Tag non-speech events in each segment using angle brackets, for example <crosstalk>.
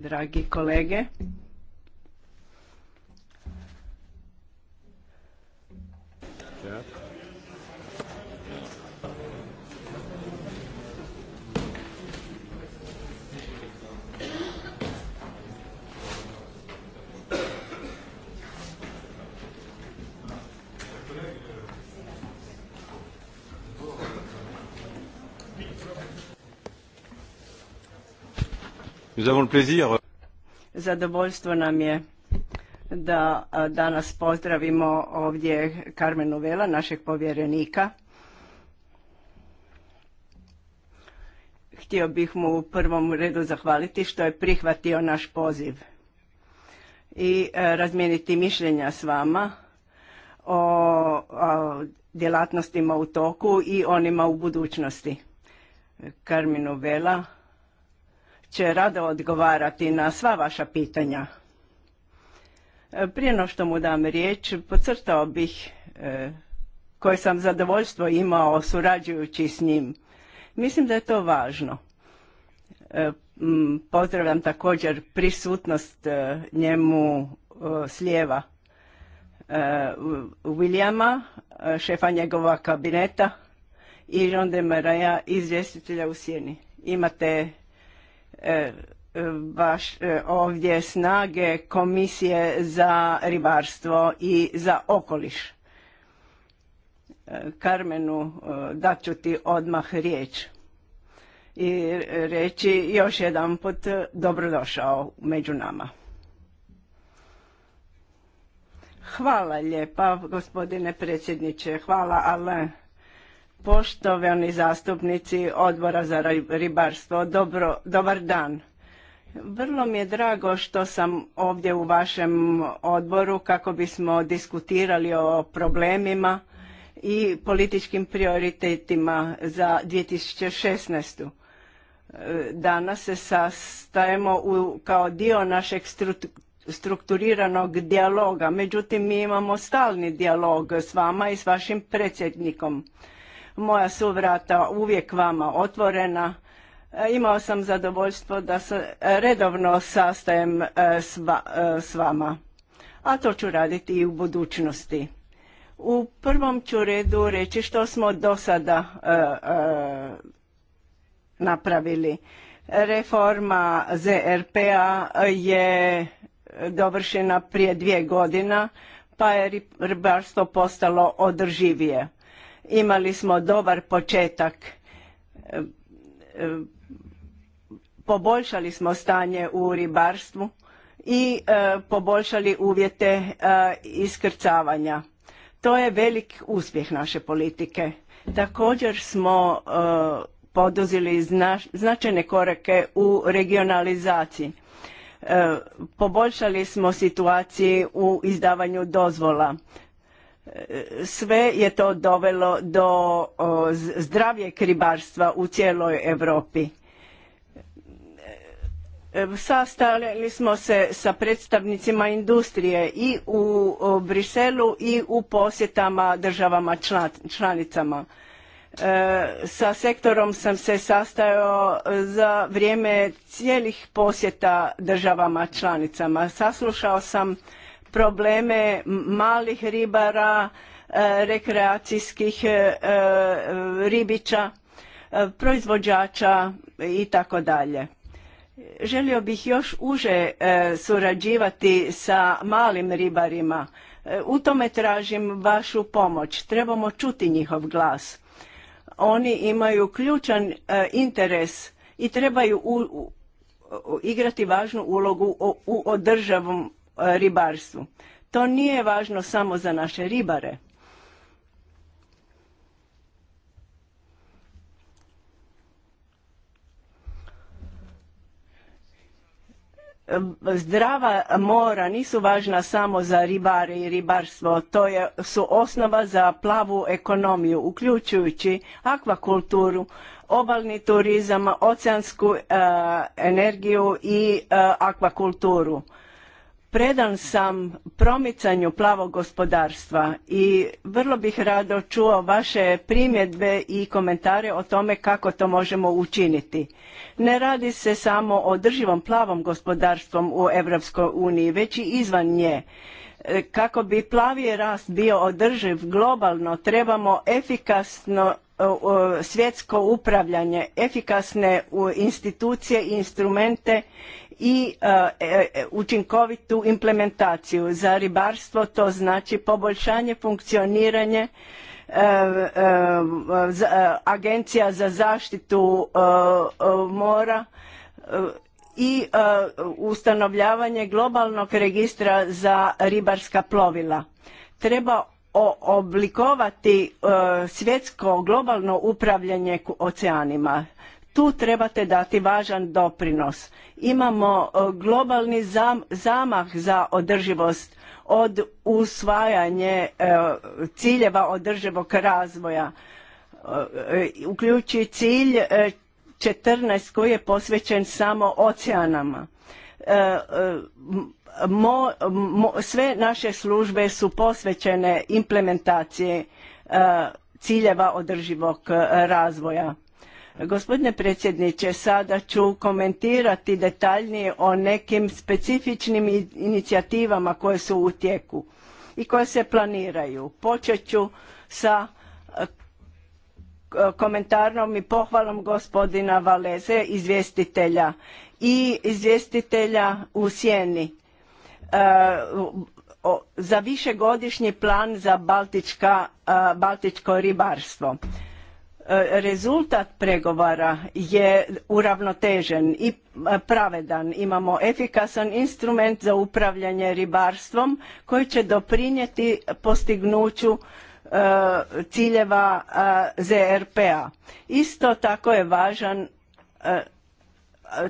Dragi kolege, Zadovoljstvo nam je da danas pozdravimo ovdje Carmenu Vela, našeg povjerenika. Htio bih mu u prvom redu zahvaliti što je prihvatio naš poziv i e, razmijeniti mišljenja s vama o, djelatnostima u toku i onima u budućnosti. Karmenu Vela će rado odgovarati na sva vaša pitanja. E, prije no što mu dam riječ, pocrtao bih e, koje sam zadovoljstvo imao surađujući s njim. Mislim da je to važno. E, pozdravljam također prisutnost njemu s lijeva Williama, šefa njegova kabineta i Jean de Maraja, izvjestitelja u Sjeni. Imate E, e, baš e, ovdje snage Komisije za ribarstvo i za okoliš. Karmenu ću ti odmah riječ i reći još jedan put dobrodošao među nama. Hvala lijepa gospodine predsjedniče, hvala Alain Poštovani zastupnici odbora za ribarstvo, dobro, dobar dan. Vrlo mi je drago što sam ovdje u vašem odboru kako bismo diskutirali o problemima i političkim prioritetima za 2016. E, danas se sastajemo u, kao dio našeg strukturiranog dijaloga, međutim mi imamo stalni dijalog s vama i s vašim predsjednikom. Moja su vrata uvijek vama otvorena. E, imao sam zadovoljstvo da se redovno sastajem e, e, s vama, a to ću raditi i u budućnosti. U prvom ću redu reći što smo do sada napravili. Reforma ZRP-a je dovršena prije dvije godina, pa je ribarstvo postalo održivije. Imali smo dobar početak. E, e, poboljšali smo stanje u ribarstvu i e, poboljšali uvjete iskrcavanja. To je velik uspjeh naše politike. Također smo poduzeli značajne korake u regionalizaciji. poboljšali smo situaciju u izdavanju dozvola sve je to dovelo do zdravijeg ribarstva u cijeloj Europi. E, sastajali smo se sa predstavnicima industrije i u Briselu i u posjetama državama članicama. E, sa sektorom sam se sastajao za vrijeme cijelih posjeta državama članicama. Saslušao sam probleme malih ribara, e, rekreacijskih e, e, ribića, proizvođača i tako dalje. Želio bih još uže surađivati sa malim ribarima. U tome tražim vašu pomoć. Trebamo čuti njihov glas. Oni imaju ključan interes i trebaju igrati važnu ulogu u održavom ribarstvu. To nije važno samo za naše ribare. Zdrava mora nisu važna samo za ribare i ribarstvo, to je, su osnova za plavu ekonomiju, uključujući akvakulturu, obalni turizam, oceansku eh, energiju i eh, akvakulturu predan sam promicanju plavog gospodarstva i vrlo bih rado čuo vaše primjedbe i komentare o tome kako to možemo učiniti. Ne radi se samo o održivom plavom gospodarstvom u Europskoj uniji, već i izvan nje. E, kako bi plavi rast bio održiv globalno, trebamo efikasno e, e, svjetsko upravljanje, efikasne institucije i instrumente i e, e, e, učinkovitu implementaciju. Za ribarstvo to znači poboljšanje funkcioniranje agencija za zaštitu mora i ustanovljavanje globalnog registra za ribarska plovila. Treba oblikovati svjetsko globalno upravljanje oceanima tu trebate dati važan doprinos. Imamo e, globalni zamah za održivost od usvajanje e, ciljeva održivog razvoja. E, uključi cilj 14 koji je posvećen samo oceanama. sve naše službe su posvećene implementaciji ciljeva održivog razvoja Gospodine predsjedniče, sada ću komentirati detaljnije o nekim specifičnim inicijativama koje su u tijeku i koje se planiraju. Počet ću sa e, komentarom i pohvalom gospodina Valeze, izvjestitelja i izvjestitelja u Sjeni e, za višegodišnji plan za e, baltičko ribarstvo. E, rezultat pregovara je uravnotežen i e, pravedan. Imamo efikasan instrument za upravljanje ribarstvom koji će doprinijeti postignuću e, ciljeva ZRP-a. Isto tako je važan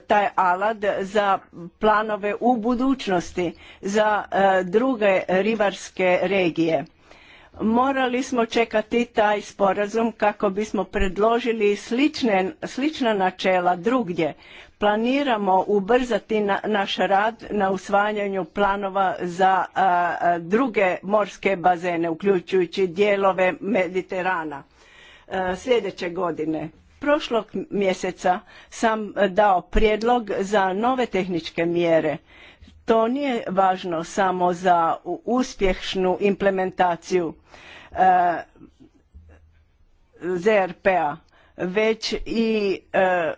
taj alat za planove u budućnosti za druge ribarske regije morali smo čekati taj sporazum kako bismo predložili slične, slična načela drugdje. Planiramo ubrzati na, naš rad na usvajanju planova za druge morske bazene, uključujući dijelove Mediterana sljedeće godine. Prošlog mjeseca sam dao prijedlog za nove tehničke mjere to nije važno samo za uspješnu implementaciju e, eh, ZRP-a, već i eh,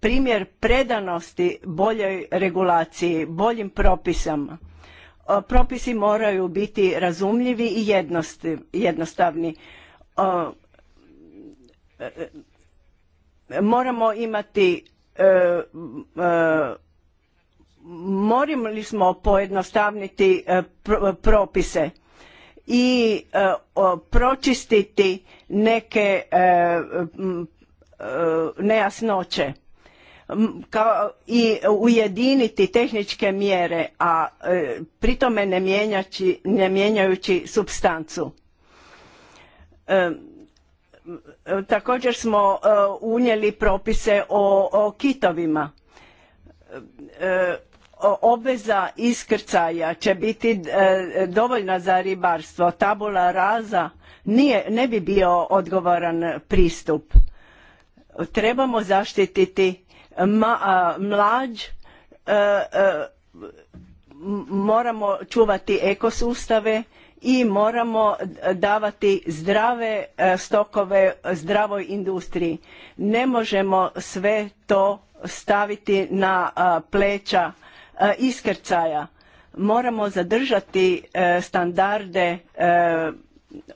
primjer predanosti boljoj regulaciji, boljim propisama. Propisi moraju biti razumljivi i jednostavni. Eh, moramo imati li smo pojednostavniti e, propise i e, pročistiti neke e, nejasnoće kao i ujediniti tehničke mjere a pri tome ne, mijenjajući supstancu također smo unijeli propise o, o kitovima obveza iskrcaja će biti e, dovoljna za ribarstvo tabula raza nije, ne bi bio odgovoran pristup trebamo zaštititi mlađ e, e, moramo čuvati ekosustave i moramo davati zdrave stokove zdravoj industriji ne možemo sve to staviti na pleća E, iskrcaja. Moramo zadržati e, standarde e,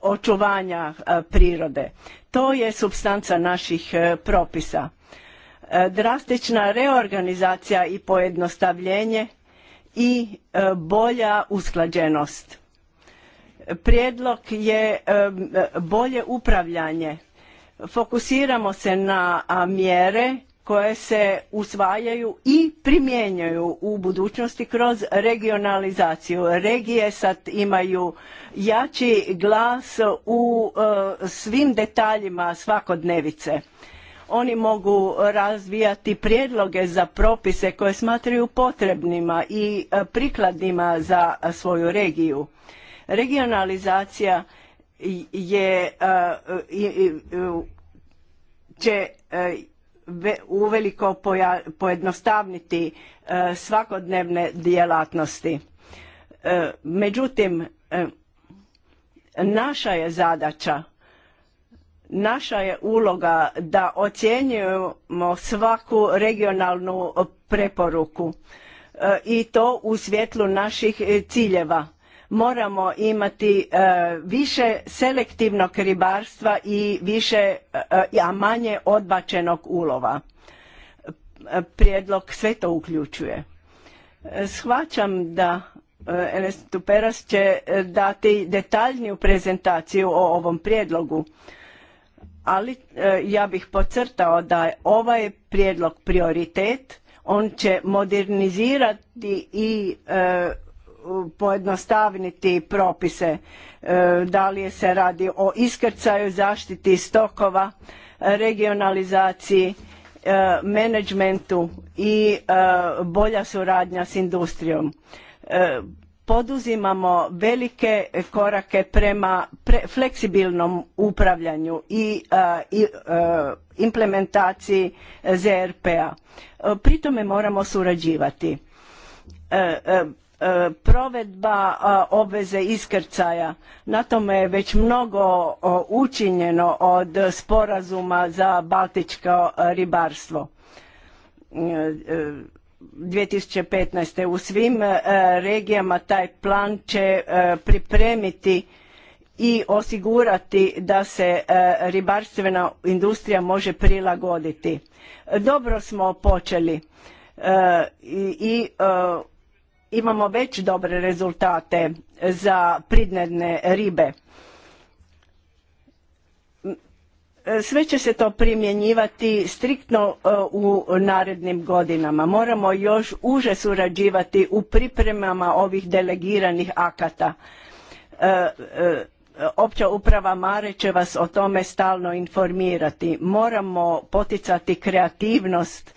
očuvanja prirode. To je substanca naših propisa. Drastična reorganizacija i pojednostavljenje i bolja usklađenost. Prijedlog je bolje upravljanje. Fokusiramo se na mjere koje se usvajaju i primjenjuju u budućnosti kroz regionalizaciju. Regije sad imaju jači glas u e, svim detaljima svakodnevice. Oni mogu razvijati prijedloge za propise koje smatraju potrebnima i e, prikladnima za svoju regiju. Regionalizacija je e, će uveliko pojednostavniti e, svakodnevne djelatnosti. E, međutim, e, naša je zadaća, naša je uloga da ocjenjujemo svaku regionalnu preporuku i to u svjetlu naših ciljeva moramo imati e, više selektivnog ribarstva i više e, e, a manje odbačenog ulova prijedlog sve to uključuje shvaćam da Ernest Tuperas će dati detaljniju prezentaciju o ovom prijedlogu ali ja bih podcrtao da je ovaj prijedlog prioritet on će modernizirati i pojednostavniti propise, e, da li se radi o iskrcaju, zaštiti stokova, regionalizaciji, e, menadžmentu i e, bolja suradnja s industrijom. Poduzimamo velike korake prema fleksibilnom upravljanju i, i implementaciji ZRP-a. Pri tome moramo surađivati E, provedba obveze iskrcaja. Na tome je već mnogo učinjeno od sporazuma za baltičko ribarstvo. 2015. E, e, u svim regijama taj plan će pripremiti i osigurati da se ribarstvena industrija može prilagoditi. Dobro smo počeli i imamo već dobre rezultate za pridnedne ribe. Sve će se to primjenjivati striktno e, u narednim godinama. Moramo još uže surađivati u pripremama ovih delegiranih akata. E, e, opća uprava Mare će vas o tome stalno informirati. Moramo poticati kreativnost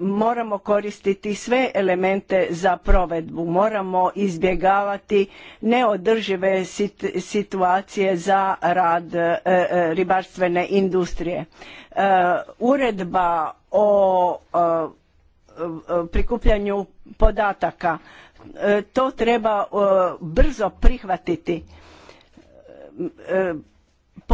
moramo koristiti sve elemente za provedbu moramo izbjegavati neodržive situacije za rad e, e, ribarstvene industrije e, uredba o prikupljanju podataka to treba brzo prihvatiti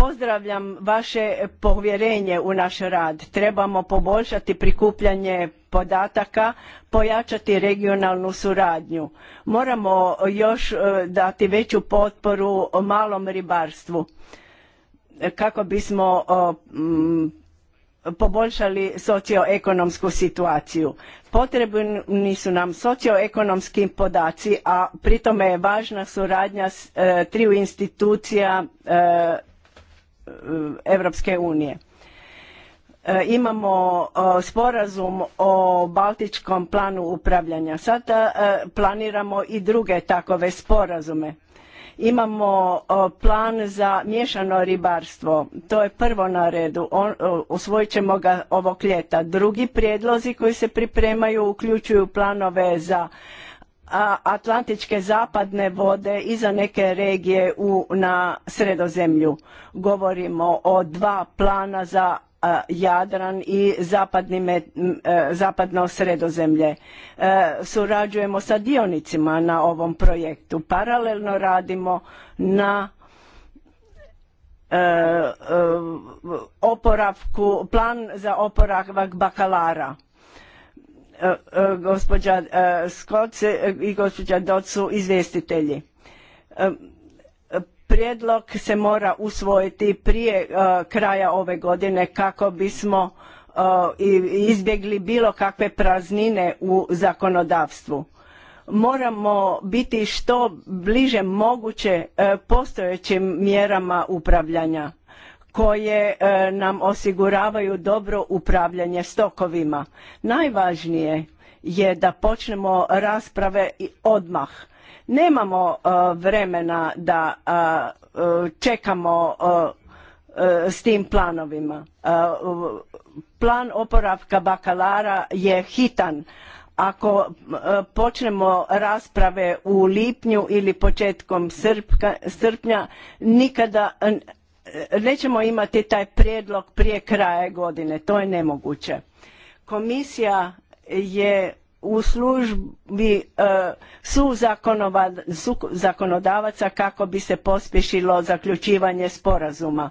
Pozdravljam vaše povjerenje u naš rad. Trebamo poboljšati prikupljanje podataka, pojačati regionalnu suradnju. Moramo još e, dati veću potporu malom ribarstvu kako bismo poboljšali socioekonomsku situaciju. Potrebni su nam socioekonomski podaci, a pri tome je važna suradnja s e, triju institucija e, Evropske unije. E, imamo e, sporazum o Baltičkom planu upravljanja. Sada e, planiramo i druge takove sporazume. Imamo plan za miješano ribarstvo. To je prvo na redu. Usvojit ćemo ga ovog ljeta. Drugi prijedlozi koji se pripremaju uključuju planove za Atlantičke zapadne vode i za neke regije u, na sredozemlju. Govorimo o dva plana za Jadran i zapadni e, zapadno sredozemlje. E, surađujemo sa dionicima na ovom projektu. Paralelno radimo na e, oporavku, plan za oporavak bakalara E, e, gospođa e, Scott i gospođa docu su izvjestitelji. Prijedlog se mora usvojiti prije kraja ove godine kako bismo izbjegli bilo kakve praznine u zakonodavstvu. Moramo biti što bliže moguće postojećim mjerama upravljanja koje e, nam osiguravaju dobro upravljanje stokovima. Najvažnije je da počnemo rasprave odmah. Nemamo e, vremena da e, čekamo s tim planovima. Plan oporavka bakalara je hitan. Ako počnemo rasprave u lipnju ili početkom srpnja, nikada nećemo imati taj prijedlog prije kraja godine, to je nemoguće. Komisija je u službi e, suzakonodavaca su zakonodavaca kako bi se pospješilo zaključivanje sporazuma.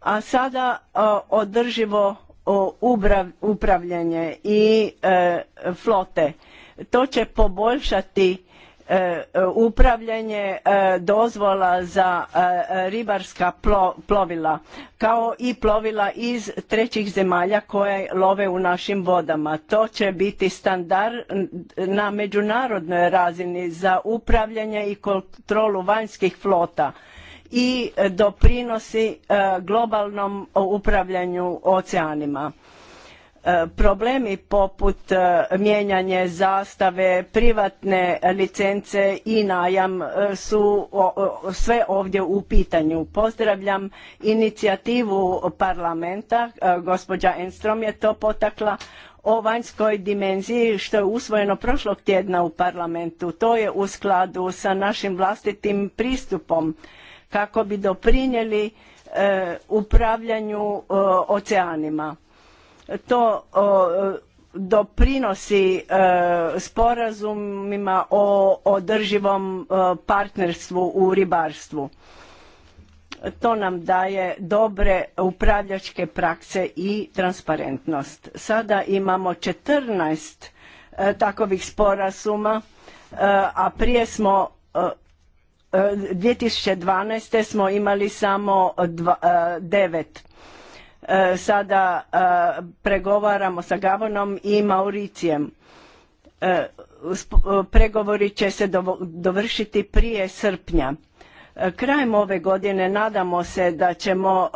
A sada e, održivo upravljanje i e, flote. To će poboljšati E, upravljanje e, dozvola za e, ribarska plovila kao i plovila iz trećih zemalja koje love u našim vodama. To će biti standard na međunarodnoj razini za upravljanje i kontrolu vanjskih flota i doprinosi globalnom upravljanju oceanima E, problemi poput e, mijenjanje zastave, privatne licence i najam e, su sve ovdje u pitanju. Pozdravljam inicijativu parlamenta, gospođa Enstrom je to potakla, o vanjskoj dimenziji što je usvojeno prošlog tjedna u parlamentu. To je u skladu sa našim vlastitim pristupom kako bi doprinijeli upravljanju oceanima to doprinosi e, sporazumima o održivom e, partnerstvu u ribarstvu. To nam daje dobre upravljačke prakse i transparentnost. Sada imamo 14 e, takovih sporazuma, a prije smo 2012. smo imali samo devet E, sada e, pregovaramo sa Gabonom i Mauricijem. E, pregovori će se dovršiti prije srpnja. Krajem ove godine nadamo se da ćemo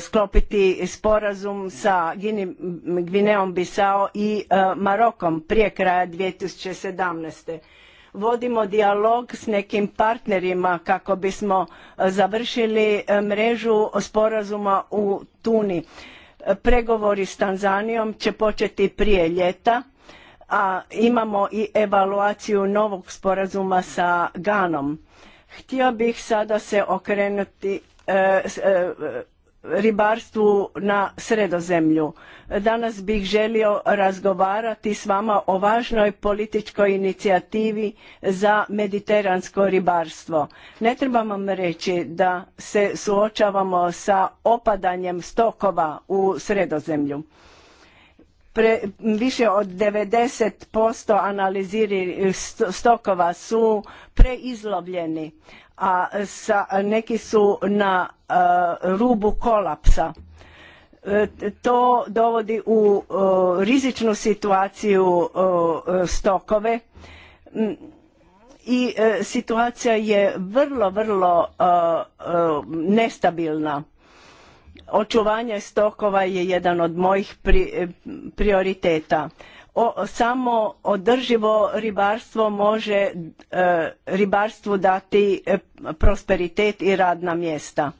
sklopiti sporazum sa Gvineom Bisao i Marokom prije kraja 2017 vodimo dijalog s nekim partnerima kako bismo e, završili e, mrežu sporazuma u Tuni. E, pregovori s Tanzanijom će početi prije ljeta, a imamo i evaluaciju novog sporazuma sa Ganom. Htio bih sada se okrenuti ribarstvu na sredozemlju. Danas bih želio razgovarati s vama o važnoj političkoj inicijativi za mediteransko ribarstvo. Ne trebam vam reći da se suočavamo sa opadanjem stokova u sredozemlju. više od 90% analiziri stokova su preizlovljeni, a neki su na e, rubu kolapsa e, to dovodi u e, rizičnu situaciju stokove mm, i situacija je vrlo vrlo nestabilna očuvanje stokova je jedan od mojih prioriteta o, samo održivo ribarstvo može e, ribarstvu dati e, prosperitet i radna mjesta.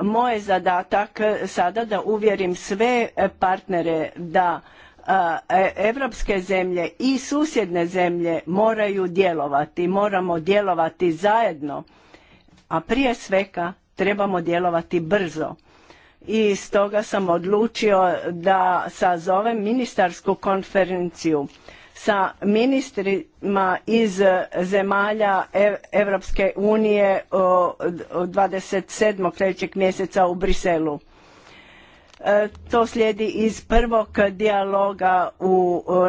Moj zadatak sada da uvjerim sve e, partnere da europske zemlje i susjedne zemlje moraju djelovati, moramo djelovati zajedno, a prije svega trebamo djelovati brzo i stoga sam odlučio da sazovem ministarsku konferenciju sa ministrima iz zemalja Europske unije 27. trećeg mjeseca u Briselu. E, to slijedi iz prvog dijaloga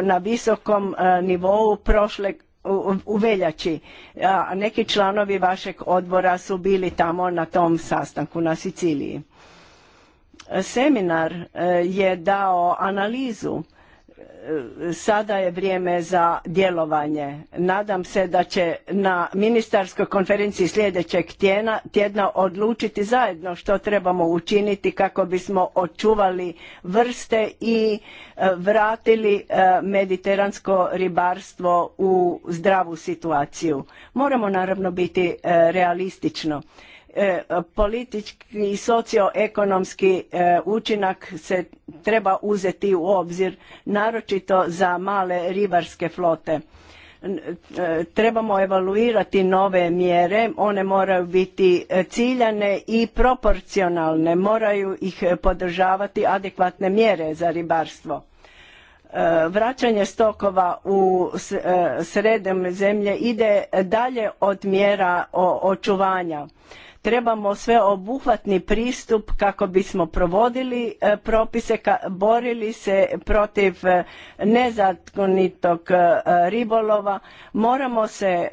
na visokom e, nivou prošle u, u veljači. Neki članovi vašeg odbora su bili tamo na tom sastanku na Siciliji. Seminar e, je dao analizu e, sada je vrijeme za djelovanje. Nadam se da će na ministarskoj konferenciji sljedećeg tjedna odlučiti zajedno što trebamo učiniti kako bismo očuvali vrste i e, vratili mediteransko ribarstvo u zdravu situaciju. Moramo naravno biti realistično E, politički i socioekonomski e, učinak se treba uzeti u obzir naročito za male ribarske flote e, trebamo evaluirati nove mjere one moraju biti ciljane i proporcionalne moraju ih podržavati adekvatne mjere za ribarstvo vraćanje stokova u sredem zemlje ide dalje od mjera očuvanja Trebamo sveobuhvatni pristup kako bismo provodili e, propise, borili se protiv e, nezakonitog e, ribolova. Moramo se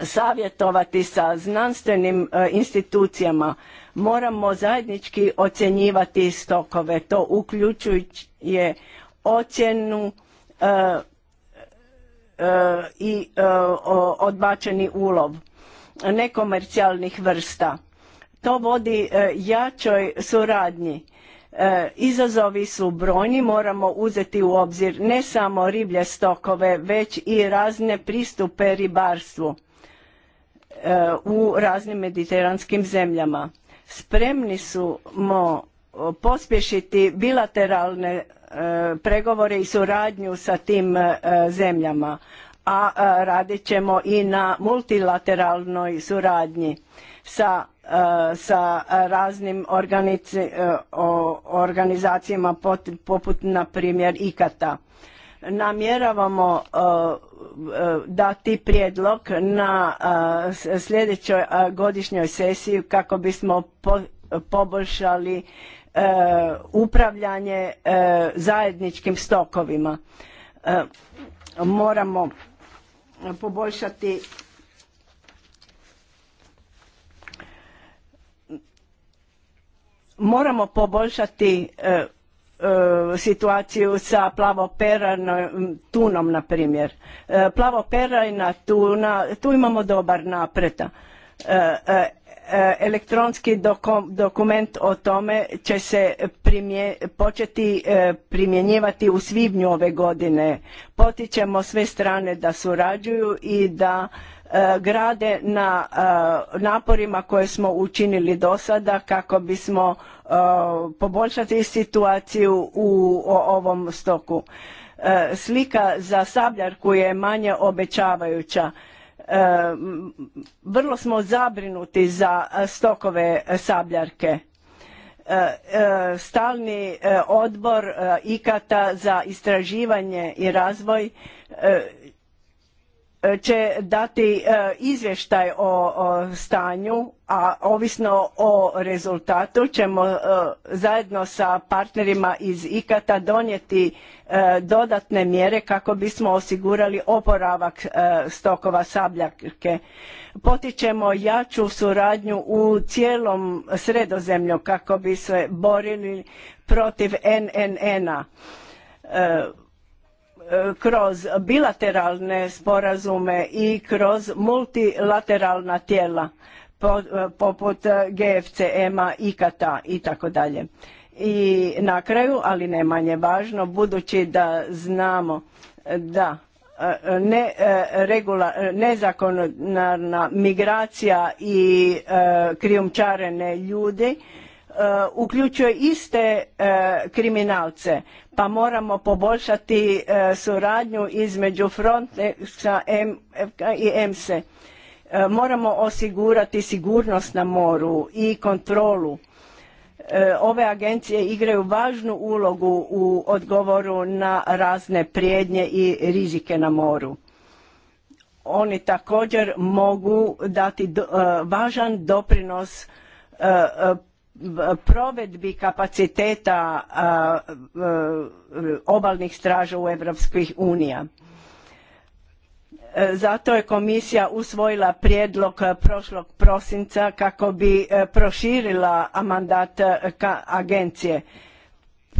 savjetovati sa znanstvenim institucijama. Moramo zajednički ocjenjivati stokove. To je ocjenu i odbačeni ulov nekomercijalnih vrsta. To vodi e, jačoj suradnji. E, izazovi su brojni, moramo uzeti u obzir ne samo riblje stokove, već i razne pristupe ribarstvu e, u raznim mediteranskim zemljama. Spremni su pospješiti bilateralne pregovore i suradnju sa tim zemljama a radit ćemo i na multilateralnoj suradnji sa, sa raznim organizacijama poput na primjer IKATA. Namjeravamo dati prijedlog na sljedećoj godišnjoj sesiji kako bismo poboljšali e, upravljanje e, zajedničkim stokovima e, moramo poboljšati moramo poboljšati e, e, situaciju sa plavoperajnom tunom na primjer e, plavoperajna tuna tu imamo dobar napredak E, elektronski dokument o tome će se početi e, primjenjivati u svibnju ove godine. Potičemo sve strane da surađuju i da e, grade na naporima koje smo učinili do sada kako bismo poboljšali situaciju u ovom stoku. Slika za sabljarku je manje obećavajuća vrlo smo zabrinuti za e, stokove e, sabljarke. E, stalni odbor ikata za istraživanje i razvoj E, će dati e, izvještaj o stanju, a ovisno o rezultatu ćemo e, zajedno sa partnerima iz IKATA donijeti dodatne mjere kako bismo osigurali oporavak stokova sabljake. Potičemo jaču suradnju u cijelom sredozemlju kako bi se borili protiv NNN-a kroz bilateralne sporazume i kroz multilateralna tijela poput GFCM-a, e IKATA i tako dalje. I na kraju, ali ne manje važno, budući da znamo da e, e, nezakonarna migracija i krijumčarene ljudi uključuje iste kriminalce pa moramo poboljšati e, suradnju između Frontexa i EMSE. Moramo osigurati sigurnost na moru i kontrolu. E, ove agencije igraju važnu ulogu u odgovoru na razne prijednje i rizike na moru. Oni također mogu dati e, važan doprinos provedbi kapaciteta obalnih straža u EU. unija. Zato je komisija usvojila prijedlog prošlog prosinca kako bi proširila mandat agencije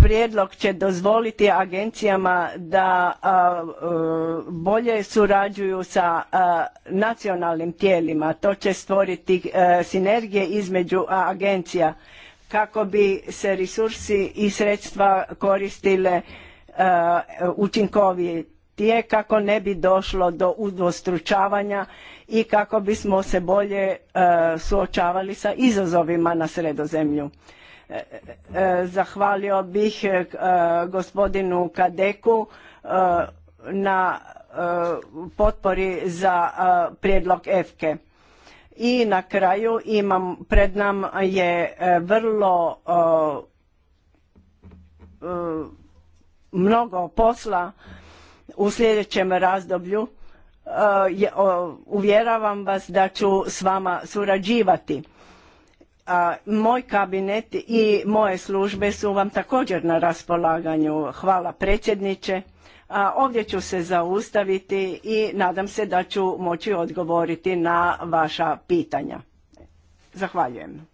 prijedlog će dozvoliti agencijama da e, bolje surađuju sa nacionalnim tijelima. To će stvoriti e, sinergije između agencija kako bi se resursi i sredstva koristile e, učinkovitije kako ne bi došlo do udvostručavanja i kako bismo se bolje suočavali sa izazovima na sredozemlju. Zahvalio bih e, gospodinu Kadeku e, na e, potpori za prijedlog EFKE. I na kraju imam, pred nam je vrlo mnogo posla u sljedećem razdoblju. Uvjeravam vas da ću s vama surađivati moj kabinet i moje službe su vam također na raspolaganju. Hvala predsjedniče. A, ovdje ću se zaustaviti i nadam se da ću moći odgovoriti na vaša pitanja. Zahvaljujem.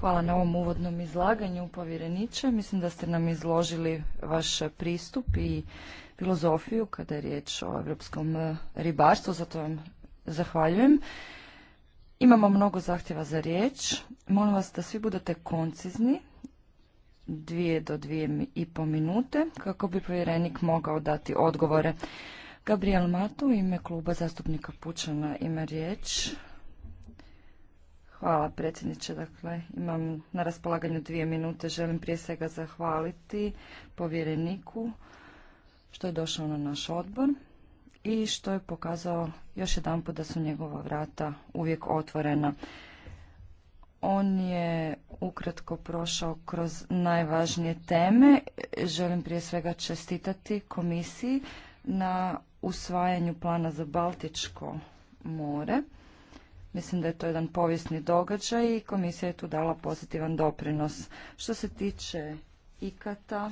Hvala na ovom uvodnom izlaganju, povjereniče. Mislim da ste nam izložili vaš pristup i filozofiju kada je riječ o europskom e, ribarstvu, zato vam zahvaljujem. Imamo mnogo zahtjeva za riječ. Molim vas da svi budete koncizni, dvije do dvije i po minute, kako bi povjerenik mogao dati odgovore. Gabriel Matu, ime kluba zastupnika Pučana, ima riječ. Hvala predsjedniče. Dakle, imam na raspolaganju dvije minute. Želim prije svega zahvaliti povjereniku što je došao na naš odbor i što je pokazao još jedanput da su njegova vrata uvijek otvorena. On je ukratko prošao kroz najvažnije teme. Želim prije svega čestitati komisiji na usvajanju plana za Baltičko more. Mislim da je to jedan povijesni događaj i komisija je tu dala pozitivan doprinos. Što se tiče ikata,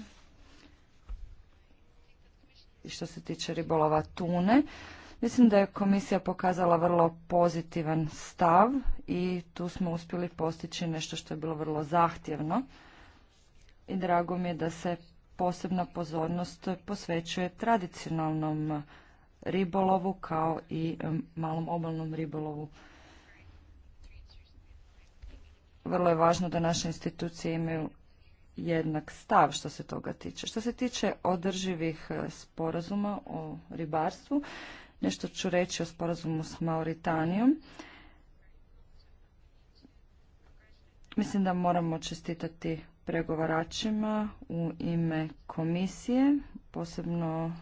što se tiče ribolova tune. Mislim da je komisija pokazala vrlo pozitivan stav i tu smo uspjeli postići nešto što je bilo vrlo zahtjevno. I drago mi je da se posebna pozornost posvećuje tradicionalnom ribolovu kao i malom obalnom ribolovu. Vrlo je važno da naše institucije imaju jednak stav što se toga tiče. Što se tiče održivih e, sporazuma o ribarstvu, nešto ću reći o sporazumu s Mauritanijom. Mislim da moramo čestitati pregovaračima u ime komisije, posebno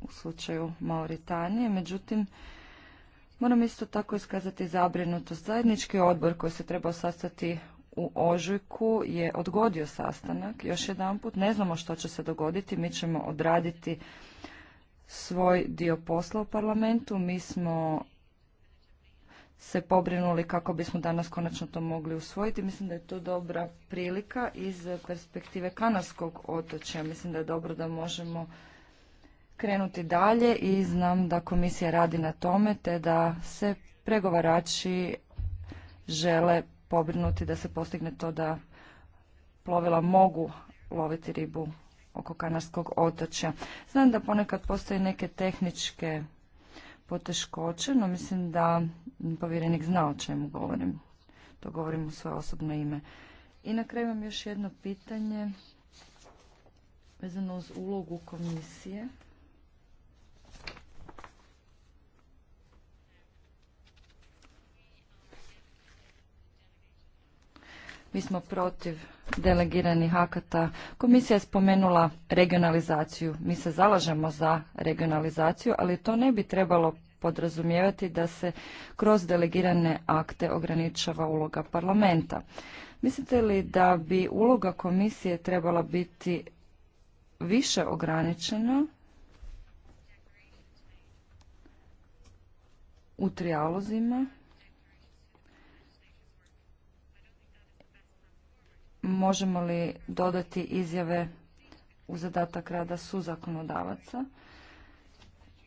u slučaju Mauritanije. Međutim, moram isto tako iskazati zabrinutost. Zajednički odbor koji se trebao sastati u ožujku je odgodio sastanak još jedanput. Ne znamo što će se dogoditi, mi ćemo odraditi svoj dio posla u parlamentu. Mi smo se pobrinuli kako bismo danas konačno to mogli usvojiti. Mislim da je to dobra prilika iz perspektive Kanarskog otočja. Mislim da je dobro da možemo krenuti dalje i znam da komisija radi na tome te da se pregovarači žele pobrinuti da se postigne to da plovila mogu loviti ribu oko Kanarskog otočja. Znam da ponekad postoje neke tehničke poteškoće, no mislim da povjerenik zna o čemu govorim. To govorim u svoje osobno ime. I na kraju imam još jedno pitanje vezano uz ulogu komisije Mi smo protiv delegiranih akata. Komisija je spomenula regionalizaciju. Mi se zalažemo za regionalizaciju, ali to ne bi trebalo podrazumijevati da se kroz delegirane akte ograničava uloga parlamenta. Mislite li da bi uloga komisije trebala biti više ograničena u trijalozima? možemo li dodati izjave u zadatak rada su zakonodavaca.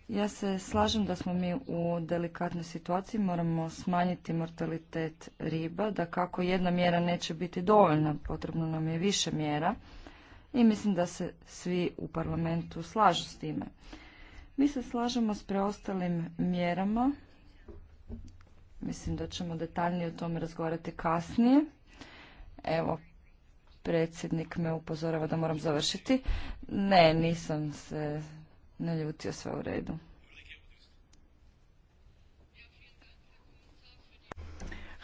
Ja se slažem da smo mi u delikatnoj situaciji, moramo smanjiti mortalitet riba, da kako jedna mjera neće biti dovoljna, potrebno nam je više mjera i mislim da se svi u parlamentu slažu s time. Mi se slažemo s preostalim mjerama, mislim da ćemo detaljnije o tome razgovarati kasnije. Evo, predsjednik me upozorava da moram završiti. Ne, nisam se naljutio sve u redu.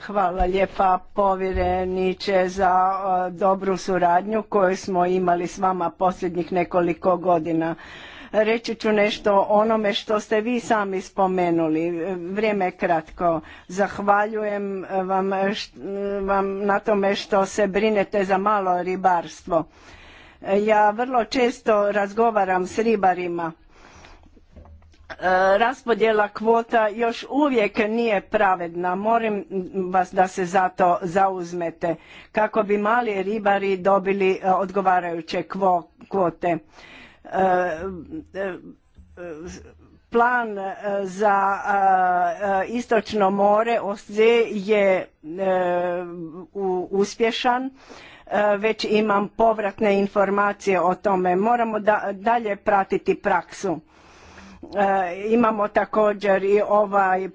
Hvala lijepa povjereniče za dobru suradnju koju smo imali s vama posljednjih nekoliko godina. Reći ću nešto o onome što ste vi sami spomenuli. Vrijeme je kratko. Zahvaljujem vam, vam na tome što se brinete za malo ribarstvo. Ja vrlo često razgovaram s ribarima. E, raspodjela kvota još uvijek nije pravedna. Morim vas da se zato zauzmete kako bi mali ribari dobili e, odgovarajuće kvote plan e, za e, e, istočno more OSCE je uspješan već imam povratne informacije o tome moramo dalje pratiti praksu imamo također i ovaj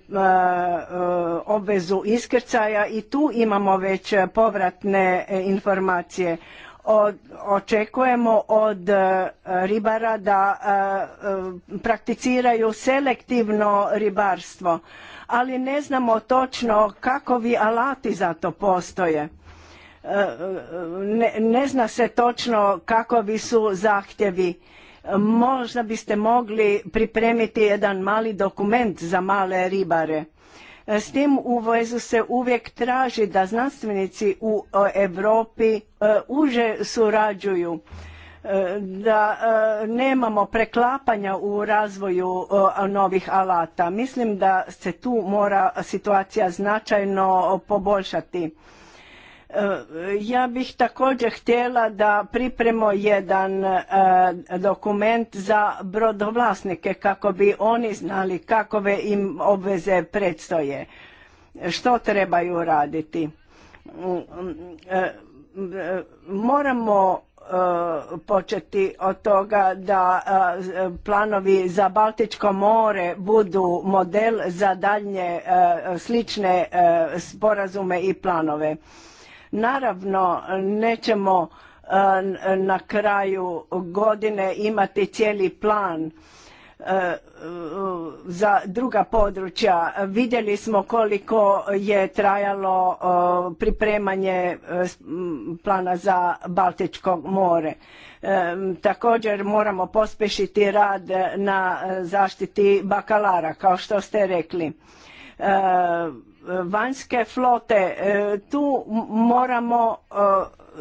obvezu iskrcaja i tu imamo već povratne informacije od, očekujemo od e, ribara da e, e, prakticiraju selektivno ribarstvo, ali ne znamo točno kakovi alati za to postoje. Ne, ne zna se točno kakovi su zahtjevi. Možda biste mogli pripremiti jedan mali dokument za male ribare E, s tim u vezu se uvijek traži da znanstvenici u e, Europi e, uže surađuju da nemamo preklapanja u razvoju novih alata. Mislim da se tu mora situacija značajno poboljšati. Eh, ja bih također htjela da pripremo jedan eh, dokument za brodovlasnike kako bi oni znali kakove im obveze predstoje, što trebaju raditi. Eh, moramo početi od toga da planovi za Baltičko more budu model za daljnje slične sporazume i planove. Naravno, nećemo e, na kraju godine imati cijeli plan e, e, za druga područja. Vidjeli smo koliko je trajalo pripremanje plana za Baltičko more. Također moramo pospešiti rad na zaštiti bakalara, kao što ste rekli vanjske flote, e, tu moramo e,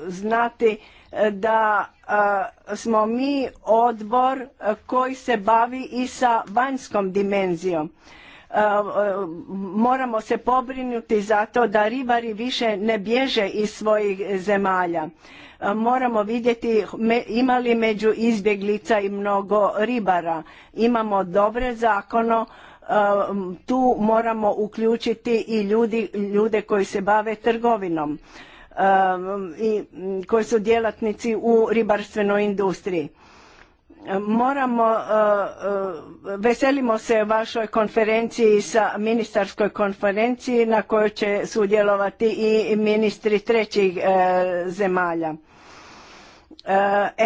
znati e, da smo mi odbor koji se bavi i sa vanjskom dimenzijom. Moramo se pobrinuti za to da ribari više ne bježe iz svojih zemalja. Moramo vidjeti ima li među izbjeglica i mnogo ribara. Imamo dobre zakono Um, tu moramo uključiti i ljudi, ljude koji se bave trgovinom um, i koji su djelatnici u ribarstvenoj industriji. Moramo, uh, uh, veselimo se vašoj konferenciji sa ministarskoj konferenciji na kojoj će sudjelovati i ministri trećih uh, zemalja.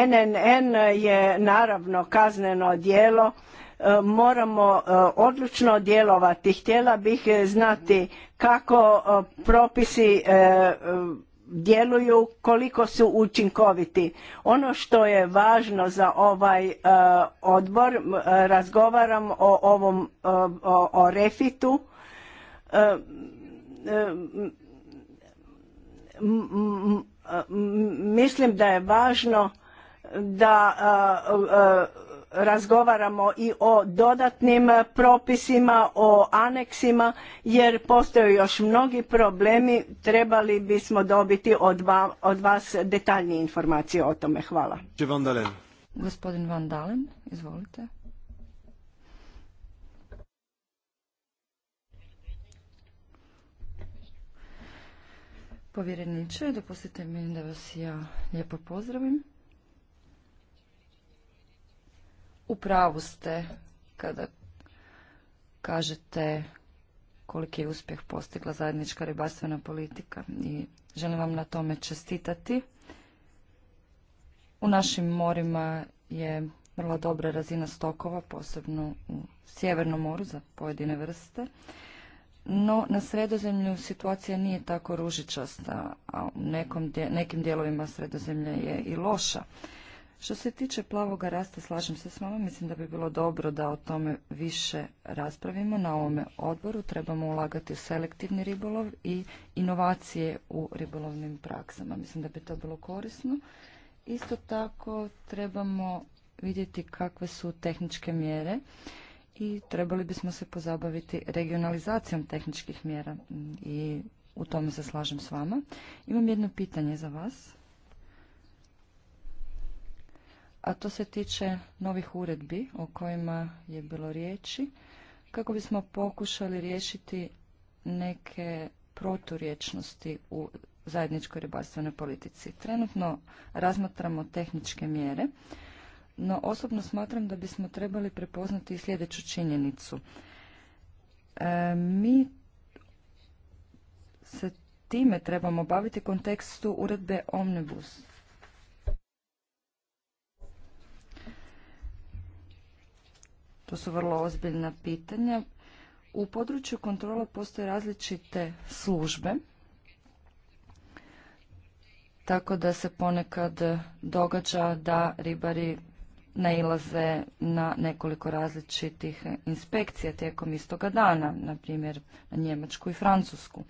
NNN je naravno kazneno djelo E, moramo e, odlučno djelovati. Htjela bih znati kako e, propisi djeluju, koliko su učinkoviti. Ono što je važno za ovaj odbor, razgovaram o ovom, o, refitu, mislim da je važno da razgovaramo i o dodatnim propisima, o aneksima, jer postoje još mnogi problemi. Trebali bismo dobiti od, vas detaljnije informacije o tome. Hvala. Gospodin Van Dalen, izvolite. Povjereniče, dopustite mi da vas ja lijepo pozdravim. u pravu ste kada kažete koliki je uspjeh postigla zajednička ribarstvena politika i želim vam na tome čestitati. U našim morima je vrlo dobra razina stokova, posebno u Sjevernom moru za pojedine vrste. No, na sredozemlju situacija nije tako ružičasta, a u nekim dijelovima sredozemlja je i loša. Što se tiče plavoga rasta, slažem se s vama, mislim da bi bilo dobro da o tome više raspravimo na ovome odboru. Trebamo ulagati u selektivni ribolov i inovacije u ribolovnim praksama. Mislim da bi to bilo korisno. Isto tako trebamo vidjeti kakve su tehničke mjere i trebali bismo se pozabaviti regionalizacijom tehničkih mjera i u tome se slažem s vama. Imam jedno pitanje za vas a to se tiče novih uredbi o kojima je bilo riječi, kako bismo pokušali riješiti neke proturječnosti u zajedničkoj ribarstvenoj politici. Trenutno razmatramo tehničke mjere, no osobno smatram da bismo trebali prepoznati sljedeću činjenicu. E, mi se time trebamo baviti kontekstu uredbe Omnibus To su vrlo ozbiljna pitanja. U području kontrola postoje različite službe, tako da se ponekad događa da ribari nailaze na nekoliko različitih inspekcija tijekom istoga dana, na primjer na Njemačku i Francusku.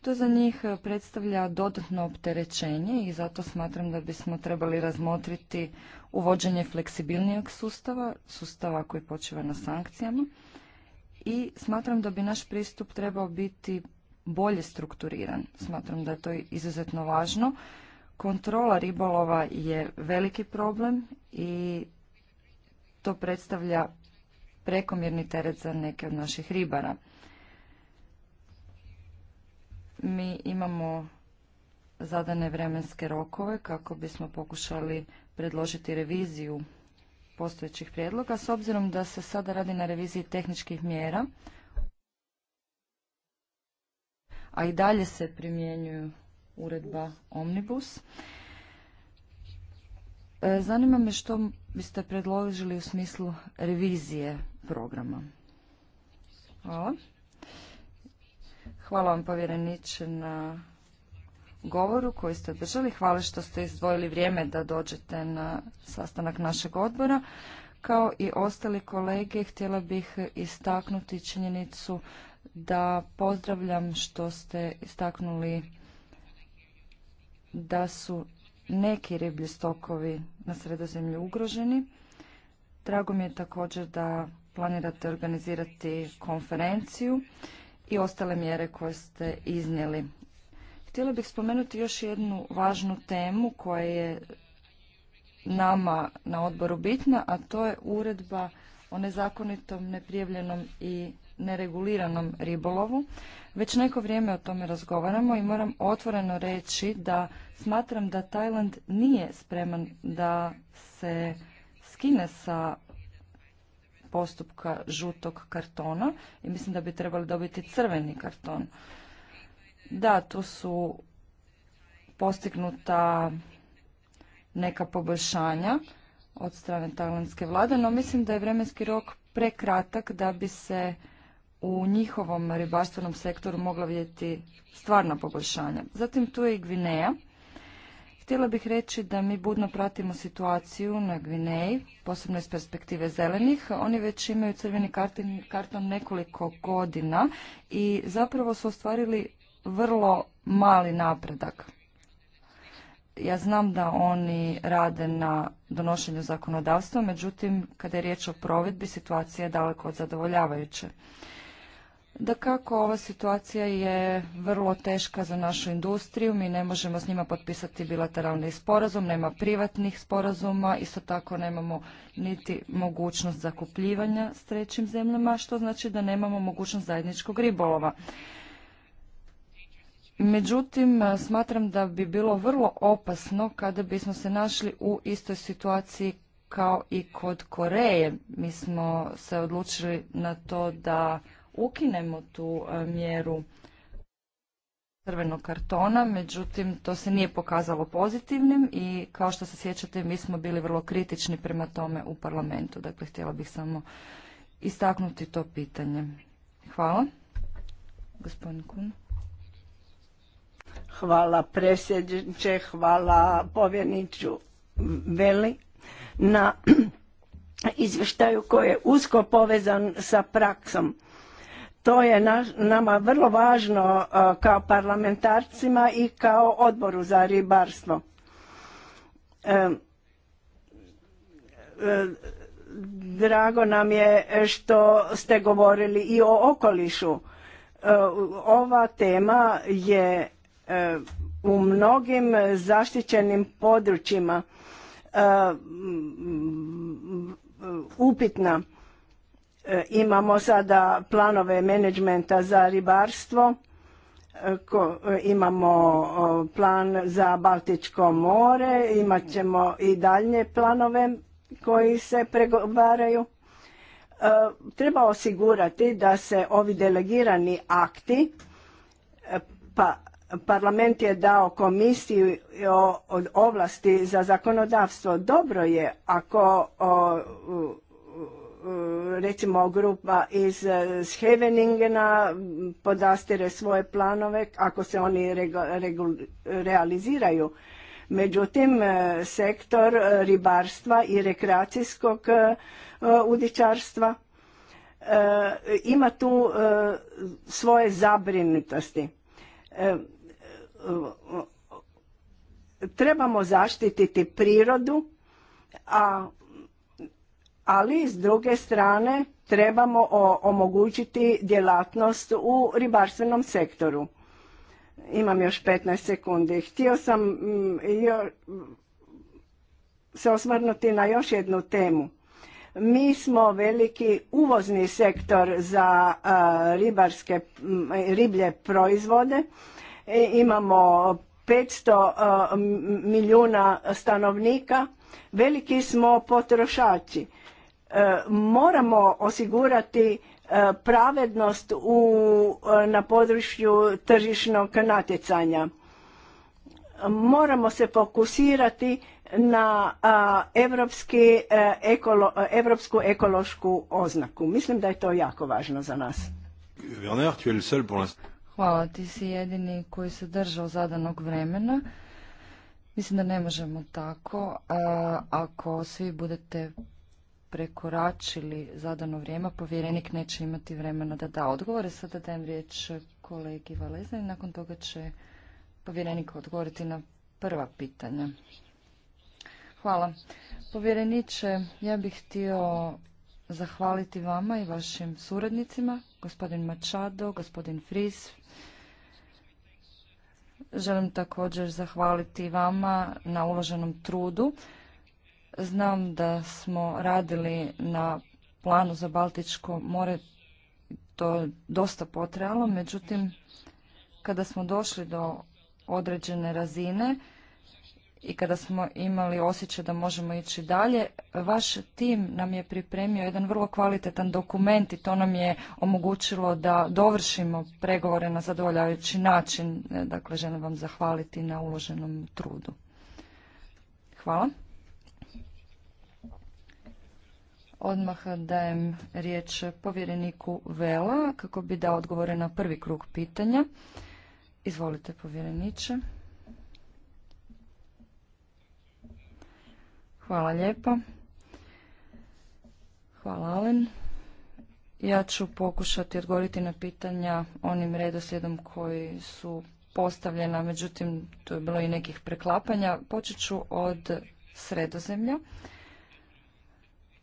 To za njih e, predstavlja dodatno opterećenje i zato smatram da bismo trebali razmotriti uvođenje fleksibilnijeg sustava, sustava koji počiva na sankcijama i smatram da bi naš pristup trebao biti bolje strukturiran. Smatram da je to izuzetno važno. Kontrola ribolova je veliki problem i to predstavlja prekomjerni teret za neke od naših ribara mi imamo zadane vremenske rokove kako bismo pokušali predložiti reviziju postojećih prijedloga. S obzirom da se sada radi na reviziji tehničkih mjera, a i dalje se primjenjuju uredba Omnibus, e, zanima me što biste predložili u smislu revizije programa. Hvala. Hvala vam povjereniče na govoru koji ste održali. Hvala što ste izdvojili vrijeme da dođete na sastanak našeg odbora. Kao i ostali kolege, htjela bih istaknuti činjenicu da pozdravljam što ste istaknuli da su neki riblji stokovi na sredozemlju ugroženi. Drago mi je također da planirate organizirati konferenciju i ostale mjere koje ste iznijeli. Htjela bih spomenuti još jednu važnu temu koja je nama na odboru bitna, a to je uredba o nezakonitom, neprijavljenom i nereguliranom ribolovu. Već neko vrijeme o tome razgovaramo i moram otvoreno reći da smatram da Tajland nije spreman da se skine sa postupka žutog kartona i mislim da bi trebali dobiti crveni karton. Da, tu su postignuta neka poboljšanja od strane talijanske vlade, no mislim da je vremenski rok prekratak da bi se u njihovom ribarstvenom sektoru mogla vidjeti stvarna poboljšanja. Zatim tu je i Gvineja. Htjela bih reći da mi budno pratimo situaciju na Gvineji, posebno iz perspektive zelenih. Oni već imaju crveni karton nekoliko godina i zapravo su ostvarili vrlo mali napredak. Ja znam da oni rade na donošenju zakonodavstva, međutim, kada je riječ o provedbi, situacija je daleko od zadovoljavajuće. Da kako ova situacija je vrlo teška za našu industriju, mi ne možemo s njima potpisati bilateralni sporazum, nema privatnih sporazuma, isto tako nemamo niti mogućnost zakupljivanja s trećim zemljama, što znači da nemamo mogućnost zajedničkog ribolova. Međutim, smatram da bi bilo vrlo opasno kada bismo se našli u istoj situaciji kao i kod Koreje. Mi smo se odlučili na to da ukinemo tu e, mjeru crvenog kartona, međutim to se nije pokazalo pozitivnim i kao što se sjećate mi smo bili vrlo kritični prema tome u parlamentu. Dakle, htjela bih samo istaknuti to pitanje. Hvala. Gospodin Kun. Hvala predsjedniče, hvala povjerniču Veli na <clears throat> izvještaju koji je usko povezan sa praksom to je nama vrlo važno kao parlamentarcima i kao odboru za ribarstvo. drago nam je što ste govorili i o okolišu. Ova tema je u mnogim zaštićenim područjima upitna. E, imamo sada planove menadžmenta za ribarstvo, e, e, imamo plan za Baltičko more, imat ćemo i daljnje planove koji se pregovaraju. Treba osigurati da se ovi delegirani akti, pa parlament je dao komisiju od ovlasti za zakonodavstvo. Dobro je ako E, recimo grupa iz e, Scheveningena podastire svoje planove ako se oni realiziraju. Međutim, e, sektor ribarstva i rekreacijskog udičarstva ima tu svoje zabrinutosti. Trebamo zaštititi prirodu, a ali s druge strane trebamo omogućiti djelatnost u ribarstvenom sektoru. Imam još 15 sekundi. Htio sam mm, se osvrnuti na još jednu temu. Mi smo veliki uvozni sektor za ribarske, mm, riblje proizvode. E, imamo 500 milijuna stanovnika. Veliki smo potrošači E, moramo osigurati e, pravednost u, e, na području tržišnog natjecanja. Moramo se fokusirati na evropski, evropsku ekološku oznaku. Mislim da je to jako važno za nas. Hvala, ti si jedini koji se držao zadanog vremena. Mislim da ne možemo tako. Ako svi budete prekoračili zadano vrijeme, povjerenik neće imati vremena da da odgovore. Sada dajem riječ kolegi Valeza i nakon toga će povjerenik odgovoriti na prva pitanja. Hvala. Povjereniče, ja bih htio zahvaliti vama i vašim suradnicima, gospodin Mačado, gospodin Fris. Želim također zahvaliti vama na uloženom trudu. Znam da smo radili na planu za Baltičko more, to je dosta potrebalo, međutim, kada smo došli do određene razine i kada smo imali osjećaj da možemo ići dalje, vaš tim nam je pripremio jedan vrlo kvalitetan dokument i to nam je omogućilo da dovršimo pregovore na zadovoljavajući način. Dakle, želim vam zahvaliti na uloženom trudu. Hvala. Odmah dajem riječ povjereniku Vela kako bi dao odgovore na prvi krug pitanja. Izvolite povjereniče. Hvala lijepo. Hvala Alen. Ja ću pokušati odgovoriti na pitanja onim redoslijedom koji su postavljena, međutim tu je bilo i nekih preklapanja. Počet ću od sredozemlja.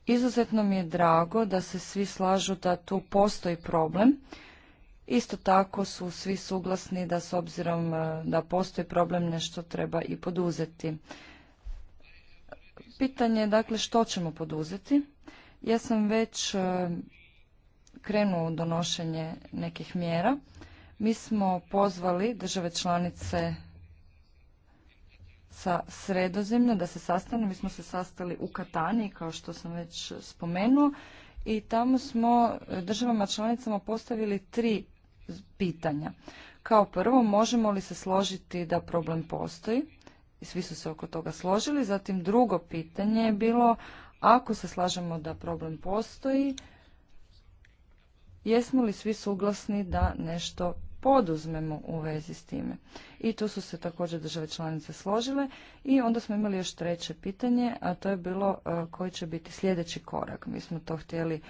Izuzetno mi je drago da se svi slažu da tu postoji problem. Isto tako su svi suglasni da s obzirom e, da postoji problem nešto treba i poduzeti. Pitanje je dakle što ćemo poduzeti. Ja sam već e, krenuo u donošenje nekih mjera. Mi smo pozvali države članice sa Sredozemlja da se sastane. Mi smo se sastali u Katani, kao što sam već spomenuo, i tamo smo e, državama članicama postavili tri pitanja. Kao prvo, možemo li se složiti da problem postoji? Svi su se oko toga složili. Zatim drugo pitanje je bilo, ako se slažemo da problem postoji, jesmo li svi suglasni da nešto poduzmemo u vezi s time. I tu su se također države članice složile i onda smo imali još treće pitanje, a to je bilo e, koji će biti sljedeći korak. Mi smo to htjeli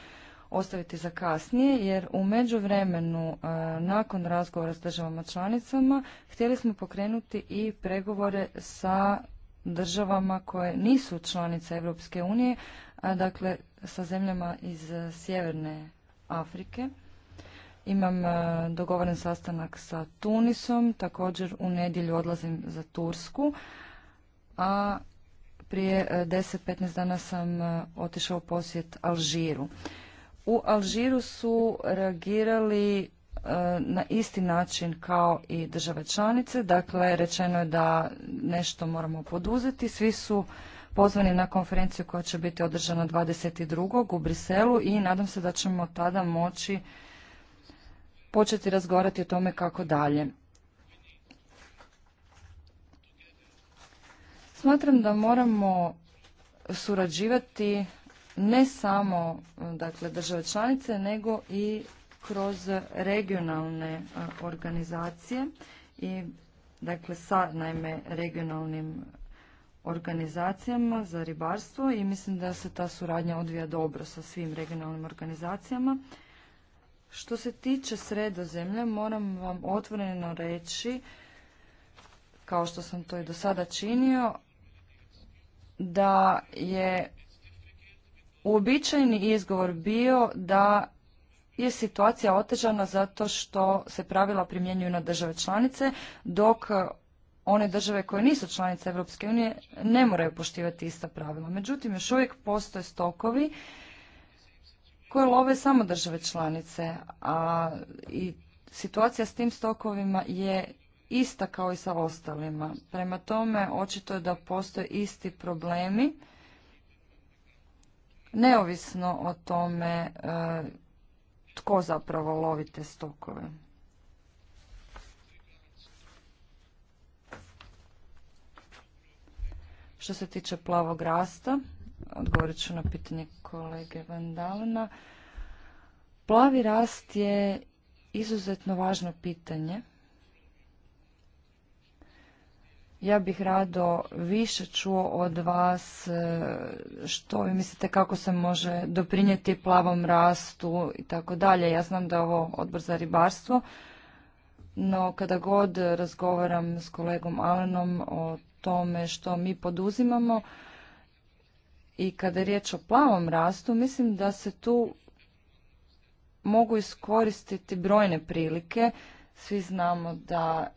ostaviti za kasnije, jer u međuvremenu, e, nakon razgovora s državama članicama, htjeli smo pokrenuti i pregovore sa državama koje nisu članice Europske unije, dakle sa zemljama iz Sjeverne Afrike. Imam e, dogovoren sastanak sa Tunisom, također u nedjelju odlazim za Tursku, a prije 10-15 e, dana sam e, otišao posjet Alžiru. U Alžiru su reagirali na isti način kao i države članice, dakle rečeno je da nešto moramo poduzeti, svi su pozvani na konferenciju koja će biti održana 22. u Briselu i nadam se da ćemo tada moći početi razgovarati o tome kako dalje. Smatram da moramo surađivati ne samo dakle, države članice, nego i kroz regionalne organizacije i dakle sa naime regionalnim organizacijama za ribarstvo i mislim da se ta suradnja odvija dobro sa svim regionalnim organizacijama. Što se tiče sredozemlja, moram vam otvoreno reći, kao što sam to i do sada činio, da je uobičajeni izgovor bio da je situacija otežana zato što se pravila primjenjuju na države članice, dok one države koje nisu članice Europske unije ne moraju poštivati ista pravila. Međutim, još uvijek postoje stokovi koje love samo države članice, a i situacija s tim stokovima je ista kao i sa ostalima. Prema tome, očito je da postoje isti problemi, neovisno o tome e, tko zapravo lovi te stokove. Što se tiče plavog rasta, Odgovorit ću na pitanje kolege Vandalena. Plavi rast je izuzetno važno pitanje. Ja bih rado više čuo od vas e, što vi mislite kako se može doprinijeti plavom rastu i tako dalje. Ja znam da je ovo odbor za ribarstvo, no kada god razgovaram s kolegom Alenom o tome što mi poduzimamo, i kada je riječ o plavom rastu, mislim da se tu mogu iskoristiti brojne prilike. Svi znamo da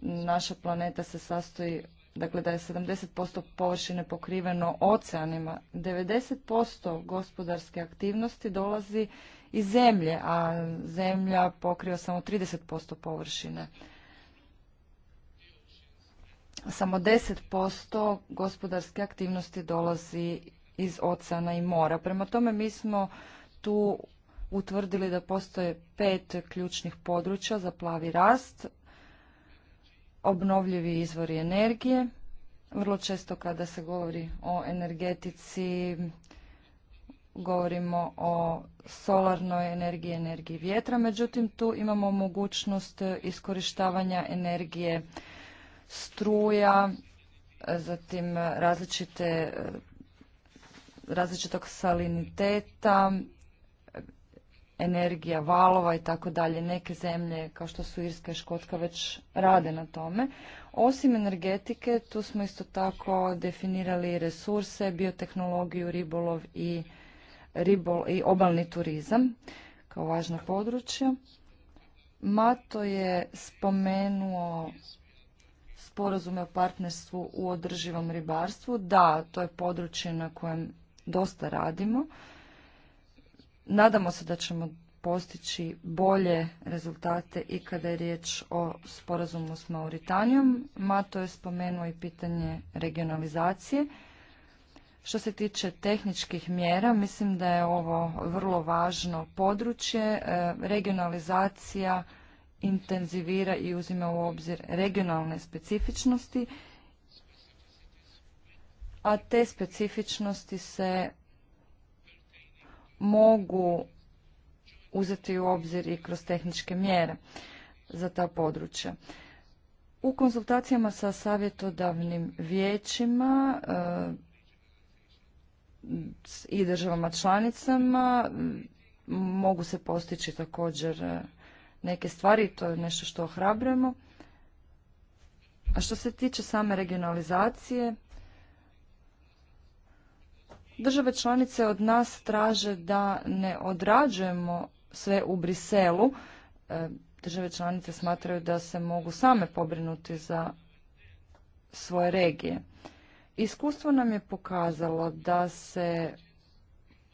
naša planeta se sastoji, dakle da je 70% površine pokriveno oceanima. 90% gospodarske aktivnosti dolazi iz zemlje, a zemlja pokriva samo 30% površine samo 10% gospodarske aktivnosti dolazi iz oceana i mora. Prema tome mi smo tu utvrdili da postoje pet ključnih područja za plavi rast, obnovljivi izvori energije, vrlo često kada se govori o energetici govorimo o solarnoj energiji, energiji vjetra, međutim tu imamo mogućnost iskorištavanja energije struja, zatim različite, različitog saliniteta, energija valova i tako dalje. Neke zemlje kao što su Irska i Škotska već rade na tome. Osim energetike, tu smo isto tako definirali resurse, biotehnologiju, ribolov i, ribol, i obalni turizam kao važna područja. Mato je spomenuo sporazume o partnerstvu u održivom ribarstvu. Da, to je područje na kojem dosta radimo. Nadamo se da ćemo postići bolje rezultate i kada je riječ o sporazumu s Mauritanijom. Mato je spomenuo i pitanje regionalizacije. Što se tiče tehničkih mjera, mislim da je ovo vrlo važno područje. E, regionalizacija intenzivira i uzima u obzir regionalne specifičnosti, a te specifičnosti se mogu uzeti u obzir i kroz tehničke mjere za ta područja. U konzultacijama sa savjetodavnim vijećima e, i državama članicama mogu se postići također e, neke stvari, to je nešto što ohrabrujemo. A što se tiče same regionalizacije, države članice od nas traže da ne odrađujemo sve u Briselu. E, države članice smatraju da se mogu same pobrinuti za svoje regije. Iskustvo nam je pokazalo da se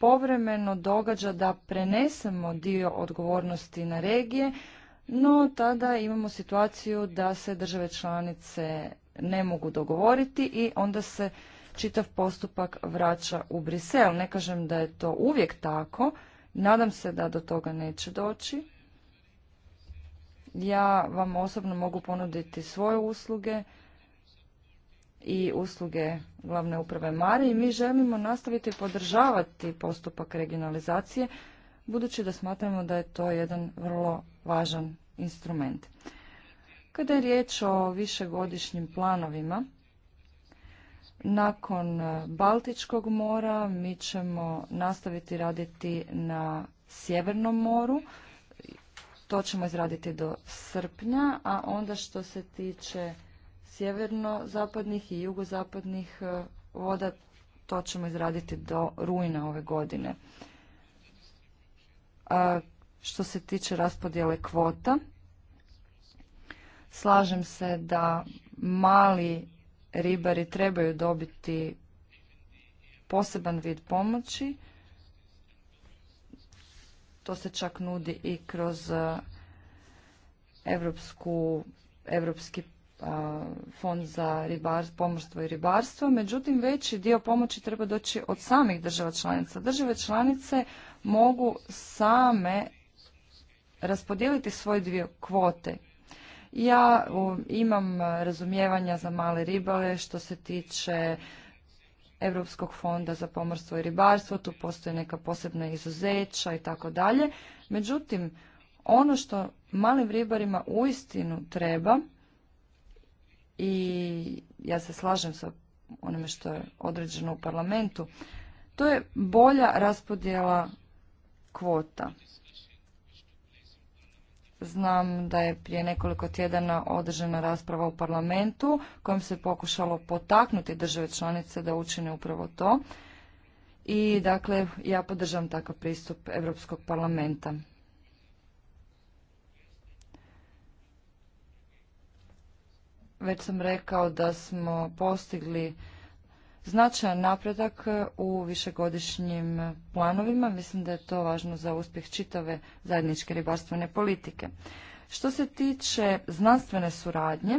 povremeno događa da prenesemo dio odgovornosti na regije, no tada imamo situaciju da se države članice ne mogu dogovoriti i onda se čitav postupak vraća u Brisel. Ne kažem da je to uvijek tako, nadam se da do toga neće doći. Ja vam osobno mogu ponuditi svoje usluge i usluge glavne uprave Mari i mi želimo nastaviti podržavati postupak regionalizacije budući da smatramo da je to jedan vrlo važan instrument. Kada je riječ o višegodišnjim planovima, nakon Baltičkog mora mi ćemo nastaviti raditi na Sjevernom moru. To ćemo izraditi do srpnja, a onda što se tiče sjeverno-zapadnih i jugozapadnih e, voda. To ćemo izraditi do rujna ove godine. E, što se tiče raspodjele kvota, slažem se da mali ribari trebaju dobiti poseban vid pomoći. To se čak nudi i kroz e, evropsku, evropski fond za ribar, pomorstvo i ribarstvo, međutim veći dio pomoći treba doći od samih država članica. Države članice mogu same raspodijeliti svoje dvije kvote. Ja imam razumijevanja za male ribale što se tiče Europskog fonda za pomorstvo i ribarstvo, tu postoje neka posebna izuzeća i tako dalje. Međutim, ono što malim ribarima uistinu treba i ja se slažem sa onime što je određeno u parlamentu, to je bolja raspodjela kvota. Znam da je prije nekoliko tjedana održana rasprava u parlamentu kojom se pokušalo potaknuti države članice da učine upravo to. I dakle, ja podržam takav pristup Europskog parlamenta. već sam rekao da smo postigli značajan napredak u višegodišnjim planovima. Mislim da je to važno za uspjeh čitave zajedničke ribarstvene politike. Što se tiče znanstvene suradnje,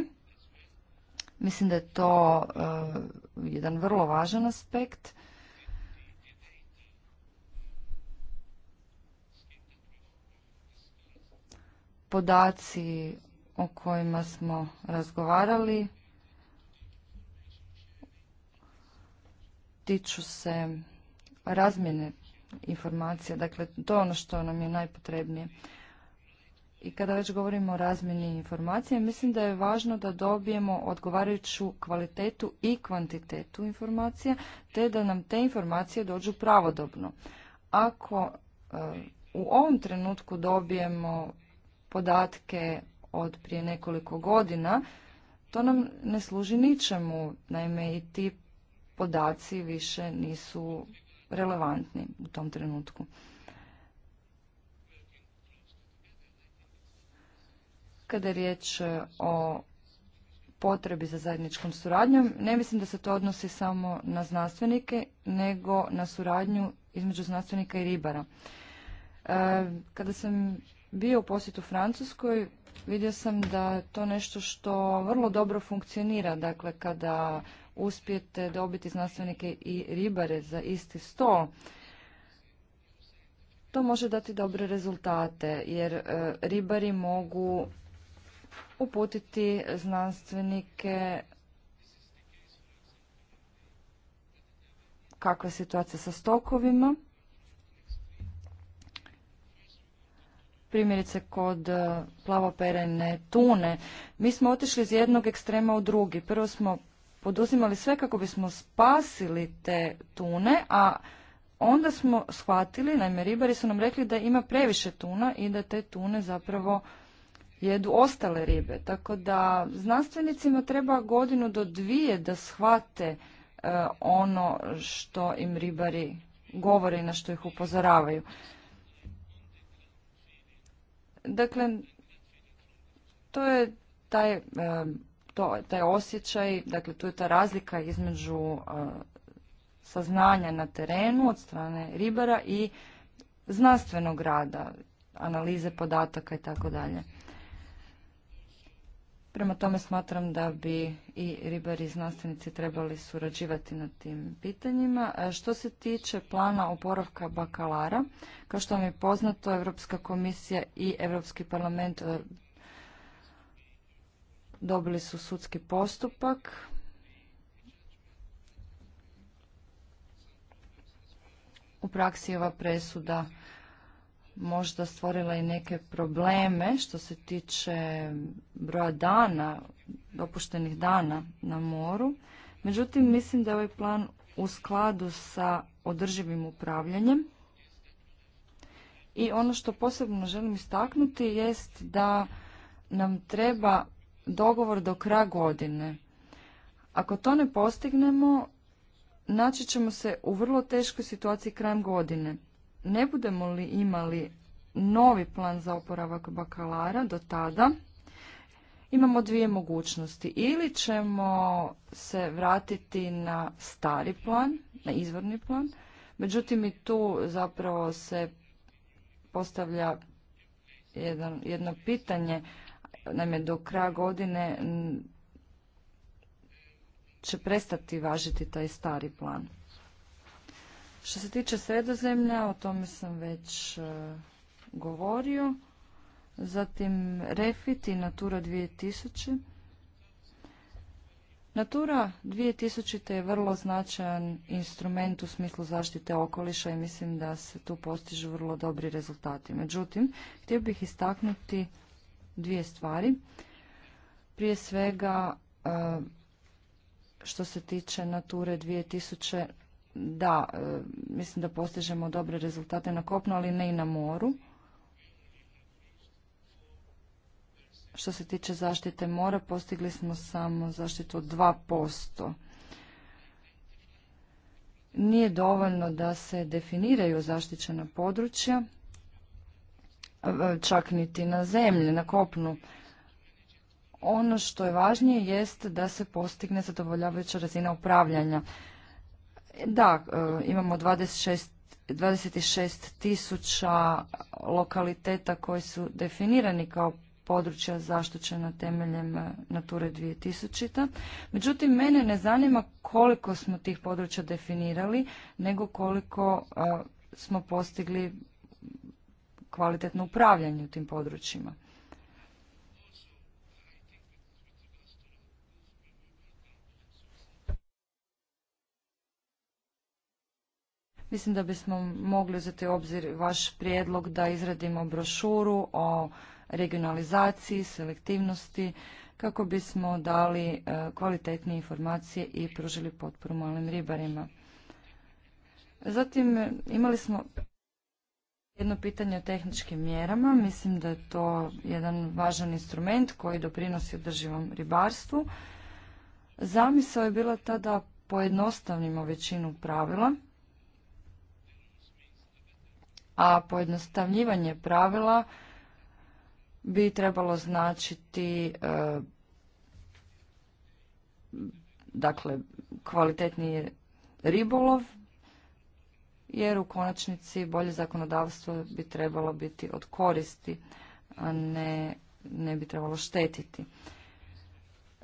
mislim da je to eh, jedan vrlo važan aspekt. Podaci o kojima smo razgovarali tiču se razmjene informacija, dakle to je ono što nam je najpotrebnije. I kada već govorimo o razmjeni informacija, mislim da je važno da dobijemo odgovarajuću kvalitetu i kvantitetu informacija, te da nam te informacije dođu pravodobno. Ako e, u ovom trenutku dobijemo podatke od prije nekoliko godina, to nam ne služi ničemu. Naime, i ti podaci više nisu relevantni u tom trenutku. Kada je riječ e, o potrebi za zajedničkom suradnjom, ne mislim da se to odnosi samo na znanstvenike, nego na suradnju između znanstvenika i ribara. E, kada sam bio u posjetu Francuskoj, vidio sam da je to nešto što vrlo dobro funkcionira. Dakle, kada uspijete dobiti znanstvenike i ribare za isti stol, to može dati dobre rezultate, jer e, ribari mogu uputiti znanstvenike kakva je situacija sa stokovima primjerice kod e, plavoperene tune, mi smo otišli iz jednog ekstrema u drugi. Prvo smo poduzimali sve kako bismo spasili te tune, a onda smo shvatili, naime ribari su nam rekli da ima previše tuna i da te tune zapravo jedu ostale ribe. Tako da znanstvenicima treba godinu do dvije da shvate e, ono što im ribari govore i na što ih upozoravaju. Dakle, to je taj, e, to, taj osjećaj, dakle tu je ta razlika između e, saznanja na terenu od strane ribara i znanstvenog rada, analize podataka i tako dalje. Prema tome smatram da bi i ribari i znanstvenici trebali surađivati na tim pitanjima. E, što se tiče plana oporavka bakalara, kao što vam je poznato, Europska komisija i Europski parlament e, dobili su sudski postupak. U praksi je ova presuda možda stvorila i neke probleme što se tiče broja dana, dopuštenih dana na moru. Međutim, mislim da je ovaj plan u skladu sa održivim upravljanjem. I ono što posebno želim istaknuti jest da nam treba dogovor do kraja godine. Ako to ne postignemo, naći ćemo se u vrlo teškoj situaciji krajem godine ne budemo li imali novi plan za oporavak bakalara do tada, imamo dvije mogućnosti. Ili ćemo se vratiti na stari plan, na izvorni plan, međutim i tu zapravo se postavlja jedno, jedno pitanje, naime do kraja godine će prestati važiti taj stari plan. Što se tiče sredozemlja, o tome sam već e, govorio. Zatim Refit i Natura 2000. Natura 2000 je vrlo značajan instrument u smislu zaštite okoliša i mislim da se tu postižu vrlo dobri rezultati. Međutim, htio bih istaknuti dvije stvari. Prije svega, e, što se tiče Nature 2000, da, e, mislim da postižemo dobre rezultate na kopnu, ali ne i na moru. Što se tiče zaštite mora, postigli smo samo zaštitu od 2%. Nije dovoljno da se definiraju zaštićena područja, e, čak niti na zemlji, na kopnu. Ono što je važnije jest da se postigne zadovoljavajuća razina upravljanja. Da, e, imamo 26 tisuća lokaliteta koji su definirani kao područja zaštićena temeljem e, Nature 2000. Međutim, mene ne zanima koliko smo tih područja definirali, nego koliko e, smo postigli kvalitetno upravljanje u tim područjima. Mislim da bismo mogli uzeti obzir vaš prijedlog da izradimo brošuru o regionalizaciji, selektivnosti, kako bismo dali e, kvalitetnije informacije i pružili potporu malim ribarima. Zatim imali smo jedno pitanje o tehničkim mjerama. Mislim da je to jedan važan instrument koji doprinosi održivom ribarstvu. Zamisao je bila tada pojednostavnimo većinu pravila a pojednostavljivanje pravila bi trebalo značiti e, dakle kvalitetniji ribolov jer u konačnici bolje zakonodavstvo bi trebalo biti od koristi a ne, ne bi trebalo štetiti.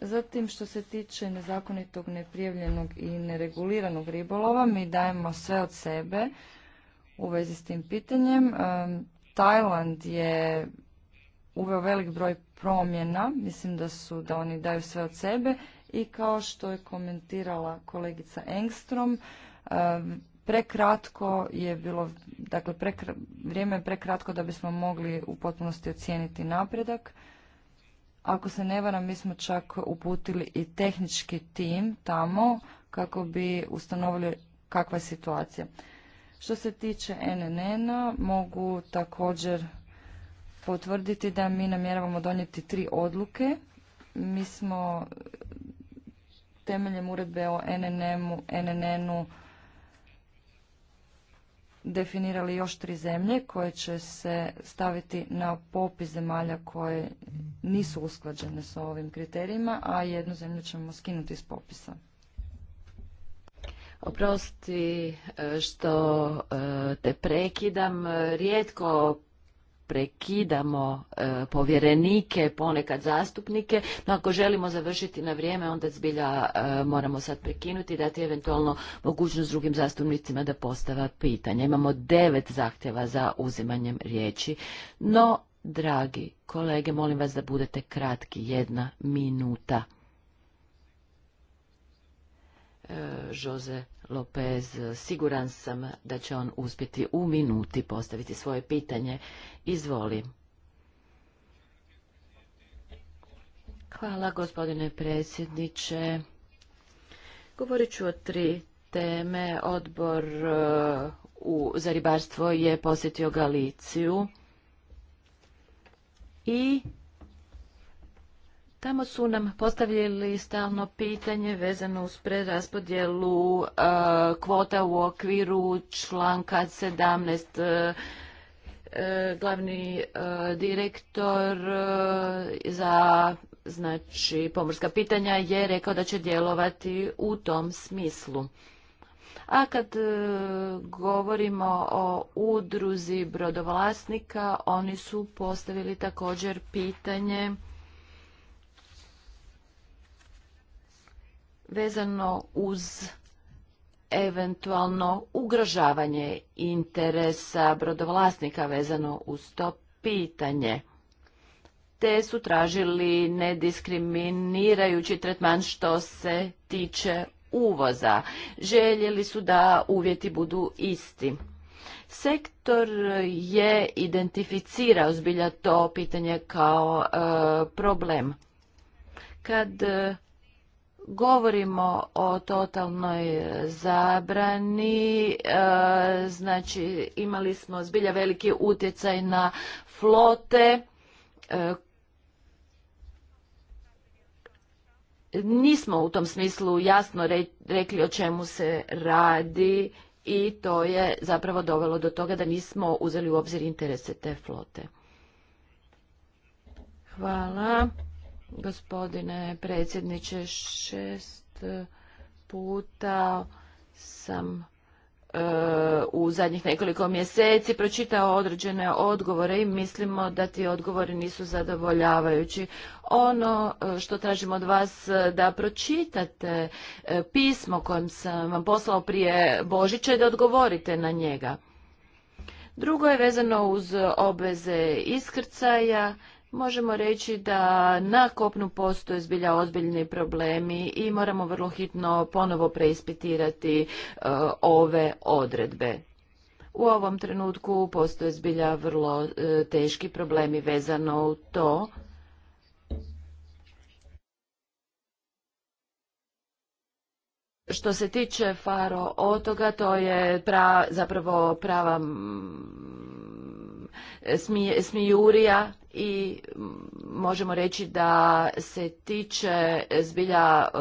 Zatim što se tiče nezakonitog, neprijavljenog i nereguliranog ribolova mi dajemo sve od sebe u vezi s tim pitanjem. E, Tajland je uveo velik broj promjena, mislim da su da oni daju sve od sebe i kao što je komentirala kolegica Engstrom, e, prekratko je bilo, dakle vrijeme je prekratko da bismo mogli u potpunosti ocijeniti napredak. Ako se ne varam, mi smo čak uputili i tehnički tim tamo kako bi ustanovili kakva je situacija. Što se tiče NNN-a, mogu također potvrditi da mi namjeravamo donijeti tri odluke. Mi smo temeljem uredbe o NNN-u definirali još tri zemlje koje će se staviti na popis zemalja koje nisu usklađene sa ovim kriterijima, a jednu zemlju ćemo skinuti iz popisa. Oprosti e, što e, te prekidam. Rijetko prekidamo e, povjerenike, ponekad zastupnike, no ako želimo završiti na vrijeme, onda zbilja moramo sad prekinuti i dati eventualno mogućnost drugim zastupnicima da postava pitanje. Imamo devet zahtjeva za uzimanjem riječi, no dragi kolege, molim vas da budete kratki, jedna minuta. Jose Lopez. Siguran sam da će on uspjeti u minuti postaviti svoje pitanje. Izvoli. Hvala gospodine predsjedniče. Govorit ću o tri teme. Odbor uh, za ribarstvo je posjetio Galiciju i Tamo su nam postavili stalno pitanje vezano uz preraspodjelu e, kvota u okviru članka 17. E, e, glavni direktor za znači, pomorska pitanja je rekao da će djelovati u tom smislu. A kad govorimo o udruzi brodovlasnika, oni su postavili također pitanje vezano uz eventualno ugrožavanje interesa brodovlasnika vezano uz to pitanje. Te su tražili nediskriminirajući tretman što se tiče uvoza. Željeli su da uvjeti budu isti. Sektor je identificirao zbilja to pitanje kao e, problem. Kad Govorimo o totalnoj zabrani, e, znači imali smo zbilja veliki utjecaj na flote. E, nismo u tom smislu jasno rekli o čemu se radi i to je zapravo dovelo do toga da nismo uzeli u obzir interese te flote. Hvala. Gospodine predsjedniče, šest e, puta sam e, u zadnjih nekoliko mjeseci pročitao određene odgovore i mislimo da ti odgovori nisu zadovoljavajući. Ono e, što tražim od vas da pročitate pismo kojem sam vam poslao prije Božića i da odgovorite na njega. Drugo je vezano uz obveze iskrcaja. Možemo reći da na kopnu postoje zbilja ozbiljni problemi i moramo vrlo hitno ponovo preispitirati e, ove odredbe. U ovom trenutku postoje zbilja vrlo e, teški problemi vezano u to. Što se tiče Faro otoga, to je zapravo prava smijurija i možemo reći da se tiče zbilja e,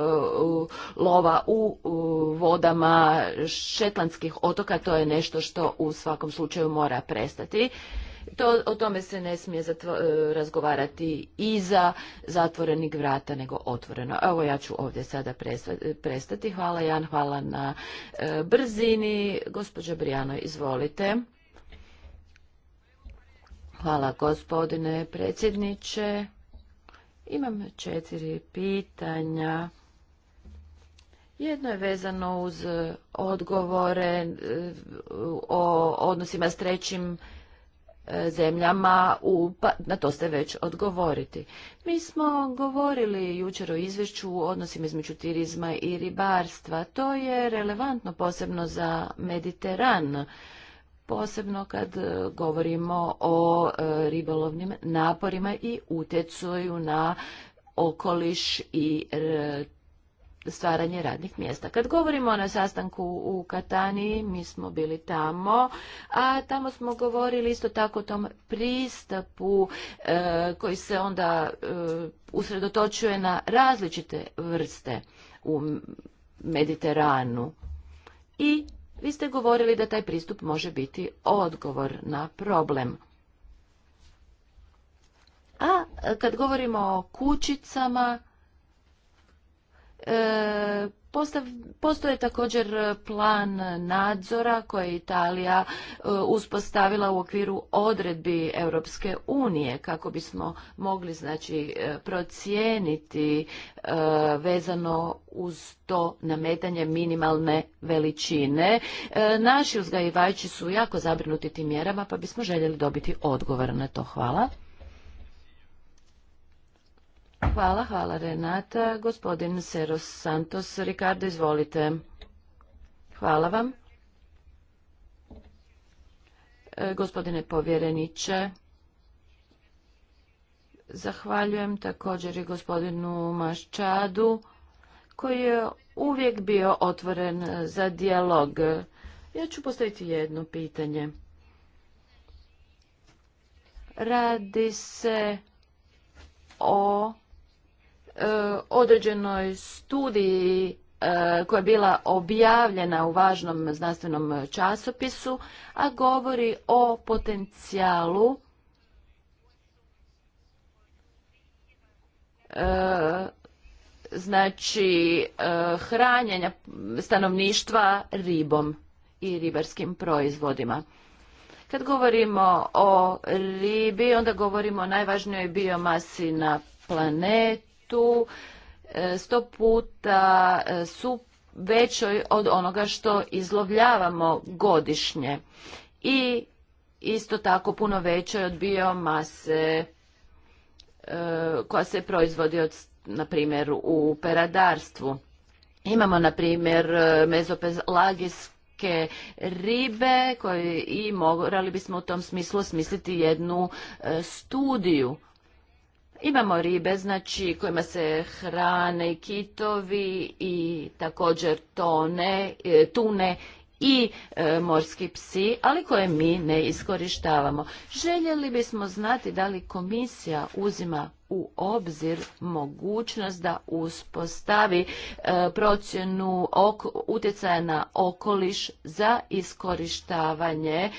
lova u vodama Šetlanskih otoka, to je nešto što u svakom slučaju mora prestati. To, o tome se ne smije zatvo, e, razgovarati iza zatvorenih vrata, nego otvoreno. Evo ja ću ovdje sada prestati. Hvala Jan, hvala na e, brzini. Gospođa Brijano, izvolite. Hvala gospodine predsjedniče. Imam četiri pitanja. Jedno je vezano uz odgovore e, o odnosima s trećim e, zemljama, u, pa, na to ste već odgovoriti. Mi smo govorili jučer o izvješću o odnosima između turizma i ribarstva. To je relevantno posebno za Mediteran posebno kad e, govorimo o e, ribolovnim naporima i utjecuju na okoliš i e, stvaranje radnih mjesta. Kad govorimo na sastanku u Kataniji, mi smo bili tamo, a tamo smo govorili isto tako o tom pristupu koji se onda usredotočuje na različite vrste u Mediteranu i vi ste govorili da taj pristup može biti odgovor na problem. A kad govorimo o kućicama, e, postoje također e, plan nadzora koje je Italija e, uspostavila u okviru odredbi Europske unije kako bismo mogli znači e, procijeniti vezano uz to nametanje minimalne veličine. naši uzgajivači su jako zabrinuti tim mjerama pa bismo željeli dobiti odgovor na to. Hvala. Hvala, hvala Renata. Gospodin Seros Santos. Ricardo, izvolite. Hvala vam. E, gospodine povjereniče, zahvaljujem također i gospodinu Maščadu, koji je uvijek bio otvoren za dijalog. Ja ću postaviti jedno pitanje. Radi se o E, određenoj studiji e, koja je bila objavljena u važnom znanstvenom časopisu, a govori o potencijalu e, znači hranjenja stanovništva ribom i ribarskim proizvodima. Kad govorimo o ribi, onda govorimo o najvažnijoj biomasi na planetu tu e, sto puta e, su većoj od onoga što izlovljavamo godišnje i isto tako puno većoj od biomase e, koja se proizvodi od, na primjer u peradarstvu. Imamo na primjer mezopelagijske ribe koje i morali bismo u tom smislu smisliti jednu studiju Imamo ribe, znači, kojima se hrane i kitovi i također tone, e, tune i e, morski psi, ali koje mi ne iskorištavamo. Željeli bismo znati da li komisija uzima u obzir mogućnost da uspostavi e, procjenu ok, utjecaja na okoliš za iskorištavanje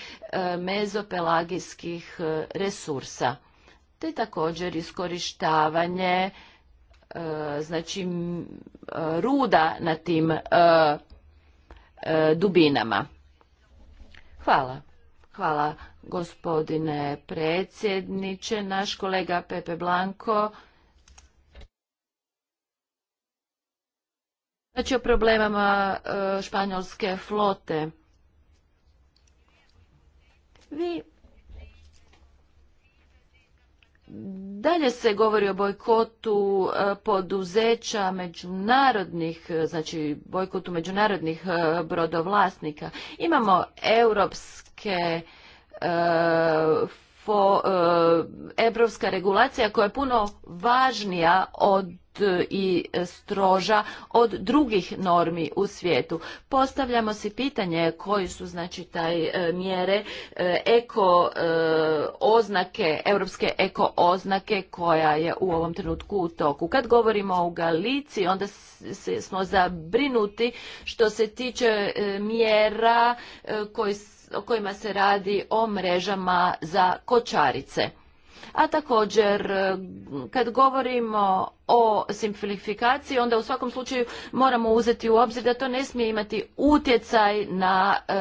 mezopelagijskih resursa te također iskorištavanje e, znači e, ruda na tim e, dubinama. Hvala. Hvala gospodine predsjedniče. Naš kolega Pepe Blanko Znači o problemama španjolske flote. Vi Dalje se govori o bojkotu e, poduzeća međunarodnih, e, znači bojkotu međunarodnih e, brodovlasnika. Imamo europske europska regulacija koja je puno važnija od E, i stroža od drugih normi u svijetu. Postavljamo si pitanje koji su znači taj e, mjere e, eko oznake, europske eko oznake koja je u ovom trenutku u toku. Kad govorimo o Galiciji onda smo zabrinuti što se tiče mjera o kojima se radi o mrežama za kočarice. A također, e, kad govorimo o simplifikaciji, onda u svakom slučaju moramo uzeti u obzir da to ne smije imati utjecaj na, e,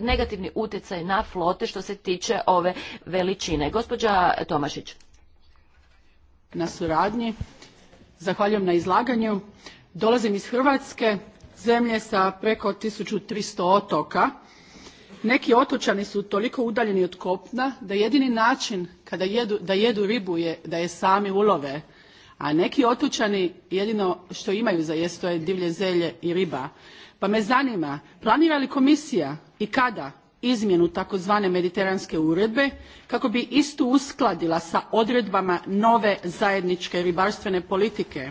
negativni utjecaj na flote što se tiče ove veličine. Gospođa Tomašić. Na suradnji. Zahvaljujem na izlaganju. Dolazim iz Hrvatske, zemlje sa preko 1300 otoka neki otočani su toliko udaljeni od kopna da jedini način kada jedu, da jedu ribu je da je sami ulove a neki otočani jedino što imaju za jest to je divlje zelje i riba pa me zanima planira li komisija i kada izmjenu takozvane mediteranske uredbe kako bi istu uskladila sa odredbama nove zajedničke ribarstvene politike?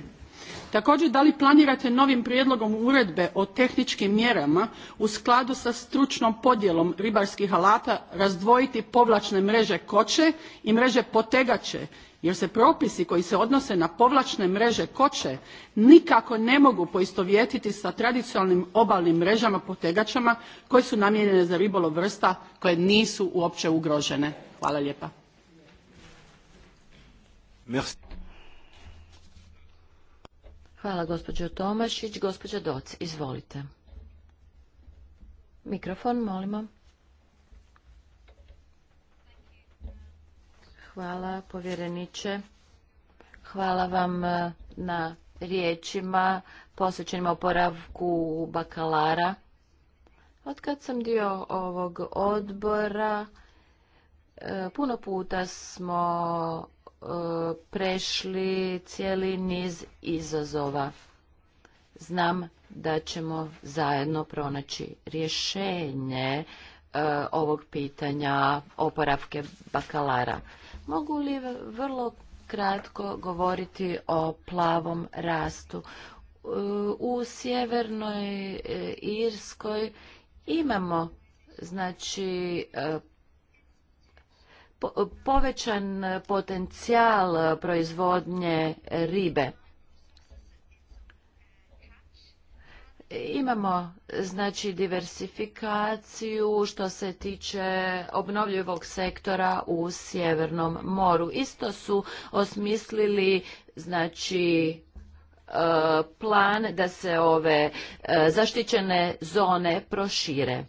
također da li planirate novim prijedlogom uredbe o tehničkim mjerama u skladu sa stručnom podjelom ribarskih alata razdvojiti povlačne mreže koče i mreže potegače jer se propisi koji se odnose na povlačne mreže koče nikako ne mogu poistovjetiti sa tradicionalnim obalnim mrežama potegačama koje su namijenjene za ribolov vrsta koje nisu uopće ugrožene. Hvala lijepa. Hvala gospođo Tomašić. Gospođa Doc, izvolite. Mikrofon, molimo. Hvala povjereniče. Hvala vam eh, na riječima posvećenima oporavku bakalara. Od kad sam dio ovog odbora, eh, puno puta smo prešli cijeli niz izazova. Znam da ćemo zajedno pronaći rješenje e, ovog pitanja oporavke bakalara. Mogu li vrlo kratko govoriti o plavom rastu? E, u sjevernoj e, Irskoj imamo znači povećan potencijal proizvodnje ribe. Imamo znači diversifikaciju što se tiče obnovljivog sektora u Sjevernom moru. Isto su osmislili znači e, plan da se ove e, zaštićene zone prošire.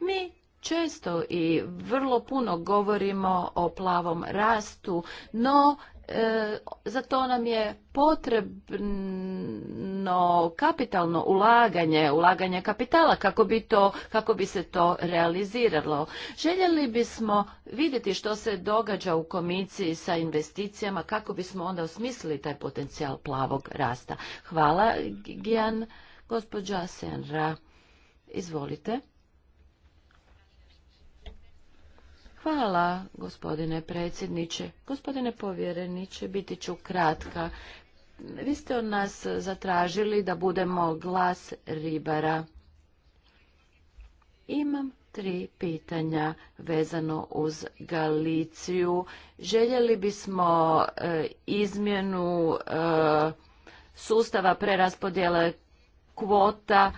Mi često i vrlo puno govorimo o plavom rastu, no e, za to nam je potrebno kapitalno ulaganje, ulaganje kapitala kako bi, to, kako bi se to realiziralo. Željeli bismo vidjeti što se događa u komisiji sa investicijama kako bismo onda osmislili taj potencijal plavog rasta. Hvala Gijan, gospođa Senra. Izvolite. Hvala, gospodine predsjedniče. Gospodine povjereniče, biti ću kratka. Vi ste od nas zatražili da budemo glas ribara. Imam tri pitanja vezano uz Galiciju. Željeli bismo e, izmjenu e, sustava preraspodjele kvota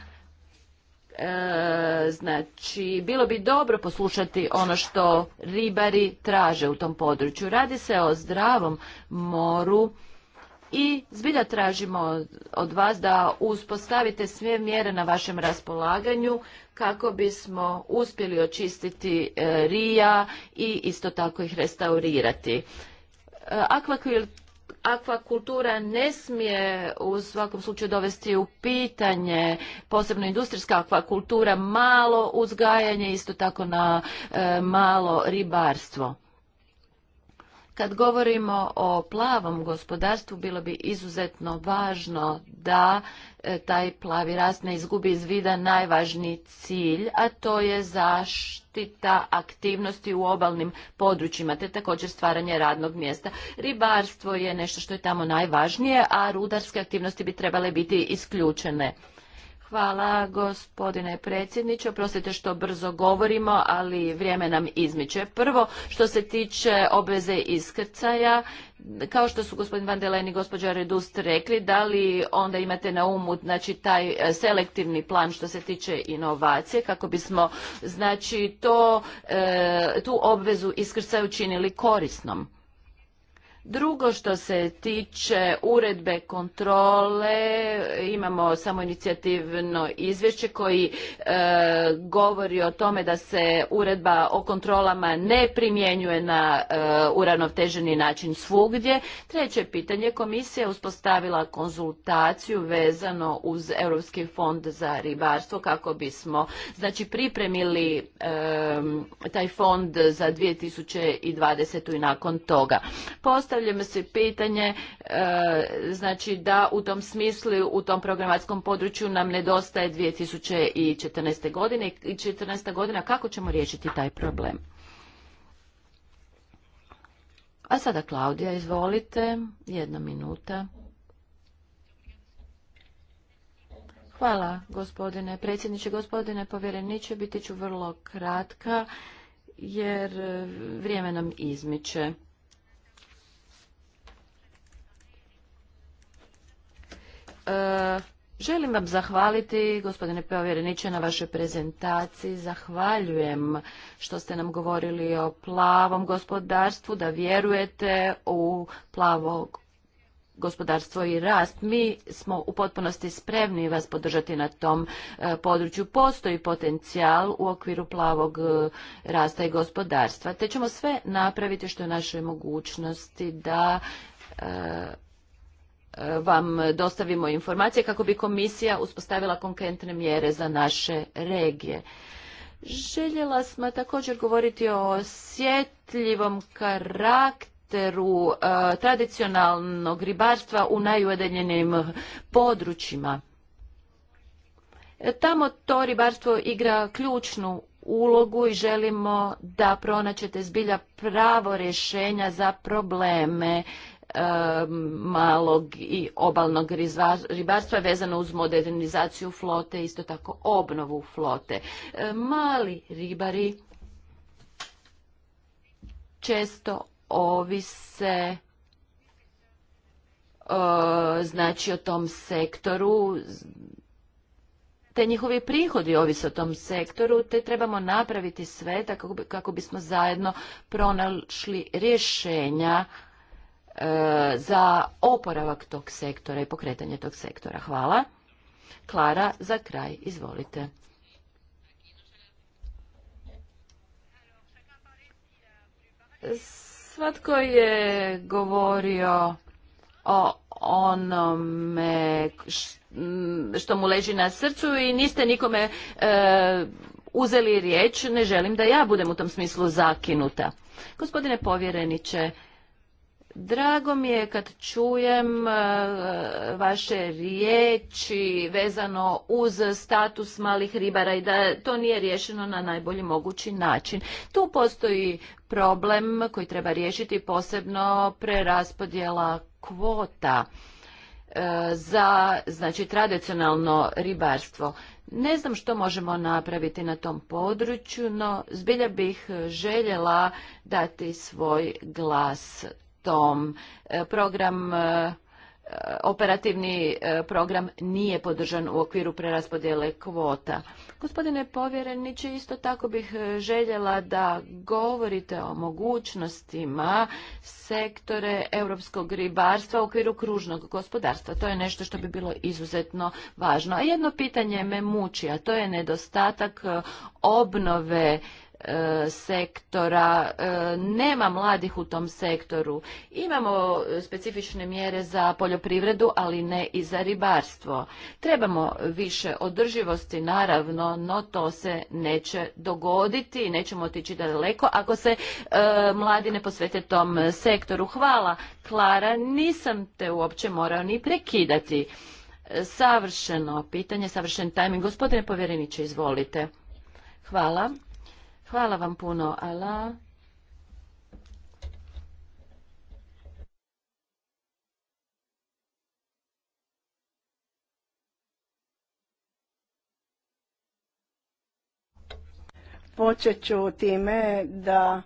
E, znači bilo bi dobro poslušati ono što ribari traže u tom području. Radi se o zdravom moru i zbilja tražimo od vas da uspostavite sve mjere na vašem raspolaganju kako bismo uspjeli očistiti e, rija i isto tako ih restaurirati. E, akvakultura ne smije u svakom slučaju dovesti u pitanje posebno industrijska akvakultura malo uzgajanje isto tako na e, malo ribarstvo kad govorimo o plavom gospodarstvu, bilo bi izuzetno važno da e, taj plavi rast ne izgubi iz vida najvažniji cilj, a to je zaštita aktivnosti u obalnim područjima, te također stvaranje radnog mjesta. Ribarstvo je nešto što je tamo najvažnije, a rudarske aktivnosti bi trebale biti isključene. Hvala gospodine predsjedniče. Oprostite što brzo govorimo, ali vrijeme nam izmiče. Prvo, što se tiče obveze iskrcaja, kao što su gospodin Van Delen i gospođa Redust rekli, da li onda imate na umu znači, taj e, selektivni plan što se tiče inovacije, kako bismo znači, to, e, tu obvezu iskrcaja učinili korisnom? Drugo što se tiče uredbe kontrole, imamo samo inicijativno izvješće koji e, govori o tome da se uredba o kontrolama ne primjenjuje na e, uravnoteženi način svugdje. Treće pitanje, komisija uspostavila konzultaciju vezano uz Europski fond za ribarstvo kako bismo znači pripremili e, taj fond za 2020. i nakon toga. Post postavljamo se pitanje e, znači da u tom smislu u tom programatskom području nam nedostaje 2014. godine i 14. godina kako ćemo riješiti taj problem. A sada Klaudija, izvolite, jedna minuta. Hvala gospodine predsjedniče, gospodine povjereniče, biti ću vrlo kratka jer vrijeme nam izmiče. E, želim vam zahvaliti, gospodine povjereniče, na vašoj prezentaciji. Zahvaljujem što ste nam govorili o plavom gospodarstvu, da vjerujete u plavo gospodarstvo i rast. Mi smo u potpunosti spremni vas podržati na tom e, području. Postoji potencijal u okviru plavog e, rasta i gospodarstva. Te ćemo sve napraviti što je našoj mogućnosti da vam dostavimo informacije kako bi komisija uspostavila konkretne mjere za naše regije. Željela smo također govoriti o osjetljivom karakteru e, tradicionalnog ribarstva u najuedenjenim područjima. E, tamo to ribarstvo igra ključnu ulogu i želimo da pronaćete zbilja pravo rješenja za probleme Um, malog i obalnog ribarstva vezano uz modernizaciju flote, isto tako obnovu flote. E, mali ribari često ovise e, znači o tom sektoru te njihovi prihodi ovise o tom sektoru, te trebamo napraviti sve tako kako bismo zajedno pronašli rješenja E, za oporavak tog sektora i pokretanje tog sektora. Hvala. Klara, za kraj, izvolite. Svatko je govorio o onome što mu leži na srcu i niste nikome e, uzeli riječ. Ne želim da ja budem u tom smislu zakinuta. Gospodine povjereniče, Drago mi je kad čujem e, vaše riječi vezano uz status malih ribara i da to nije riješeno na najbolji mogući način. Tu postoji problem koji treba riješiti posebno preraspodjela kvota e, za znači tradicionalno ribarstvo. Ne znam što možemo napraviti na tom području, no zbilja bih željela dati svoj glas tom. E, program e, operativni e, program nije podržan u okviru preraspodjele kvota. Gospodine povjereniče, isto tako bih željela da govorite o mogućnostima sektore europskog ribarstva u okviru kružnog gospodarstva. To je nešto što bi bilo izuzetno važno. A jedno pitanje me muči, a to je nedostatak obnove E, sektora, e, nema mladih u tom sektoru. Imamo specifične mjere za poljoprivredu, ali ne i za ribarstvo. Trebamo više održivosti, naravno, no to se neće dogoditi i nećemo otići daleko ako se e, mladi ne posvete tom sektoru. Hvala, Klara, nisam te uopće morao ni prekidati. Savršeno pitanje, savršen tajming. Gospodine povjereniče, izvolite. Hvala. Hvala vam puno, Ala. Počet ću time da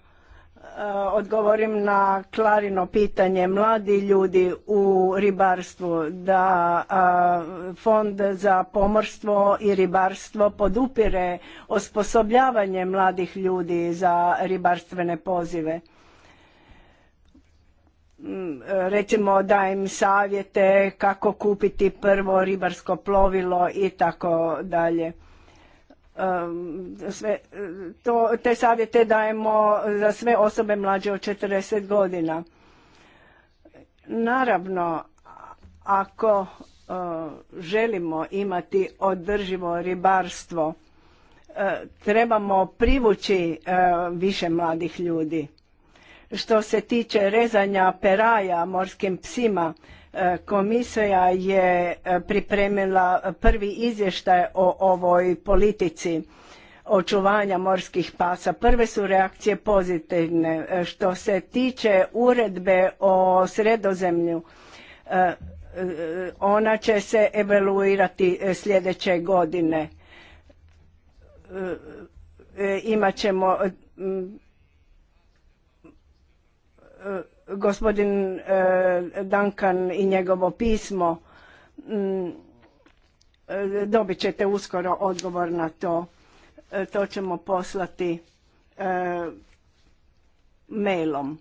Eh, odgovorim na Klarino pitanje. Mladi ljudi u ribarstvu da eh, Fond za pomorstvo i ribarstvo podupire osposobljavanje mladih ljudi za ribarstvene pozive. Mm, recimo im savjete kako kupiti prvo ribarsko plovilo i tako dalje sve, to, te savjete dajemo za sve osobe mlađe od 40 godina. Naravno, ako e, želimo imati održivo ribarstvo, e, trebamo privući e, više mladih ljudi. Što se tiče rezanja peraja morskim psima, Komisija je e, pripremila prvi izvještaj o ovoj politici očuvanja morskih pasa. Prve su reakcije pozitivne. E, što se tiče uredbe o sredozemlju, e, ona će se evaluirati sljedeće godine. Imaćemo gospodin e, Duncan i njegovo pismo. Mm, e, dobit ćete uskoro odgovor na to. E, to ćemo poslati mailom.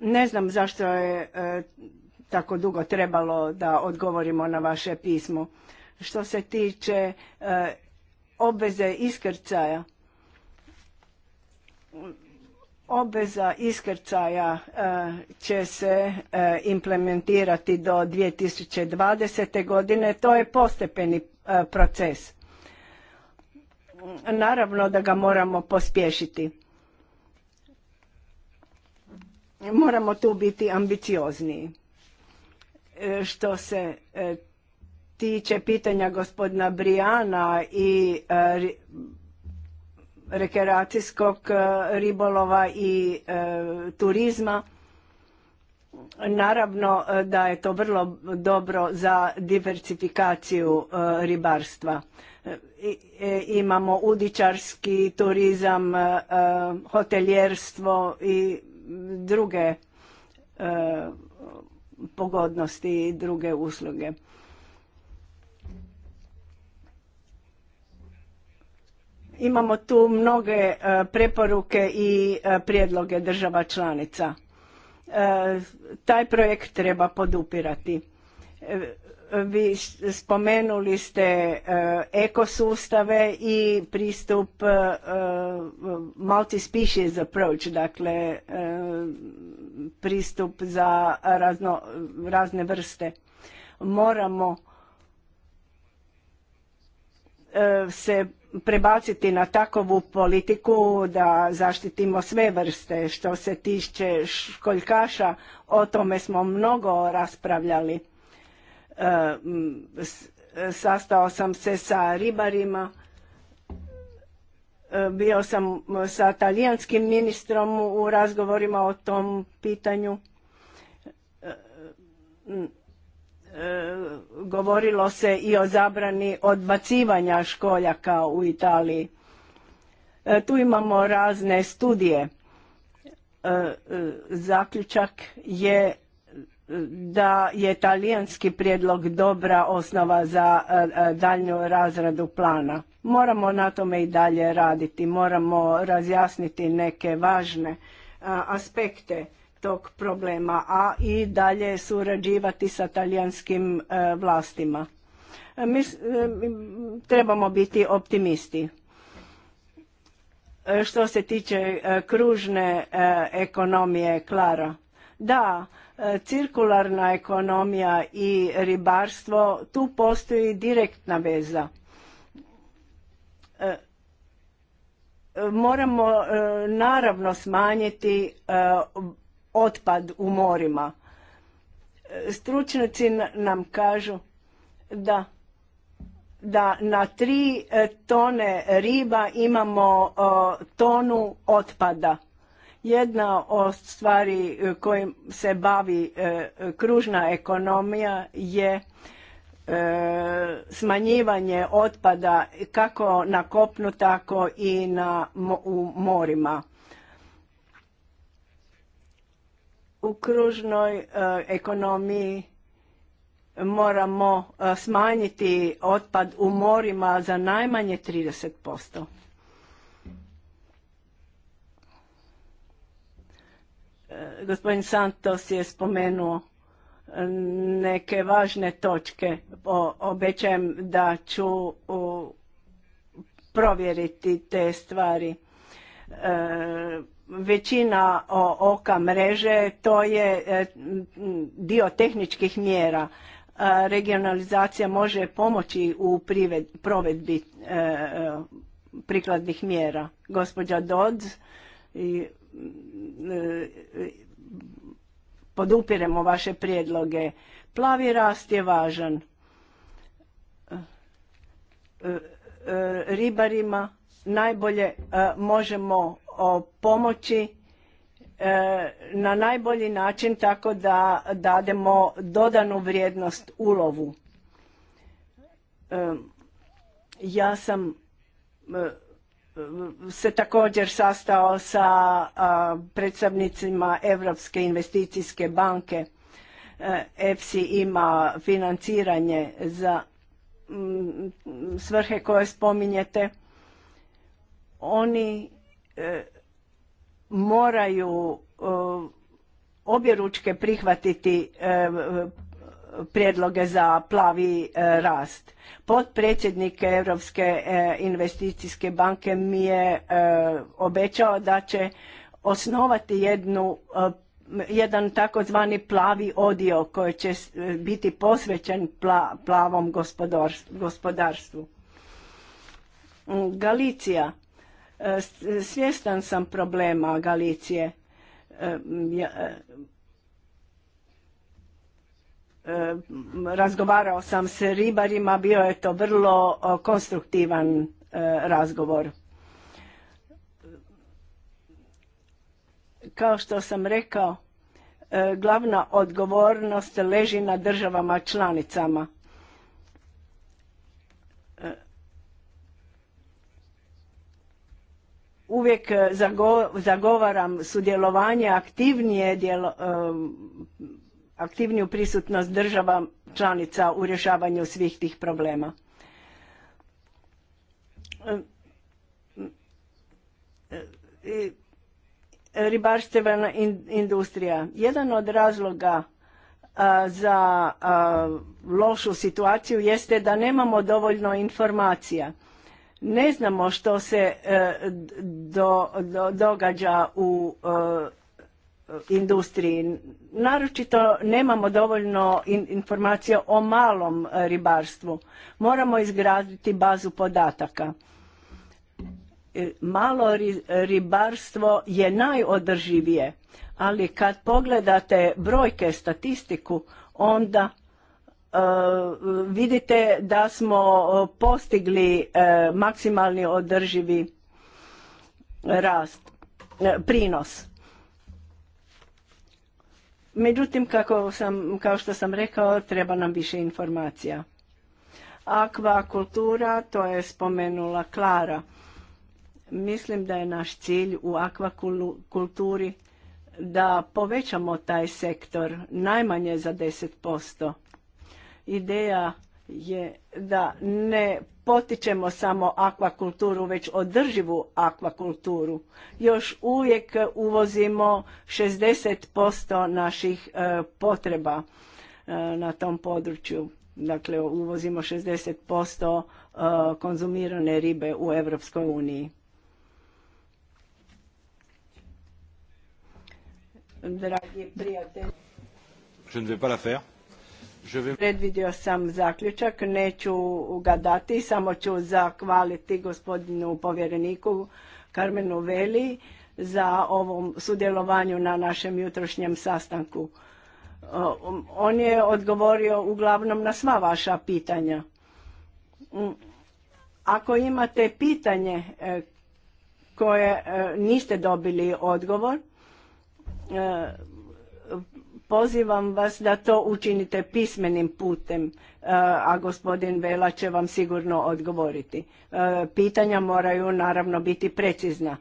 Ne znam zašto je tako dugo trebalo da odgovorimo na vaše pismo. Što se tiče obveze iskrcaja, Obveza iskrcaja e, će se e, implementirati do 2020. godine. To je postepeni e, proces. Naravno da ga moramo pospješiti. Moramo tu biti ambiciozniji. Što se tiče pitanja gospodina Brijana i rekreacijskog e, ribolova i e, turizma. Naravno e, da je to vrlo dobro za diversifikaciju ribarstva. Imamo udičarski turizam, hoteljerstvo i druge pogodnosti i druge usluge. Imamo tu mnoge e, preporuke i e, prijedloge država članica. E, taj projekt treba podupirati. Vi spomenuli ste ekosustave i pristup multi-species approach, dakle pristup za razne vrste. Moramo se prebaciti na takovu politiku da zaštitimo sve vrste. Što se tiče školjkaša, o tome smo mnogo raspravljali. E, sastao sam se sa ribarima, e, bio sam sa talijanskim ministrom u razgovorima o tom pitanju. E, E, govorilo se i o zabrani odbacivanja školjaka u Italiji. E, tu imamo razne studije. E, zaključak je da je talijanski prijedlog dobra osnova za daljnju razradu plana. Moramo na tome i dalje raditi, moramo razjasniti neke važne aspekte tog problema, a i dalje surađivati sa talijanskim e, vlastima. E, Mi e, trebamo biti optimisti. Što se tiče kružne ekonomije, Klara, da, cirkularna ekonomija i ribarstvo, tu postoji direktna veza. Moramo naravno smanjiti otpad u morima. Stručnjaci nam kažu da da na tri e, tone riba imamo tonu otpada. Jedna od stvari e, kojim se bavi e, kružna ekonomija je smanjivanje otpada kako na kopnu, tako i na, u morima. u kružnoj e, ekonomiji moramo e, smanjiti otpad u morima za najmanje 30%. E, gospodin Santos je spomenuo neke važne točke. O, obećajem da ću provjeriti te stvari većina oka mreže to je e, dio tehničkih mjera. E, regionalizacija može pomoći u provedbi e, prikladnih mjera. Gospođa i podupiremo vaše prijedloge. Plavi rast je važan. Ribarima najbolje možemo o pomoći e, na najbolji način tako da dademo dodanu vrijednost ulovu. E, ja sam e, se također sastao sa predstavnicima Europske investicijske banke. EFSI ima financiranje za svrhe koje spominjete. Oni E, moraju e, objeručke prihvatiti e, prijedloge za plavi rast. Potpredsjednik Europske investicijske banke mi je obećao da će osnovati jednu jedan takozvani plavi odio koji će biti posvećen plavom gospodarstvu. Galicija Svjestan sam problema Galicije. E, e, e, razgovarao sam s ribarima, bio je to vrlo konstruktivan razgovor. Kao što sam rekao, glavna odgovornost leži na državama članicama uvijek e, zagovaram sudjelovanje aktivnije e, aktivniju prisutnost država članica u rješavanju svih tih problema. E, ribarstvena industrija. Jedan od razloga za lošu situaciju jeste da nemamo dovoljno informacija ne znamo što se e, do, događa u e, industriji. Naročito nemamo dovoljno in, informacija o malom ribarstvu. Moramo izgraditi bazu podataka. E, malo ribarstvo je najodrživije, ali kad pogledate brojke, statistiku, onda E, vidite da smo e, postigli e, maksimalni održivi rast, prinos. Međutim, kako, sam, kao što sam rekao, treba nam više informacija. Akvakultura, to je spomenula Klara. Mislim da je naš cilj u akvakulturi da povećamo taj sektor najmanje za 10%. Ideja je da ne potičemo samo akvakulturu, već održivu akvakulturu. Još uvijek uvozimo 60% naših e, potreba e, na tom području. Dakle, uvozimo 60% posto e, konzumirane ribe u Europskoj uniji. Dragi prijatelji. ne Predvidio sam zaključak, neću ga dati, samo ću zahvaliti gospodinu povjereniku Karmenu Veli za ovom sudjelovanju na našem jutrošnjem sastanku. On je odgovorio uglavnom na sva vaša pitanja. Mm. Ako imate pitanje e, koje e, niste dobili odgovor, e, Pozivam vas da to učinite pismenim putem, e, a gospodin Vela će vam sigurno odgovoriti. E, pitanja moraju naravno biti precizna.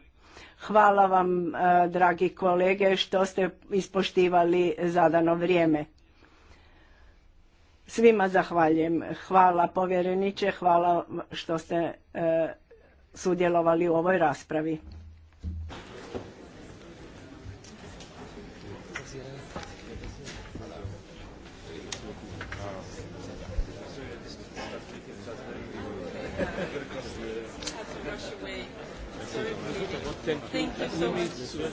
Hvala vam, e, dragi kolege, što ste ispoštivali zadano vrijeme. Svima zahvaljujem. Hvala povjereniče, hvala što ste sudjelovali u ovoj raspravi. Thank you. Thank you so much.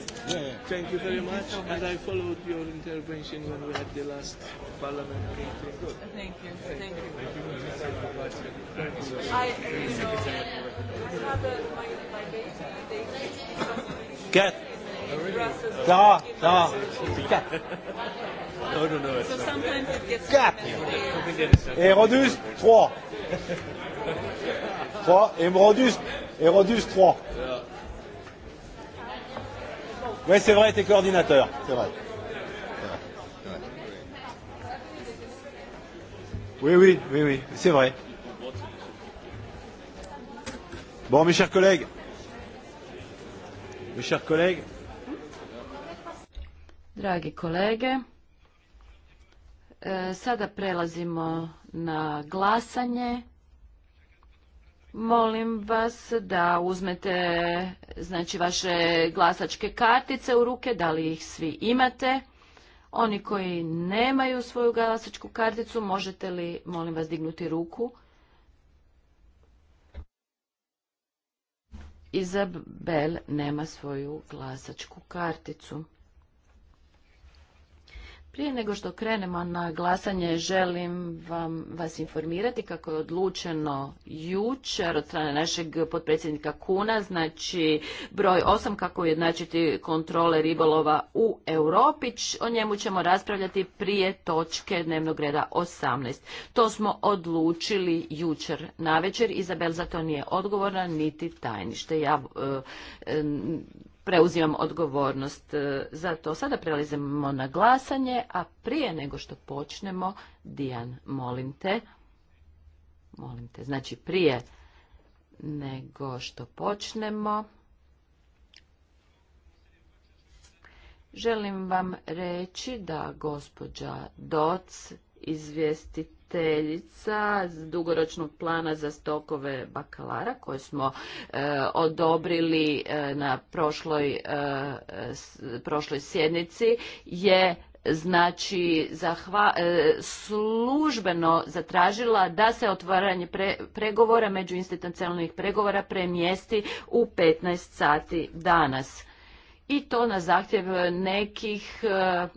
Thank you very much. And I followed your intervention when we had the last parliament meeting. Thank you. Thank you. I, you know, I have a, my, my baby. Get. Da, da. Get. No, no, no. So sometimes it gets. Get. Et Rodus, 3. 3. Et Rodus, et Rodus, 3. Oui, c'est vrai, t'es coordinateur. C'est vrai. Oui, oui, oui, oui, c'est vrai. Bon, mes chers collègues, mes chers collègues, Dragi kolege, e, sada prelazimo na glasanje. Molim vas da uzmete znači vaše glasačke kartice u ruke, da li ih svi imate. Oni koji nemaju svoju glasačku karticu, možete li, molim vas, dignuti ruku? Izabel nema svoju glasačku karticu. Prije nego što krenemo na glasanje, želim vam, vas informirati kako je odlučeno jučer od strane našeg potpredsjednika Kuna, znači broj 8, kako ujednačiti kontrole ribolova u Europi. O njemu ćemo raspravljati prije točke dnevnog reda 18. To smo odlučili jučer na večer. Izabel za to nije odgovorna, niti tajnište. Ja e, preuzimam odgovornost e, za to. Sada prelazimo na glasanje, a prije nego što počnemo, Dijan, molim te, molim te, znači prije nego što počnemo, želim vam reći da gospođa Doc izvijesti s dugoročnog plana za stokove bakalara koje smo e, odobrili e, na e, prošloj, sjednici je znači službeno zatražila da se otvaranje pre, pregovora međuinstitucionalnih pregovora premjesti u 15 sati danas i to na zahtjev nekih e,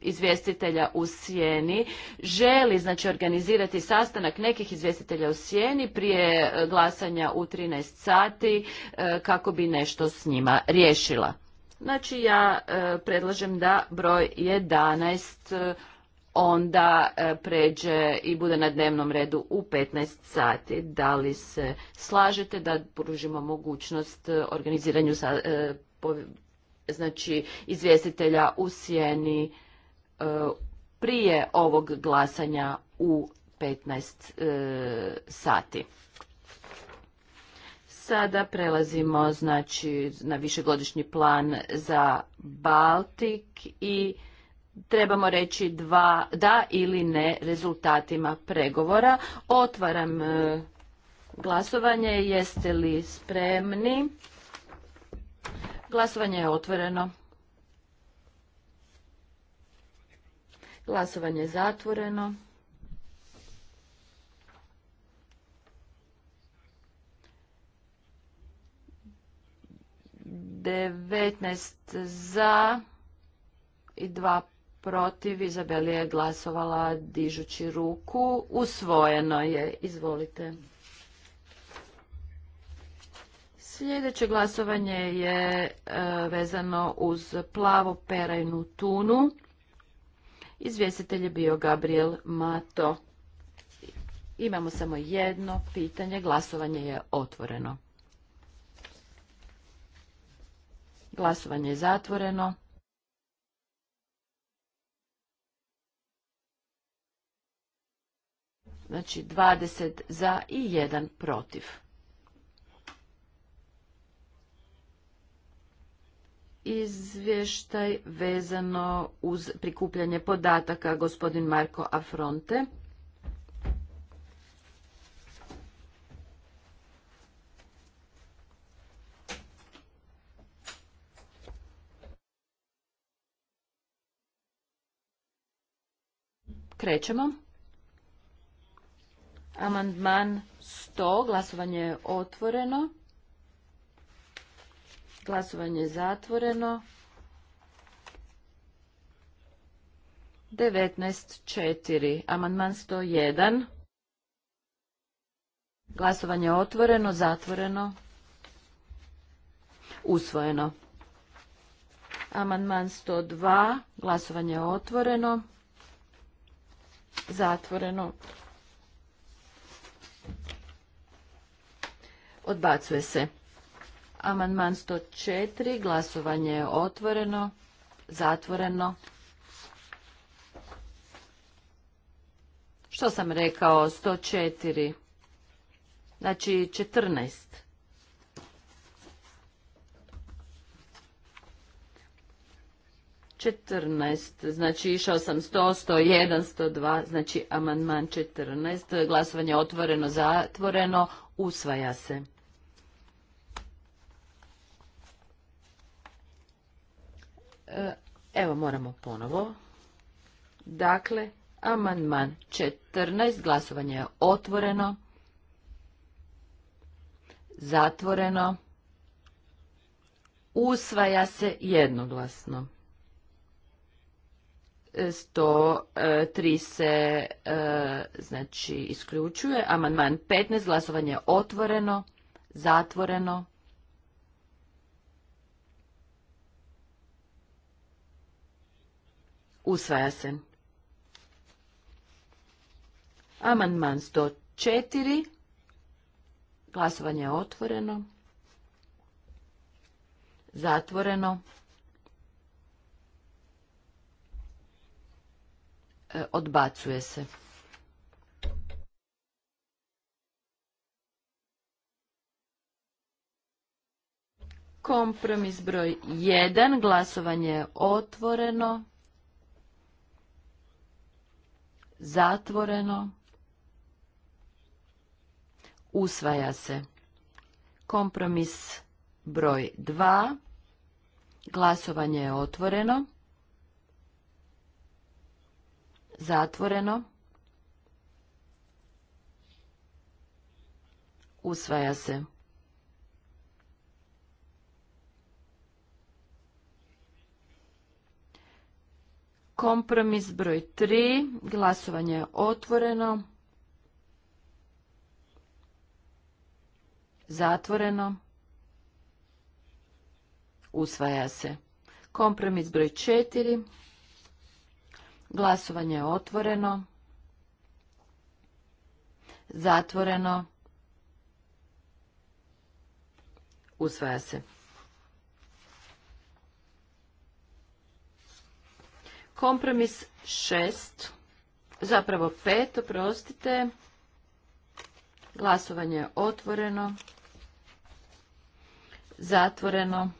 izvjestitelja u sjeni želi znači organizirati sastanak nekih izvjestitelja u sjeni prije glasanja u 13 sati e, kako bi nešto s njima riješila. Znači ja e, predlažem da broj 11 onda pređe i bude na dnevnom redu u 15 sati. Da li se slažete da pružimo mogućnost organiziranju znači izvjestitelja u sjeni e, prije ovog glasanja u 15 e, sati. Sada prelazimo znači na višegodišnji plan za Baltik i trebamo reći dva da ili ne rezultatima pregovora. Otvaram e, glasovanje. Jeste li spremni? Glasovanje je otvoreno. Glasovanje je zatvoreno. Devetnaest za i dva protiv. Izabelija je glasovala dižući ruku. Usvojeno je. Izvolite. Sljedeće glasovanje je e, vezano uz plavu perajnu tunu. Izvjestitelj je bio Gabriel Mato. Imamo samo jedno pitanje. Glasovanje je otvoreno. Glasovanje je zatvoreno. Znači 20 za i 1 protiv. izvještaj vezano uz prikupljanje podataka gospodin Marko Afronte. Krećemo. Amandman 100, glasovanje je otvoreno. Glasovanje je zatvoreno. 19.4. Amandman 101. Glasovanje je otvoreno, zatvoreno, usvojeno. Amandman 102. Glasovanje je otvoreno, zatvoreno, odbacuje se. Amandman 104. Glasovanje je otvoreno. Zatvoreno. Što sam rekao? 104. Znači 14. Četrnaest, znači išao sam sto, sto jedan, sto dva, znači amandman četrnaest, glasovanje otvoreno, zatvoreno, usvaja se. E, evo moramo ponovo. Dakle, amandman 14, glasovanje je otvoreno, zatvoreno, usvaja se jednoglasno. 103 e, se e, znači isključuje. Amandman 15, glasovanje je otvoreno, zatvoreno, Usvaja se. Amandman 104. Glasovanje je otvoreno. Zatvoreno. E, odbacuje se. Kompromis broj 1. Glasovanje je otvoreno zatvoreno, usvaja se. Kompromis broj 2, glasovanje je otvoreno, zatvoreno, usvaja se. Kompromis broj 3. Glasovanje je otvoreno. Zatvoreno. Usvaja se. Kompromis broj 4. Glasovanje je otvoreno. Zatvoreno. Usvaja se. Kompromis šest, zapravo 5, oprostite. Glasovanje je otvoreno, zatvoreno,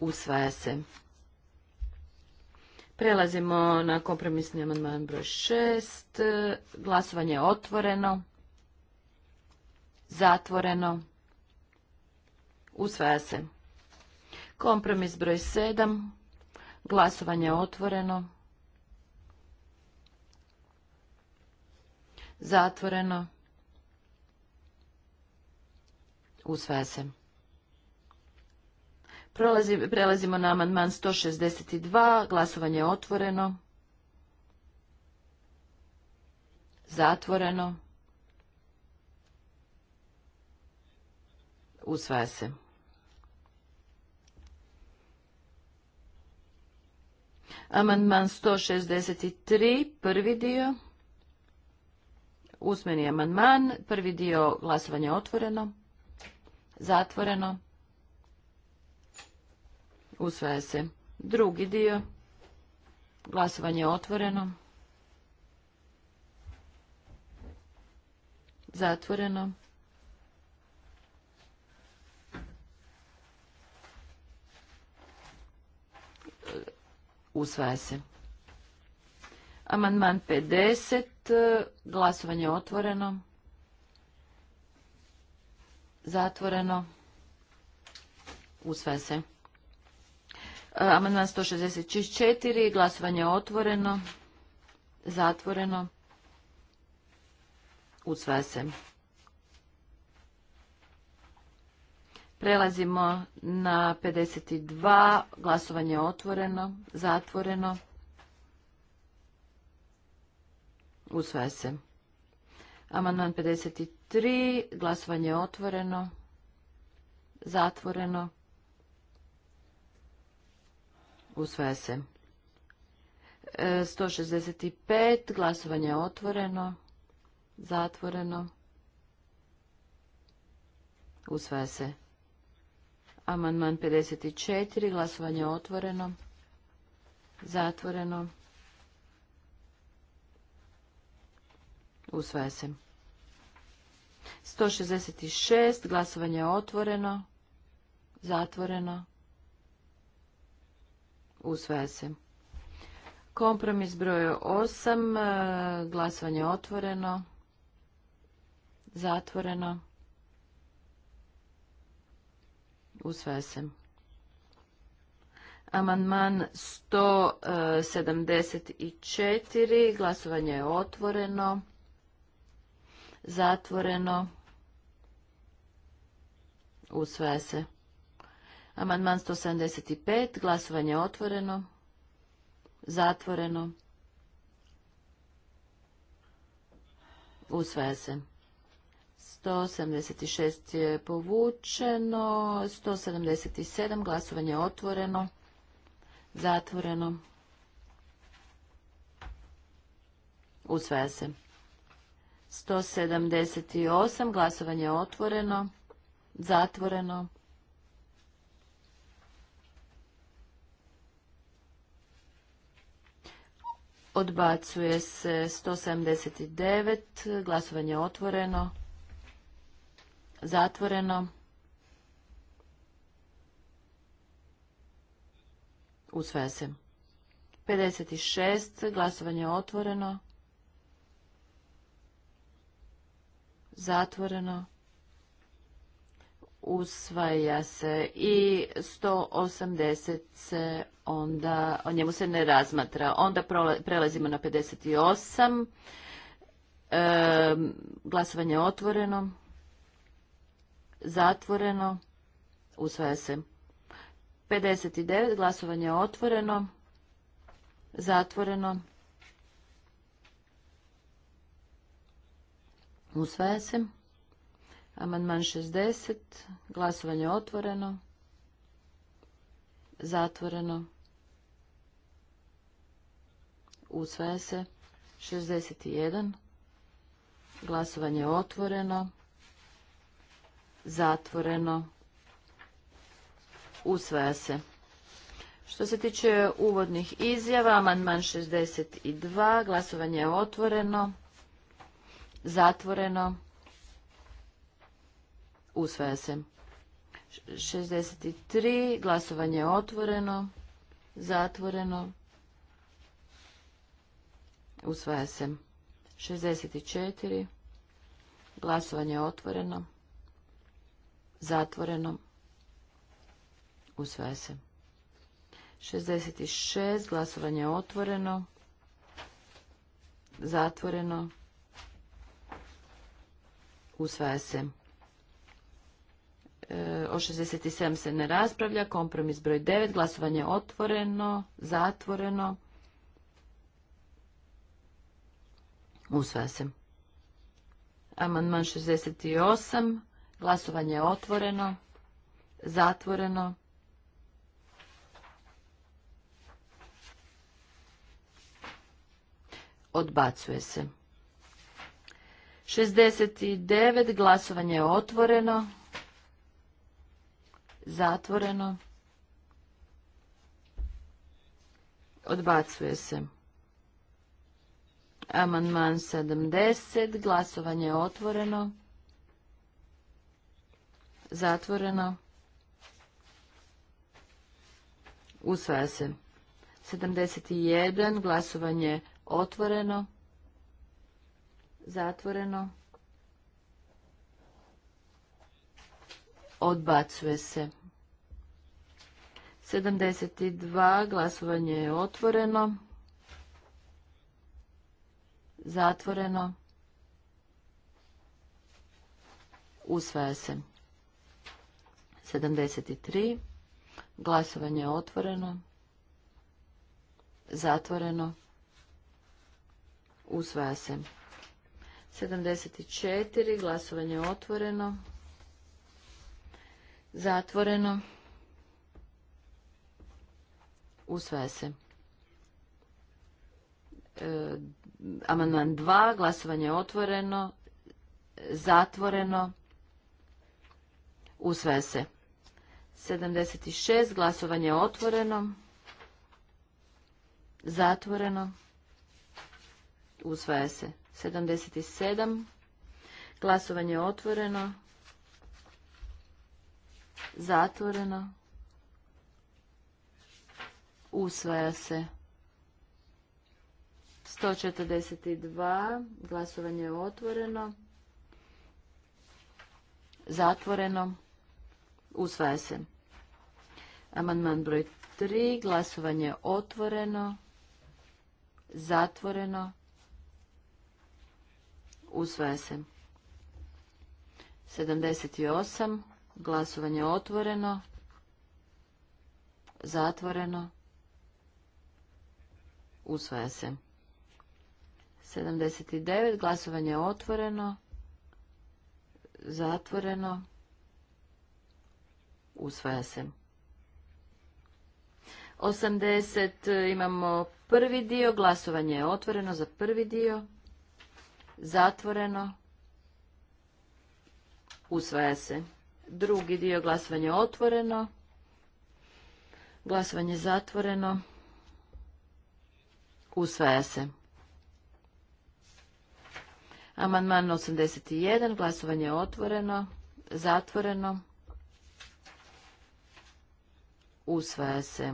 usvaja se. Prelazimo na kompromisni amandman broj šest, Glasovanje je otvoreno, zatvoreno, usvaja se. Kompromis broj sedam, Glasovanje je otvoreno. Zatvoreno. Usvaja se. prelazimo na amandman 162. Glasovanje je otvoreno. Zatvoreno. Usvaja se. Amandman 163, prvi dio. Usmeni amandman, prvi dio glasovanje otvoreno, zatvoreno, usvaja se. Drugi dio, glasovanje otvoreno, zatvoreno. Usvaja se. Amandman 50. Glasovanje otvoreno. Zatvoreno. Usvaja se. Amandman 164. Glasovanje otvoreno. Zatvoreno. Usvaja se. Prelazimo na 52. Glasovanje otvoreno, zatvoreno. Usvaja se. Amandman 53. Glasovanje otvoreno, zatvoreno. Usvaja se. 165. E, Glasovanje otvoreno, zatvoreno. Usvaja se. Amandman 54. Glasovanje otvoreno. Zatvoreno. Usvaja se. 166. Glasovanje otvoreno. Zatvoreno. Usvaja se. Kompromis broj 8. Glasovanje otvoreno. Zatvoreno. Usvaja se. Amandman 174. Glasovanje je otvoreno. Zatvoreno. Usvaja se. Amandman 175. Glasovanje je otvoreno. Zatvoreno. Usvaja se. 176 je povučeno, 177 glasovanje je otvoreno, zatvoreno. Usvaja se. 178 glasovanje je otvoreno, zatvoreno. Odbacuje se 179, glasovanje je otvoreno, Zatvoreno. Usvaja se. 56. Glasovanje je otvoreno. Zatvoreno. Usvaja se i 180 se onda, o njemu se ne razmatra. Onda prelazimo na 58. glasovanje je otvoreno zatvoreno, usvaja se. 59, glasovanje je otvoreno, zatvoreno, usvaja se. Amandman 60, glasovanje je otvoreno, zatvoreno, usvaja se. 61, glasovanje otvoreno, zatvoreno, usvaja se. Što se tiče uvodnih izjava, amandman 62, glasovanje je otvoreno, zatvoreno, usvaja se. 63, glasovanje je otvoreno, zatvoreno, usvaja se. 64, glasovanje je otvoreno, Zatvoreno. Usvaja se. 66. Glasovanje je otvoreno. Zatvoreno. Usvaja se. E, o 67 se ne raspravlja. Kompromis broj 9. Glasovanje je otvoreno. Zatvoreno. Usvaja se. Amandman 68. Glasovanje je otvoreno, zatvoreno. Odbacuje se. 69. Glasovanje je otvoreno, zatvoreno. Odbacuje se. Amandman 70. Glasovanje je otvoreno. Zatvoreno. Usvaja se. 71. Glasovanje otvoreno. Zatvoreno. Odbacuje se. 72. Glasovanje je otvoreno. Zatvoreno. Usvaja se. 73. Glasovanje je otvoreno. Zatvoreno. Usvaja se. 74. Glasovanje je otvoreno. Zatvoreno. Usvaja se. E, amandman 2. Glasovanje je otvoreno. Zatvoreno. Usvaja se. 76. Glasovanje otvoreno. Zatvoreno. Usvaja se. 77. Glasovanje otvoreno. Zatvoreno. Usvaja se. 142. Glasovanje otvoreno. Zatvoreno. Usvaja se. Amandman broj 3. Glasovanje otvoreno. Zatvoreno. Usvaja se. 78. Glasovanje otvoreno. Zatvoreno. Usvaja se. 79. Glasovanje otvoreno. Zatvoreno usvaja se. 80 imamo prvi dio, glasovanje je otvoreno za prvi dio, zatvoreno, usvaja se. Drugi dio glasovanje je otvoreno, glasovanje je zatvoreno, usvaja se. Amandman 81, glasovanje je otvoreno, zatvoreno, Usvaja se.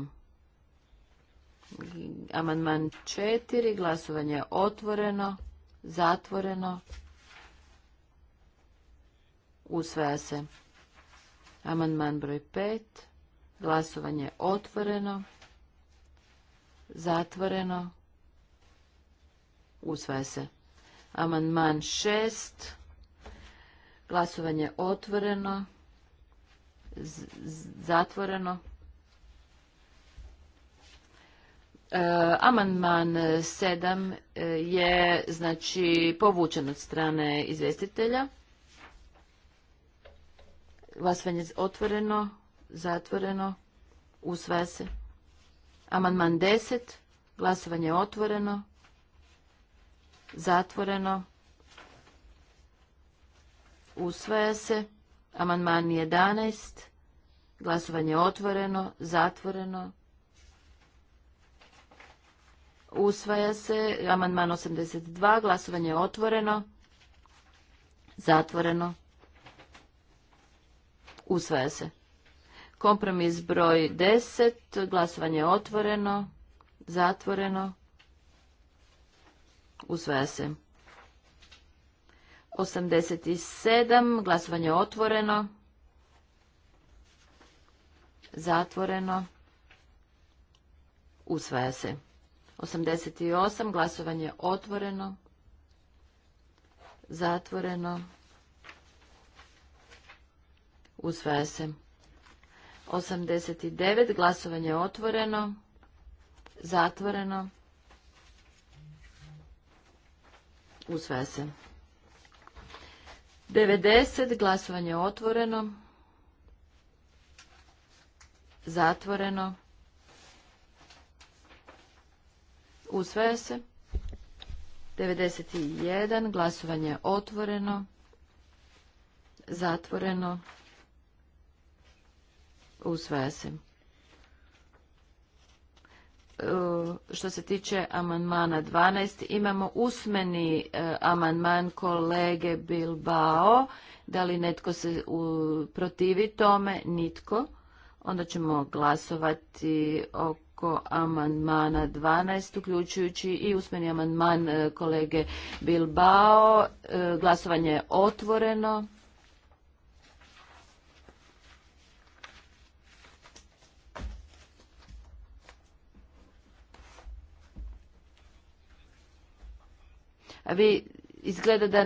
Amandman četiri. Glasovanje je otvoreno. Zatvoreno. Usvaja se. Amandman broj 5. Glasovanje otvoreno. Zatvoreno. Usvaja se. Amandman 6. Glasovanje otvoreno. Zatvoreno. E, amandman 7 e, je znači povučen od strane izvjestitelja. Glasovanje otvoreno, zatvoreno, usvaja se. Amandman 10, glasovanje otvoreno, zatvoreno, usvaja se. Amandman 11, glasovanje otvoreno, zatvoreno, Usvaja se amandman 82. Glasovanje je otvoreno. Zatvoreno. Usvaja se. Kompromis broj 10. Glasovanje je otvoreno. Zatvoreno. Usvaja se. 87. Glasovanje je otvoreno. Zatvoreno. Usvaja se. 88. Glasovanje otvoreno. Zatvoreno. Usvaja se. 89. Glasovanje otvoreno. Zatvoreno. Usvaja se. 90. Glasovanje otvoreno. Zatvoreno. Usvaja se. 91. Glasovanje je otvoreno. Zatvoreno. Usvaja se. E, što se tiče amandmana 12, imamo usmeni e, amandman kolege Bilbao. Da li netko se protivi tome? Nitko. Onda ćemo glasovati o oko amandmana 12, uključujući i usmeni amandman e, kolege Bilbao. E, glasovanje je otvoreno. A vi izgleda da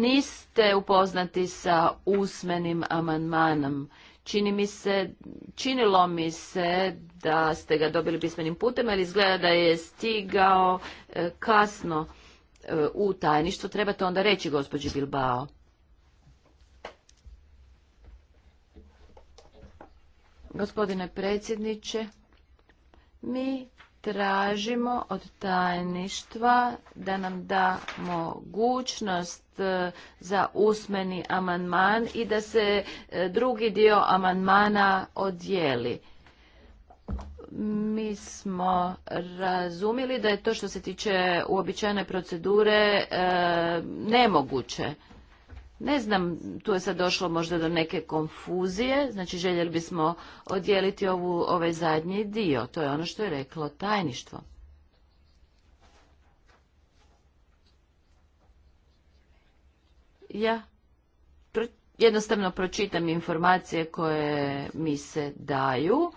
niste upoznati sa usmenim amandmanom. Čini mi se, činilo mi se da ste ga dobili pismenim putem, ali izgleda da je stigao e, kasno e, u tajništvo. Trebate onda reći, gospođi Bilbao. Gospodine predsjedniče, mi tražimo od tajništva da nam da mogućnost e, za usmeni amandman i da se e, drugi dio amandmana odjeli. Mi smo razumjeli da je to što se tiče uobičajene procedure e, nemoguće. Ne znam, tu je sad došlo možda do neke konfuzije, znači željeli bismo odjeliti ovu, ovaj zadnji dio, to je ono što je reklo tajništvo. Ja jednostavno pročitam informacije koje mi se daju,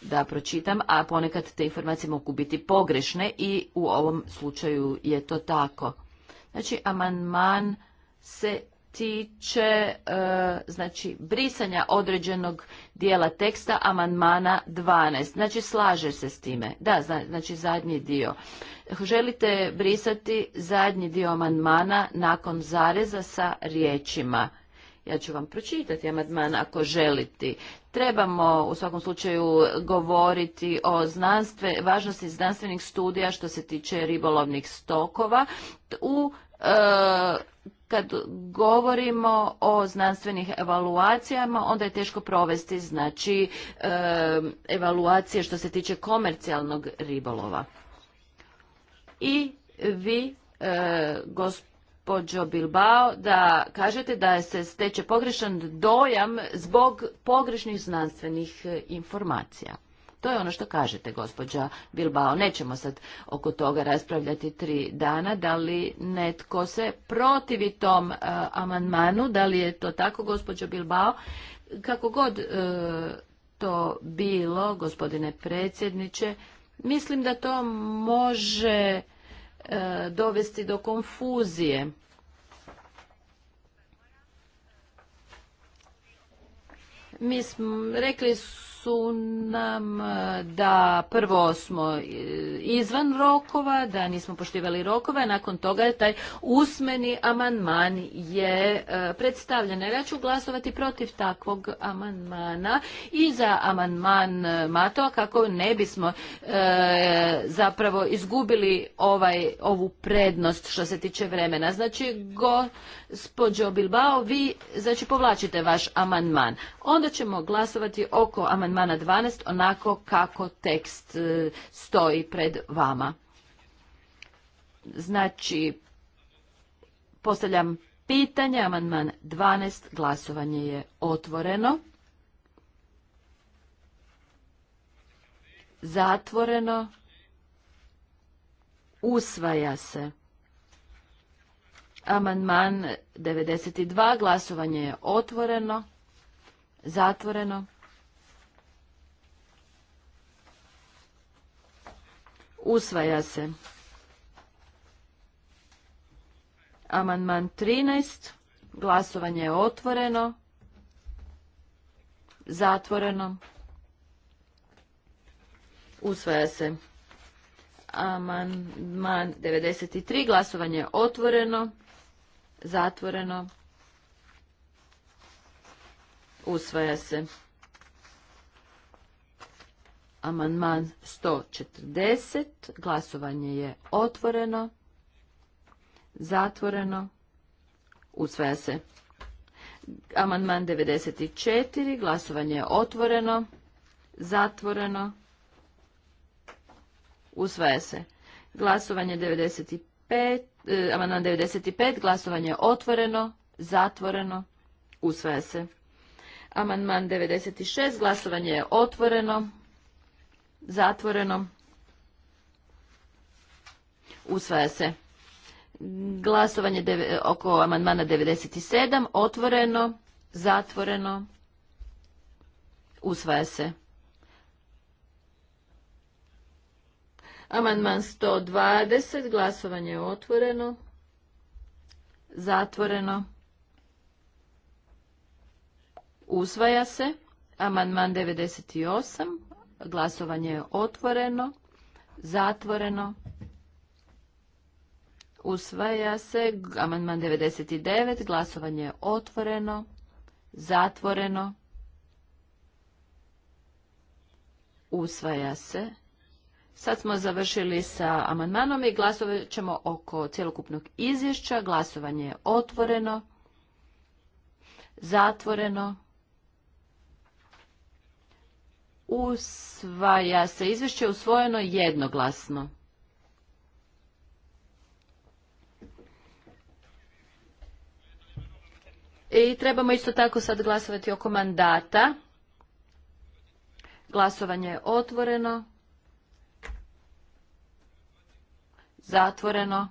da pročitam, a ponekad te informacije mogu biti pogrešne i u ovom slučaju je to tako. Znači, amandman se tiče e, znači brisanja određenog dijela teksta amandmana 12. Znači slaže se s time. Da, znači zadnji dio. Želite brisati zadnji dio amandmana nakon zareza sa riječima. Ja ću vam pročitati amandman ako želite. Trebamo u svakom slučaju govoriti o znanstve, važnosti znanstvenih studija što se tiče ribolovnih stokova u e, kad govorimo o znanstvenih evaluacijama, onda je teško provesti znači e, evaluacije što se tiče komercijalnog ribolova. I vi, e, gospođo Bilbao, da kažete da se steče pogrešan dojam zbog pogrešnih znanstvenih e, informacija. To je ono što kažete, gospođa Bilbao. Nećemo sad oko toga raspravljati tri dana. Da li netko se protivi tom e, amandmanu? Da li je to tako, gospođa Bilbao? Kako god e, to bilo, gospodine predsjedniče, mislim da to može e, dovesti do konfuzije. Mi smo rekli su nam e, da prvo smo e, izvan rokova, da nismo poštivali rokove, a nakon toga je taj usmeni amandman je e, predstavljen. Ja ću glasovati protiv takvog amandmana i za amandman Mato, kako ne bismo zapravo izgubili ovaj, ovu prednost što se tiče vremena. Znači, gospođo Bilbao, vi znači povlačite vaš amandman. Onda ćemo glasovati oko amandmana amandmana 12 onako kako tekst e, stoji pred vama. Znači, postavljam pitanje, amandman 12, glasovanje je otvoreno. Zatvoreno. Usvaja se. Amandman 92, glasovanje je otvoreno. Zatvoreno. Usvaja se. Amandman 13. Glasovanje je otvoreno. Zatvoreno. Usvaja se. Amandman 93. Glasovanje je otvoreno. Zatvoreno. Usvaja se. Amandman 140. Glasovanje je otvoreno. Zatvoreno. Usvaja se. Amandman 94. Glasovanje je otvoreno. Zatvoreno. Usvaja se. Glasovanje 95. E, amandman 95. Glasovanje je otvoreno. Zatvoreno. Usvaja se. Amandman 96. Glasovanje je otvoreno. Zatvoreno. Usvaja se. Glasovanje oko amandmana 97. Otvoreno. Zatvoreno. Usvaja se. Amandman 120. Glasovanje je otvoreno. Zatvoreno. Usvaja se. Amandman 98. Glasovanje je otvoreno, zatvoreno. Usvaja se amandman 99. Glasovanje je otvoreno, zatvoreno. Usvaja se. Sad smo završili sa amandmanom i glasovat ćemo oko cjelokupnog izvješća. Glasovanje je otvoreno, zatvoreno. Usvaja se. Izvješće usvojeno jednoglasno. I trebamo isto tako sad glasovati oko mandata. Glasovanje je otvoreno. Zatvoreno.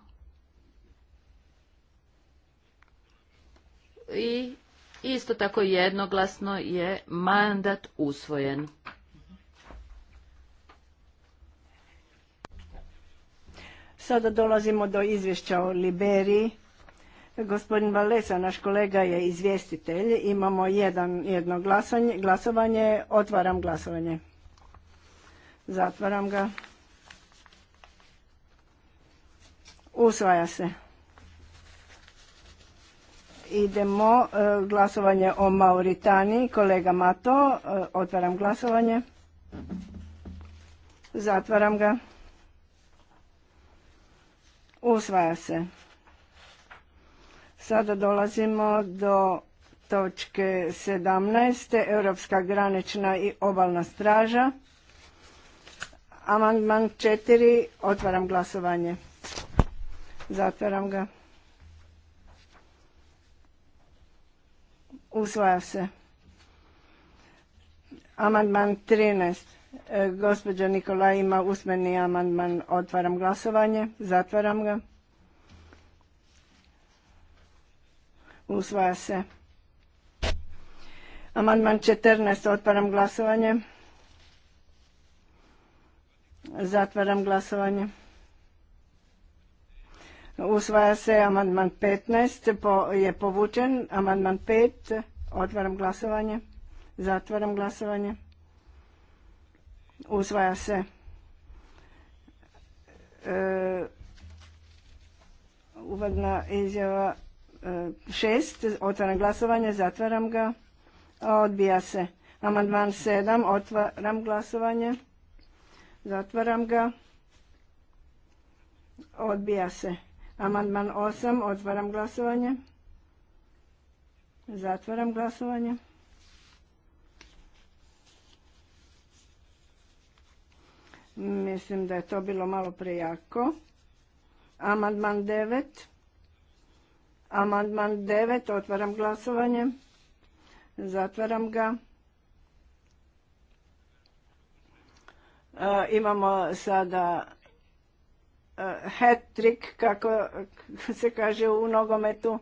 I isto tako jednoglasno je mandat usvojen. Sada dolazimo do izvješća o Liberiji. Gospodin Valesa, naš kolega je izvjestitelj. Imamo jedan, jedno glasovanje. Otvaram glasovanje. Zatvaram ga. Usvaja se. Idemo e, glasovanje o Mauritani. Kolega Mato, e, otvaram glasovanje. Zatvaram ga. Usvaja se. Sada dolazimo do točke 17. Europska granična i obalna straža. Amandman 4. Otvaram glasovanje. Zatvaram ga. Usvaja se. Amandman 13. E, gospođa Nikola ima usmeni amandman. Otvaram glasovanje. Zatvaram ga. Usvaja se. Amandman 14. Otvaram glasovanje. Zatvaram glasovanje. Usvaja se amandman 15. je povučen. Amandman 5. Otvaram glasovanje. Zatvaram glasovanje. Uzvaja se. E, uvodna izjava e, šest. Otvaram glasovanje. Zatvaram ga. Odbija se. Amandman sedam. Otvaram glasovanje. Zatvaram ga. Odbija se. Amandman osam, Otvaram glasovanje. Zatvaram glasovanje. Mislim da je to bilo malo prejako. Amandman 9. Amandman 9. Otvaram glasovanje. Zatvaram ga. E, imamo sada e, hat-trick, kako se kaže u nogometu.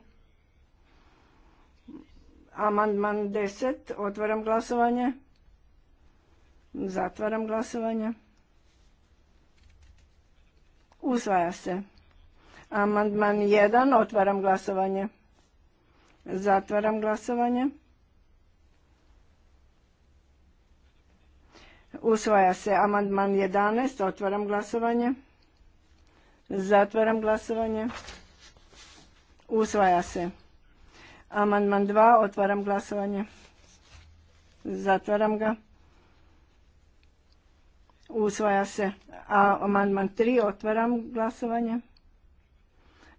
Amandman 10. Otvaram glasovanje. Zatvaram glasovanje. Usvaja se. Amandman 1. Otvaram glasovanje. Zatvaram glasovanje. Usvaja se amandman 11. Otvaram glasovanje. Zatvaram glasovanje. Usvaja se. Amandman 2. Otvaram glasovanje. Zatvaram ga. Usvaja se. A amandman 3 otvaram glasovanje.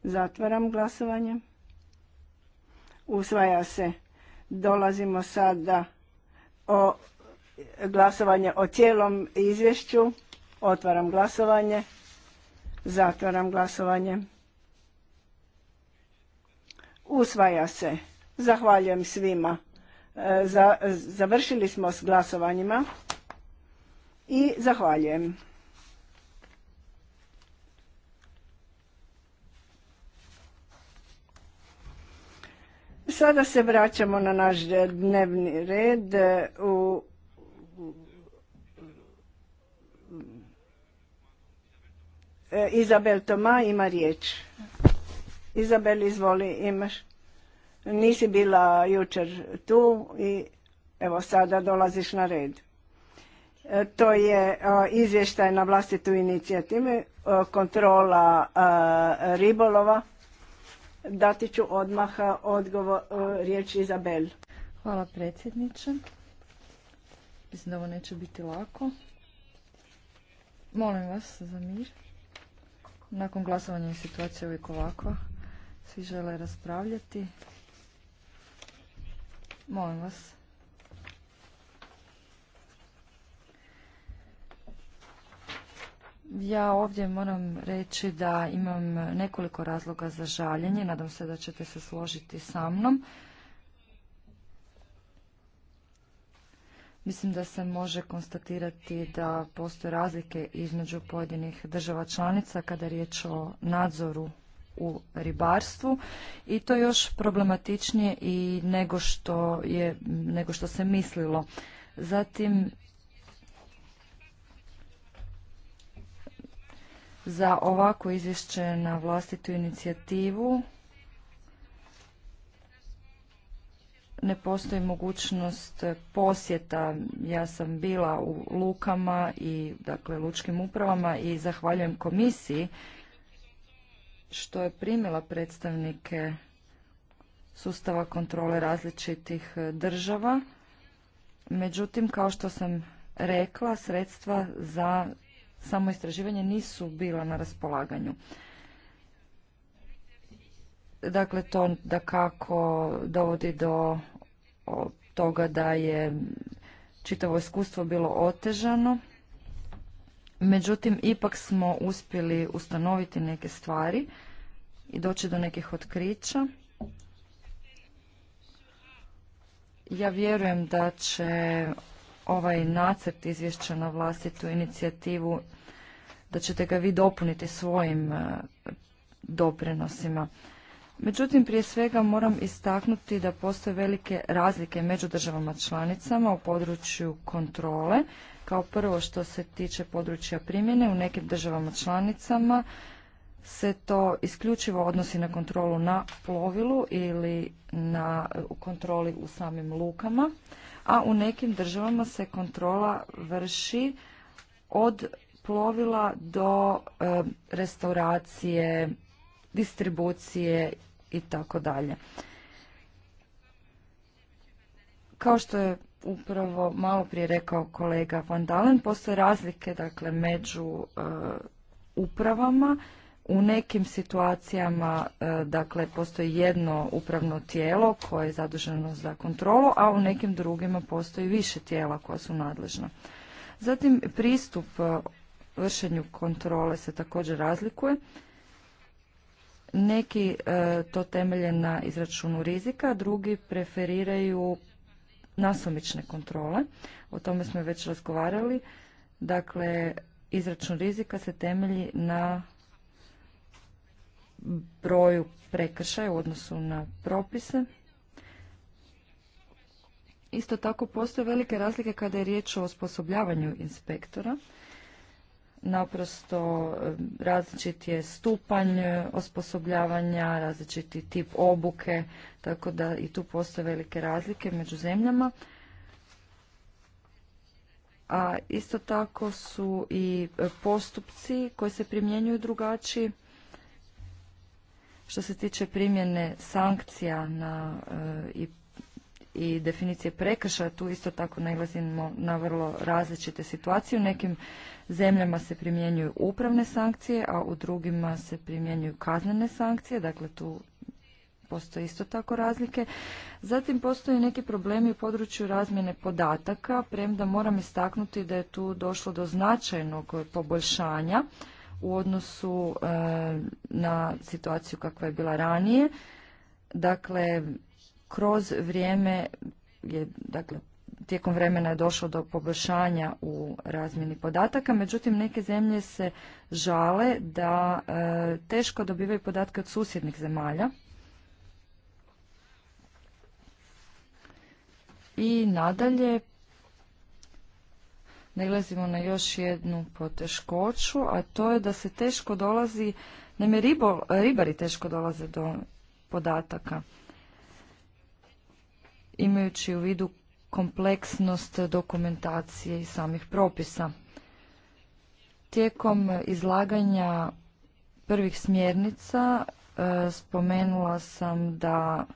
Zatvaram glasovanje. Usvaja se. Dolazimo sada o glasovanje o cijelom izvješću. Otvaram glasovanje. Zatvaram glasovanje. Usvaja se. Zahvaljujem svima. E, završili smo s glasovanjima i zahvaljujem. Sada se vraćamo na naš dnevni red e, u e, Izabel Toma ima riječ. Izabel, izvoli, imaš. Nisi bila jučer tu i evo sada dolaziš na red. E, to je e, izvještaj na vlastitu inicijativu, e, kontrola ribolova. Dati ću odmah odgovor, riječ Izabel. Hvala predsjedniče. Mislim da ovo neće biti lako. Molim vas za mir. Nakon glasovanja je situacija uvijek ovako. Svi žele raspravljati. Molim vas. Ja ovdje moram reći da imam nekoliko razloga za žaljenje, nadam se da ćete se složiti sa mnom. Mislim da se može konstatirati da postoje razlike između pojedinih država članica kada je riječ o nadzoru u ribarstvu i to je još problematičnije i nego što, je, nego što se mislilo. Zatim za ovako izvješće na vlastitu inicijativu ne postoji mogućnost posjeta. Ja sam bila u lukama i dakle lučkim upravama i zahvaljujem komisiji što je primila predstavnike sustava kontrole različitih država. Međutim, kao što sam rekla, sredstva za samo istraživanje nisu bila na raspolaganju. Dakle, to da kako dovodi do toga da je čitavo iskustvo bilo otežano. Međutim, ipak smo uspjeli ustanoviti neke stvari i doći do nekih otkrića. Ja vjerujem da će ovaj nacrt izvješća na vlastitu inicijativu, da ćete ga vi dopuniti svojim e, doprinosima. Međutim, prije svega moram istaknuti da postoje velike razlike među državama članicama u području kontrole. Kao prvo što se tiče područja primjene, u nekim državama članicama se to isključivo odnosi na kontrolu na plovilu ili na kontroli u samim lukama, a u nekim državama se kontrola vrši od plovila do e, restauracije, distribucije i tako dalje. Kao što je upravo malo prije rekao kolega Van Dalen, postoje razlike dakle među e, upravama u nekim situacijama e, dakle, postoji jedno upravno tijelo koje je zaduženo za kontrolu, a u nekim drugima postoji više tijela koja su nadležna. Zatim pristup e, vršenju kontrole se također razlikuje. Neki e, to temelje na izračunu rizika, drugi preferiraju nasumične kontrole. O tome smo već razgovarali. Dakle, izračun rizika se temelji na broju prekršaja u odnosu na propise. Isto tako postoje velike razlike kada je riječ o osposobljavanju inspektora. Naprosto eh, različit je stupanj eh, osposobljavanja, različiti tip obuke, tako da i tu postoje velike razlike među zemljama. A isto tako su i eh, postupci koji se primjenjuju drugačiji. Što se tiče primjene sankcija na, e, i, definicije prekršaja, tu isto tako nailazimo na vrlo različite situacije. U nekim zemljama se primjenjuju upravne sankcije, a u drugima se primjenjuju kaznene sankcije, dakle tu postoje isto tako razlike. Zatim postoje neki problemi u području razmjene podataka, premda moram istaknuti da je tu došlo do značajnog poboljšanja u odnosu e, na situaciju kakva je bila ranije. Dakle, kroz vrijeme je, dakle, tijekom vremena je došlo do poboljšanja u razmjeni podataka, međutim neke zemlje se žale da e, teško dobivaju podatke od susjednih zemalja. I nadalje nailazimo na još jednu poteškoću, a to je da se teško dolazi, naime ribari teško dolaze do podataka. Imajući u vidu kompleksnost dokumentacije i samih propisa. Tijekom izlaganja prvih smjernica e, spomenula sam da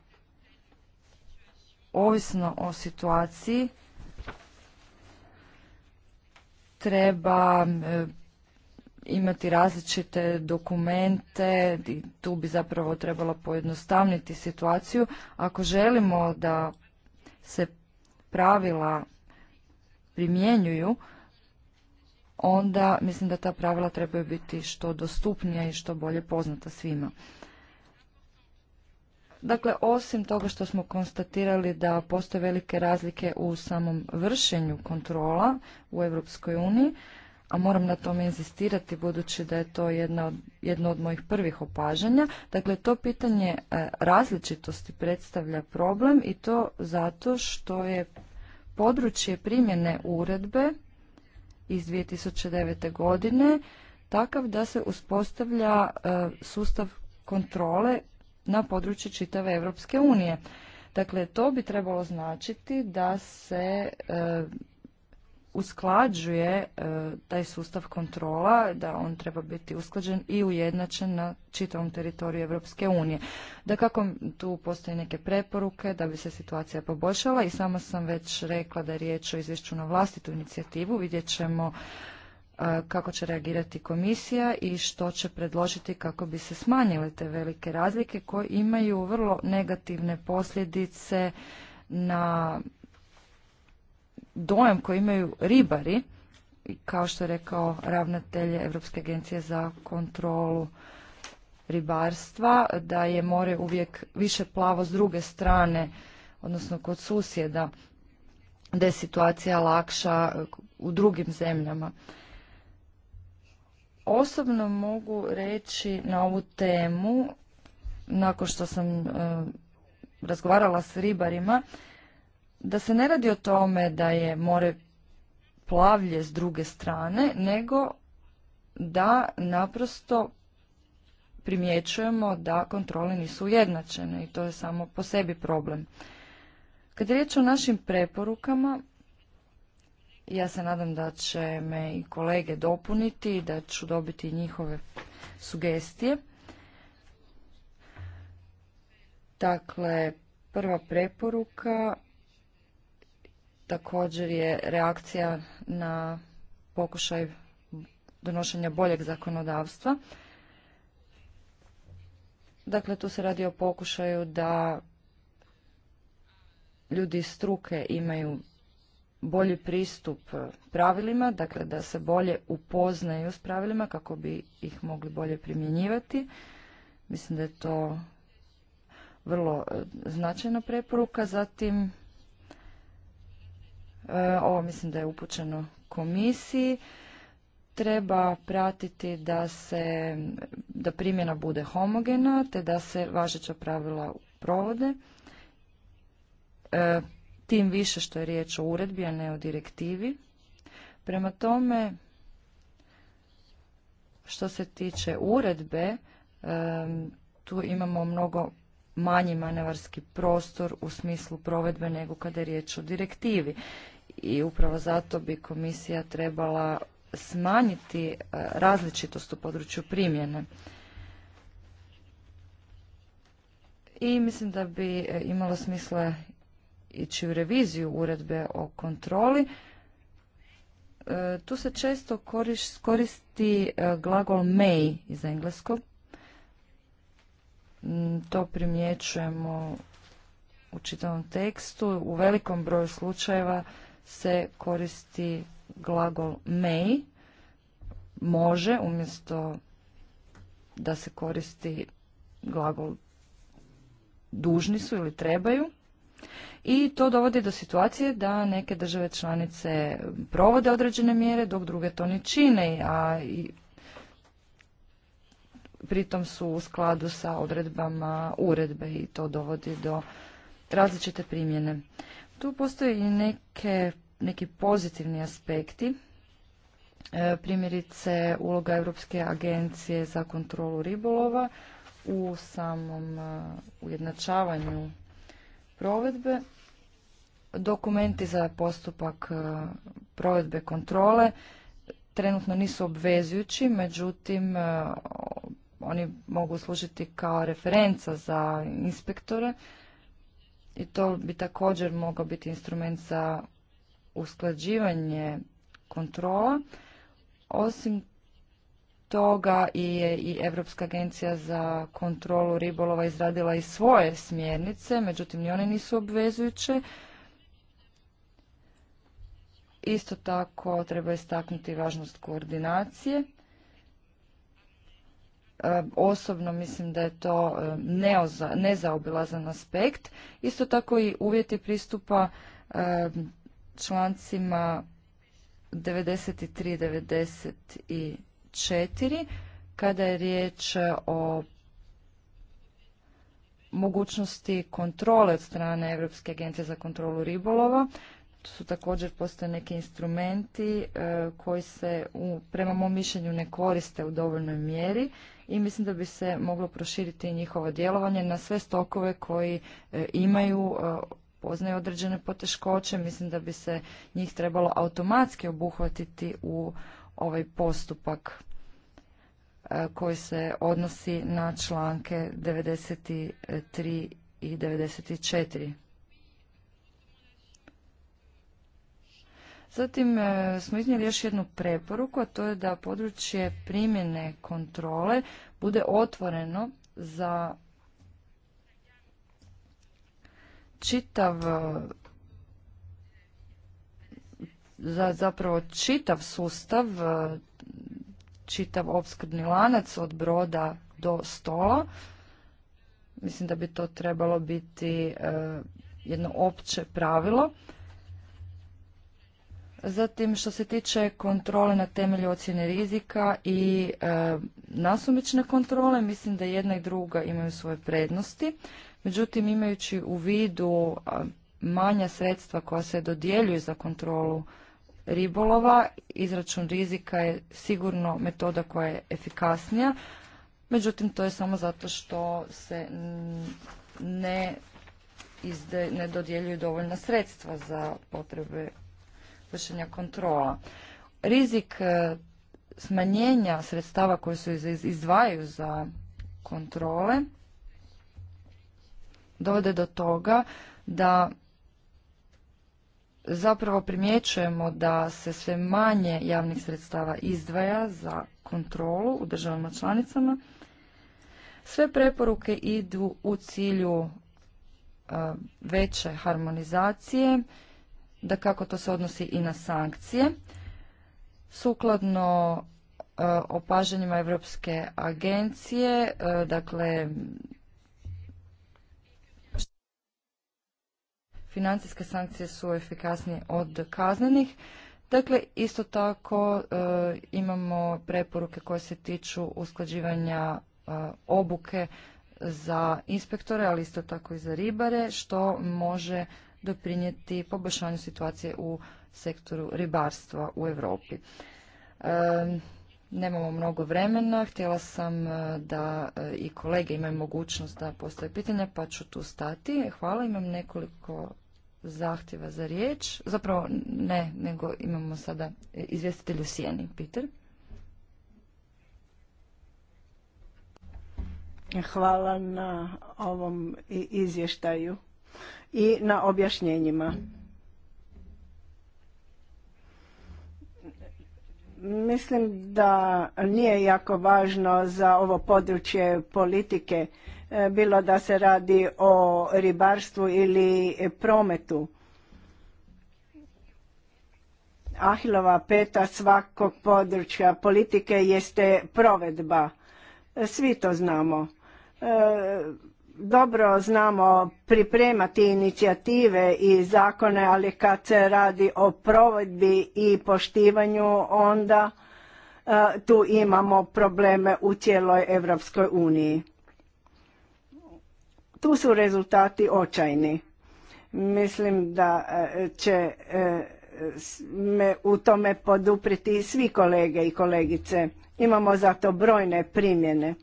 ovisno o situaciji treba e, imati različite dokumente i tu bi zapravo trebalo pojednostavniti situaciju. Ako želimo da se pravila primjenjuju, onda mislim da ta pravila trebaju biti što dostupnija i što bolje poznata svima. Dakle, osim toga što smo konstatirali da postoje velike razlike u samom vršenju kontrola u Europskoj uniji, a moram na tome inzistirati budući da je to od, jedno od mojih prvih opažanja. Dakle, to pitanje e, različitosti predstavlja problem i to zato što je područje primjene uredbe iz 2009. godine takav da se uspostavlja e, sustav kontrole na području čitave Europske unije. Dakle, to bi trebalo značiti da se e, usklađuje e, taj sustav kontrola, da on treba biti usklađen i ujednačen na čitavom teritoriju Europske unije. Da kako tu postoje neke preporuke da bi se situacija poboljšala i sama sam već rekla da je riječ o izvješću na vlastitu inicijativu, vidjet ćemo E, kako će reagirati komisija i što će predložiti kako bi se smanjile te velike razlike koje imaju vrlo negativne posljedice na dojam koji imaju ribari, kao što je rekao ravnatelj Europske agencije za kontrolu ribarstva, da je more uvijek više plavo s druge strane, odnosno kod susjeda, da je situacija lakša u drugim zemljama osobno mogu reći na ovu temu, nakon što sam e, razgovarala s ribarima, da se ne radi o tome da je more plavlje s druge strane, nego da naprosto primjećujemo da kontrole nisu ujednačene i to je samo po sebi problem. Kad je riječ o našim preporukama, ja se nadam da će me i kolege dopuniti i da ću dobiti njihove sugestije. Dakle, prva preporuka također je reakcija na pokušaj donošenja boljeg zakonodavstva. Dakle, tu se radi o pokušaju da ljudi iz struke imaju bolji pristup pravilima, dakle da se bolje upoznaju s pravilima kako bi ih mogli bolje primjenjivati. Mislim da je to vrlo e, značajna preporuka. Zatim, e, ovo mislim da je upućeno komisiji, treba pratiti da se, da primjena bude homogena te da se važeća pravila provode. E, tim više što je riječ o uredbi, a ne o direktivi. Prema tome, što se tiče uredbe, tu imamo mnogo manji manevarski prostor u smislu provedbe nego kada je riječ o direktivi. I upravo zato bi komisija trebala smanjiti e, različitost u području primjene. I mislim da bi e, imalo smisla ići u reviziju uredbe o kontroli. E, tu se često koristi e, glagol may iz engleskog. Mm, to primjećujemo u čitavom tekstu. U velikom broju slučajeva se koristi glagol may, može, umjesto da se koristi glagol dužni su ili trebaju i to dovodi do situacije da neke države članice provode određene mjere dok druge to ne čine, a i pritom su u skladu sa odredbama uredbe i to dovodi do različite primjene. Tu postoje i neke, neki pozitivni aspekti, e, primjerice uloga Europske agencije za kontrolu ribolova u samom e, ujednačavanju provedbe, dokumenti za postupak e, provedbe kontrole trenutno nisu obvezujući, međutim e, oni mogu služiti kao referenca za inspektore i to bi također mogao biti instrument za usklađivanje kontrola. Osim toga i je i Europska agencija za kontrolu ribolova izradila i svoje smjernice, međutim ni one nisu obvezujuće. Isto tako treba istaknuti važnost koordinacije. E, osobno mislim da je to e, nezaobilazan aspekt. Isto tako i uvjeti pristupa e, člancima 93, 90 i 4 kada je riječ e, o mogućnosti kontrole od strane Europske agencije za kontrolu ribolova. Tu su također postoje neki instrumenti e, koji se u, prema mom mišljenju ne koriste u dovoljnoj mjeri i mislim da bi se moglo proširiti njihovo djelovanje na sve stokove koji e, imaju poznaju određene poteškoće. Mislim da bi se njih trebalo automatski obuhvatiti u ovaj postupak e, koji se odnosi na članke 93 i 94. Zatim e, smo iznijeli još jednu preporuku, a to je da područje primjene kontrole bude otvoreno za čitav za zapravo čitav sustav, e, čitav opskrbni lanac od broda do stola. Mislim da bi to trebalo biti e, jedno opće pravilo. Zatim što se tiče kontrole na temelju ocjene rizika i e, nasumične kontrole, mislim da jedna i druga imaju svoje prednosti. Međutim, imajući u vidu manja sredstva koja se dodjeljuju za kontrolu ribolova. Izračun rizika je sigurno metoda koja je efikasnija. Međutim, to je samo zato što se ne, izde, ne dodjeljuju dovoljna sredstva za potrebe vršenja kontrola. Rizik e, smanjenja sredstava koje se izdvajaju za kontrole dovode do toga da zapravo primjećujemo da se sve manje javnih sredstava izdvaja za kontrolu u državama članicama. Sve preporuke idu u cilju e, veće harmonizacije, da kako to se odnosi i na sankcije. Sukladno e, opažanjima Europske agencije, e, dakle financijske sankcije su efikasnije od kaznenih. Dakle, isto tako e, imamo preporuke koje se tiču usklađivanja e, obuke za inspektore, ali isto tako i za ribare, što može doprinijeti poboljšanju situacije u sektoru ribarstva u Europi. E, nemamo mnogo vremena, htjela sam da i kolege imaju mogućnost da postave pitanja, pa ću tu stati. Hvala, imam nekoliko zahtjeva za riječ. Zapravo ne, nego imamo sada izvjestitelju Sijeni. Peter. Hvala na ovom izvještaju i na objašnjenjima. Mislim da nije jako važno za ovo područje politike E, bilo da se radi o ribarstvu ili prometu. Ahilova peta svakog područja politike jeste provedba. E, svi to znamo. E, dobro znamo pripremati inicijative i zakone, ali kad se radi o provedbi i poštivanju, onda tu imamo probleme u cijeloj Evropskoj uniji. Tu su rezultati očajni. Mislim da e, će e, me u tome podupriti svi kolege i kolegice. Imamo zato brojne primjene.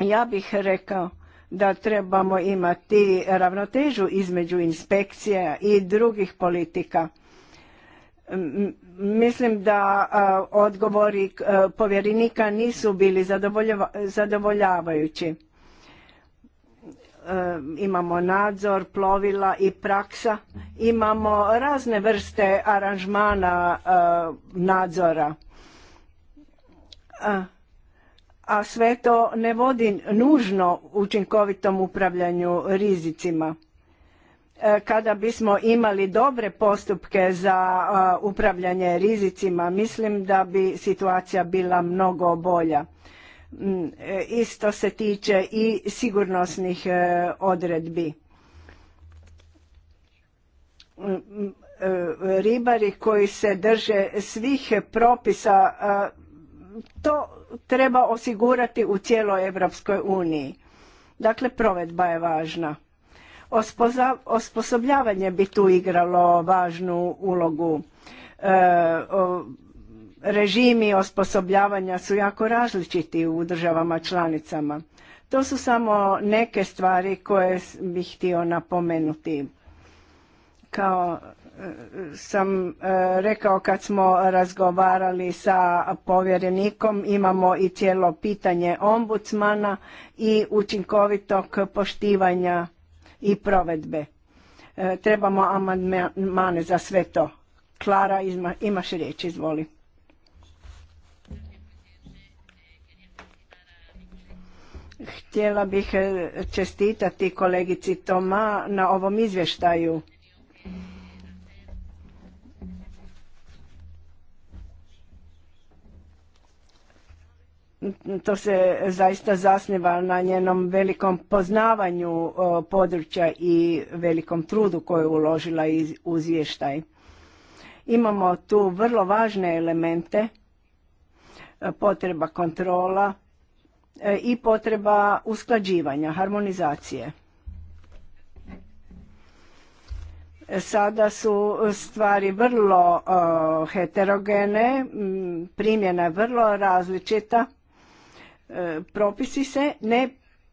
Ja bih rekao da trebamo imati ravnotežu između inspekcija i drugih politika Mislim da odgovori povjerenika nisu bili zadovoljavajući. imamo nadzor plovila i praksa. Imamo razne vrste aranžmana nadzora. A sve to ne vodi nužno učinkovitom upravljanju rizicima E, kada bismo imali dobre postupke za e, upravljanje rizicima, mislim da bi situacija bila mnogo bolja. Mm, e, isto se tiče i sigurnosnih odredbi. Mm, ribari koji se drže svih propisa, to treba osigurati u cijeloj Europskoj uniji. Dakle, provedba je važna osposobljavanje bi tu igralo važnu ulogu. E, režimi osposobljavanja su jako različiti u državama članicama. To su samo neke stvari koje bih htio napomenuti. Kao e, sam e, rekao kad smo razgovarali sa povjerenikom, imamo i cijelo pitanje ombudsmana i učinkovitog poštivanja i provedbe. E, trebamo amandmane za sve to. Klara, izma, imaš riječ, izvoli. Htjela bih e, čestitati kolegici Toma na ovom izvještaju. to se zaista zasniva na njenom velikom poznavanju područja i velikom trudu koju je uložila u izvještaj. Imamo tu vrlo važne elemente, e, potreba kontrola e, i potreba usklađivanja, harmonizacije. Sada su stvari vrlo heterogene, primjena je vrlo različita E, propisi se ne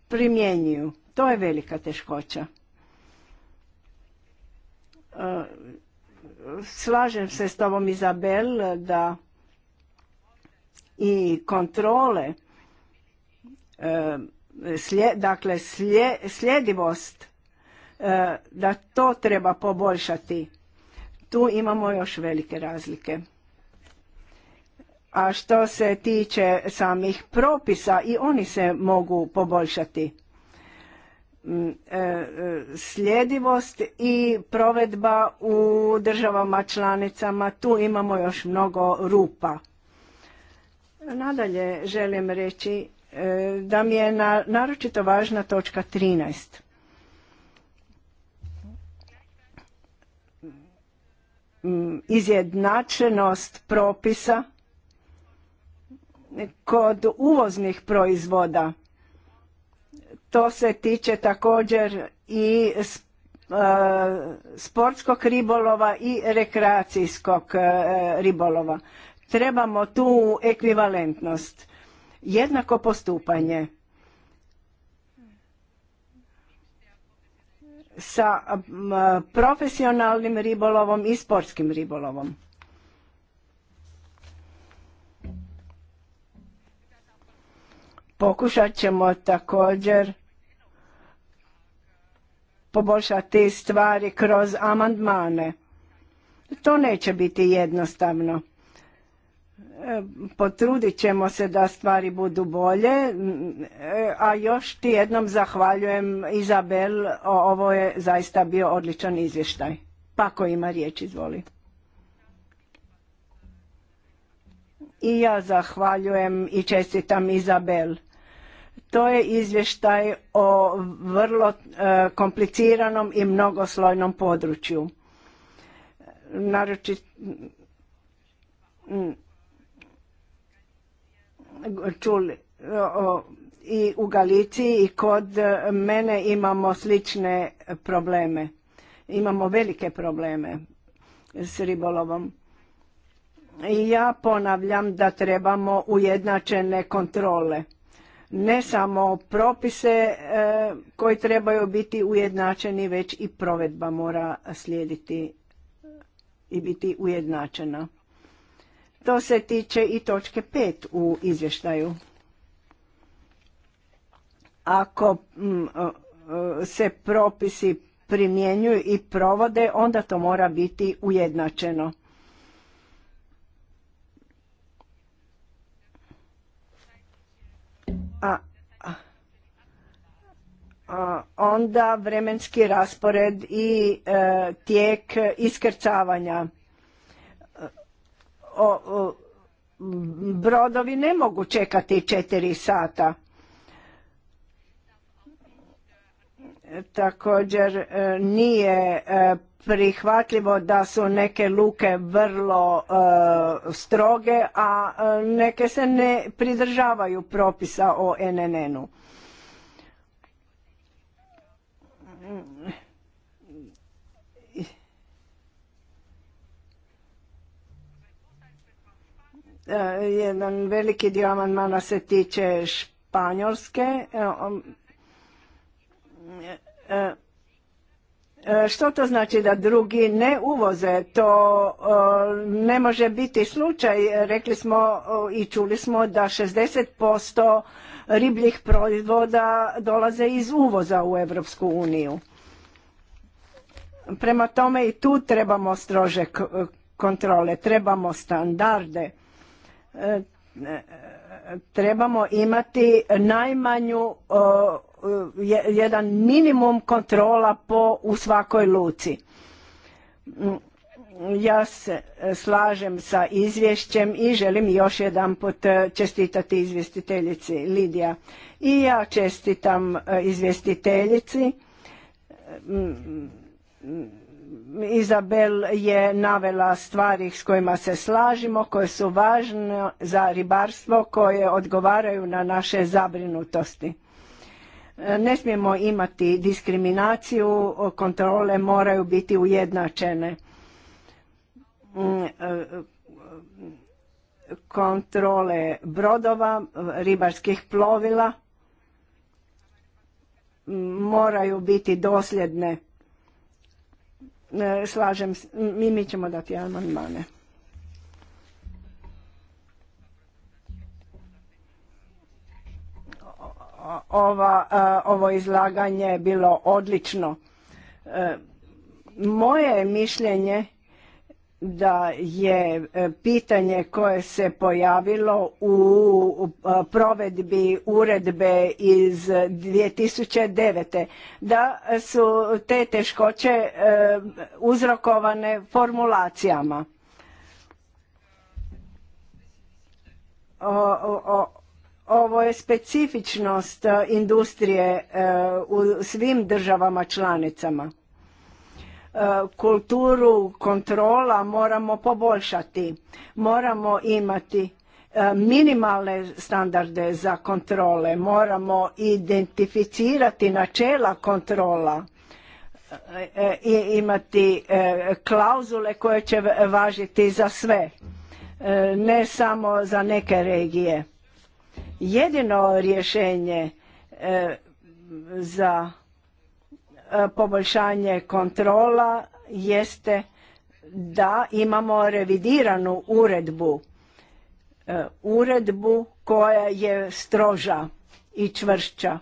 primjenjuju. To je velika teškoća. E, slažem se s tobom Izabel da i kontrole e, dakle sljedivost da to treba poboljšati tu imamo još velike razlike a što se tiče samih propisa i oni se mogu poboljšati. Mm, e, e, sljedivost i provedba u državama članicama, tu imamo još mnogo rupa. Nadalje želim reći e, da mi je naročito važna točka 13. Mm, izjednačenost propisa kod uvoznih proizvoda. To se tiče također i e, sportskog ribolova i rekreacijskog e, ribolova. Trebamo tu ekvivalentnost, jednako postupanje sa profesionalnim ribolovom i sportskim ribolovom. Pokušat ćemo također poboljšati stvari kroz amandmane. To neće biti jednostavno. E, potrudit ćemo se da stvari budu bolje, a još ti jednom zahvaljujem Izabel, ovo je zaista bio odličan izvještaj. Pako ima riječ, izvoli. I ja zahvaljujem i čestitam Izabel to je izvještaj o vrlo e, kompliciranom i mnogoslojnom području. čuli i u Galiciji i kod mene imamo slične probleme. Imamo velike probleme s ribolovom. I ja ponavljam da trebamo ujednačene kontrole ne samo propise e, koji trebaju biti ujednačeni, već i provedba mora slijediti i biti ujednačena. To se tiče i točke 5 u izvještaju. Ako mm, e, se propisi primjenjuju i provode, onda to mora biti ujednačeno. a, a onda vremenski raspored i e, tijek iskrcavanja. O, brodovi ne mogu čekati četiri sata. Također e, nije e, prihvatljivo da su neke luke vrlo e, stroge, a e, neke se ne pridržavaju propisa o NNN-u. E, jedan veliki dio amandmana se tiče Španjolske. E, što to znači da drugi ne uvoze? To e, ne može biti slučaj. Rekli smo e, i čuli smo da 60% ribljih proizvoda dolaze iz uvoza u Europsku uniju. Prema tome i tu trebamo strože kontrole, trebamo standarde, trebamo imati najmanju Eh, jedan minimum kontrola po u svakoj luci. Mm, ja se eh, slažem sa izvješćem i želim još jedanput eh, čestitati izvjestiteljici Lidija. I ja čestitam izvjestiteljici. Mm, mm, Izabel je navela stvari s kojima se slažimo, koje su važne za ribarstvo, koje odgovaraju na naše zabrinutosti. Ne smijemo imati diskriminaciju, kontrole moraju biti ujednačene. Kontrole brodova, ribarskih plovila moraju biti dosljedne. Slažem, mi, mi ćemo dati amandmane. E, ovo izlaganje je bilo odlično. E, moje mišljenje da je e, pitanje koje se pojavilo u provedbi uredbe iz 2009. da su te teškoće uzrokovane formulacijama. Ovo je specifičnost e, industrije e, u svim državama članicama. E, kulturu kontrola moramo poboljšati. Moramo imati minimalne standarde za kontrole. Moramo identificirati načela kontrola i imati klauzule koje će važiti za sve, ne samo za neke regije jedino rješenje e, za e, poboljšanje kontrola jeste da imamo revidiranu uredbu e, uredbu koja je stroža i čvršća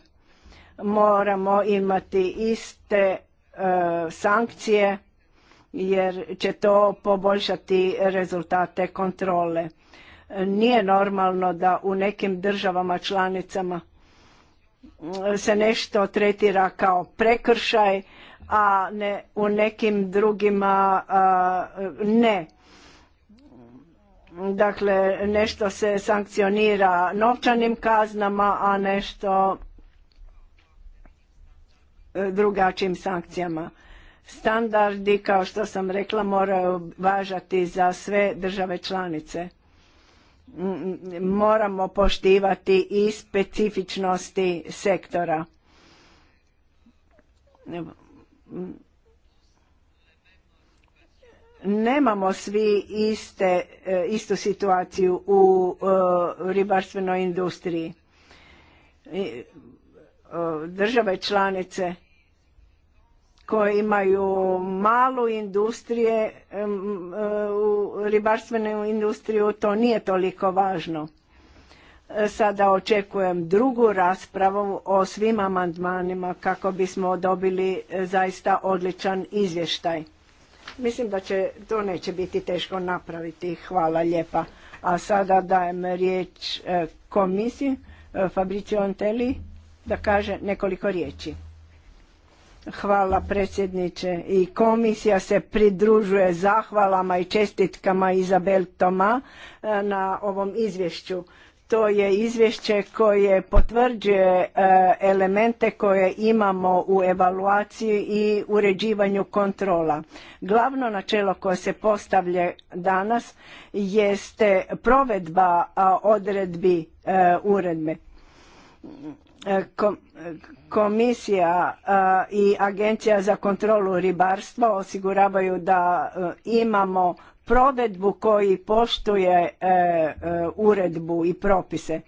moramo imati iste sankcije jer će to poboljšati rezultate kontrole nije normalno da u nekim državama članicama se nešto tretira kao prekršaj, a ne u nekim drugima ne. Dakle, nešto se sankcionira novčanim kaznama, a nešto e, drugačijim sankcijama. Standardi, kao što sam rekla, moraju važati za sve države članice moramo poštivati i specifičnosti sektora. Nemamo svi iste, e, istu situaciju u e, ribarstvenoj industriji. E, države članice koje imaju malu industrije, u ribarstvenu industriju to nije toliko važno. E, sada očekujem drugu raspravu o svim amandmanima kako bismo dobili e, zaista odličan izvještaj. Mislim da će, to neće biti teško napraviti. Hvala lijepa. A sada dajem riječ e, komisiji Fabricio Antelli da kaže nekoliko riječi. Hvala predsjedniče i komisija se pridružuje zahvalama i čestitkama Izabel Toma e, na ovom izvješću. To je izvješće koje potvrđuje e, elemente koje imamo u evaluaciji i uređivanju kontrola. Glavno načelo koje se postavlja danas jeste provedba odredbi e, uredbe Komisija i Agencija za kontrolu ribarstva osiguravaju da e, imamo provedbu koji poštuje e, e, uredbu i propise.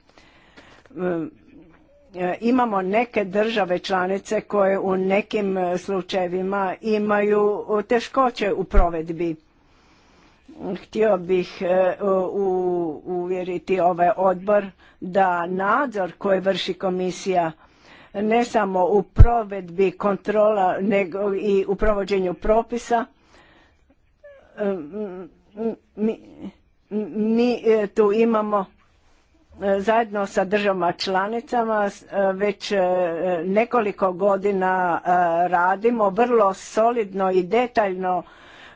Imamo neke države članice koje u nekim slučajevima imaju teškoće u provedbi. Htio bih uvjeriti ovaj odbor da nadzor koji vrši komisija ne samo u provedbi kontrola nego i u provođenju propisa. Mi, e, tu imamo e, zajedno sa državama članicama e, već nekoliko godina radimo vrlo solidno i detaljno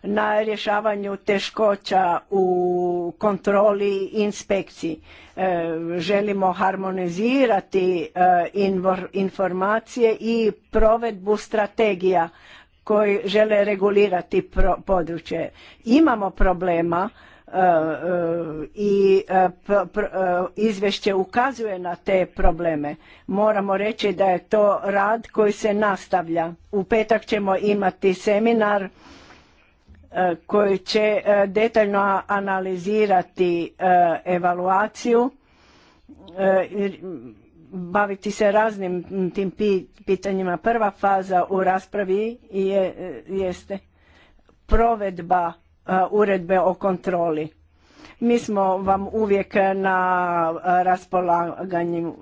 na rješavanju teškoća u kontroli i inspekciji E, želimo harmonizirati e, informacije i provedbu strategija koji žele regulirati područje. Imamo problema e, i izvješće ukazuje na te probleme. Moramo reći da je to rad koji se nastavlja. U petak ćemo imati seminar E, koji će e, detaljno analizirati e, evaluaciju, baviti se raznim tim pitanjima. Prva faza u raspravi je, jeste provedba uredbe o kontroli. Mi smo vam uvijek na raspolaganju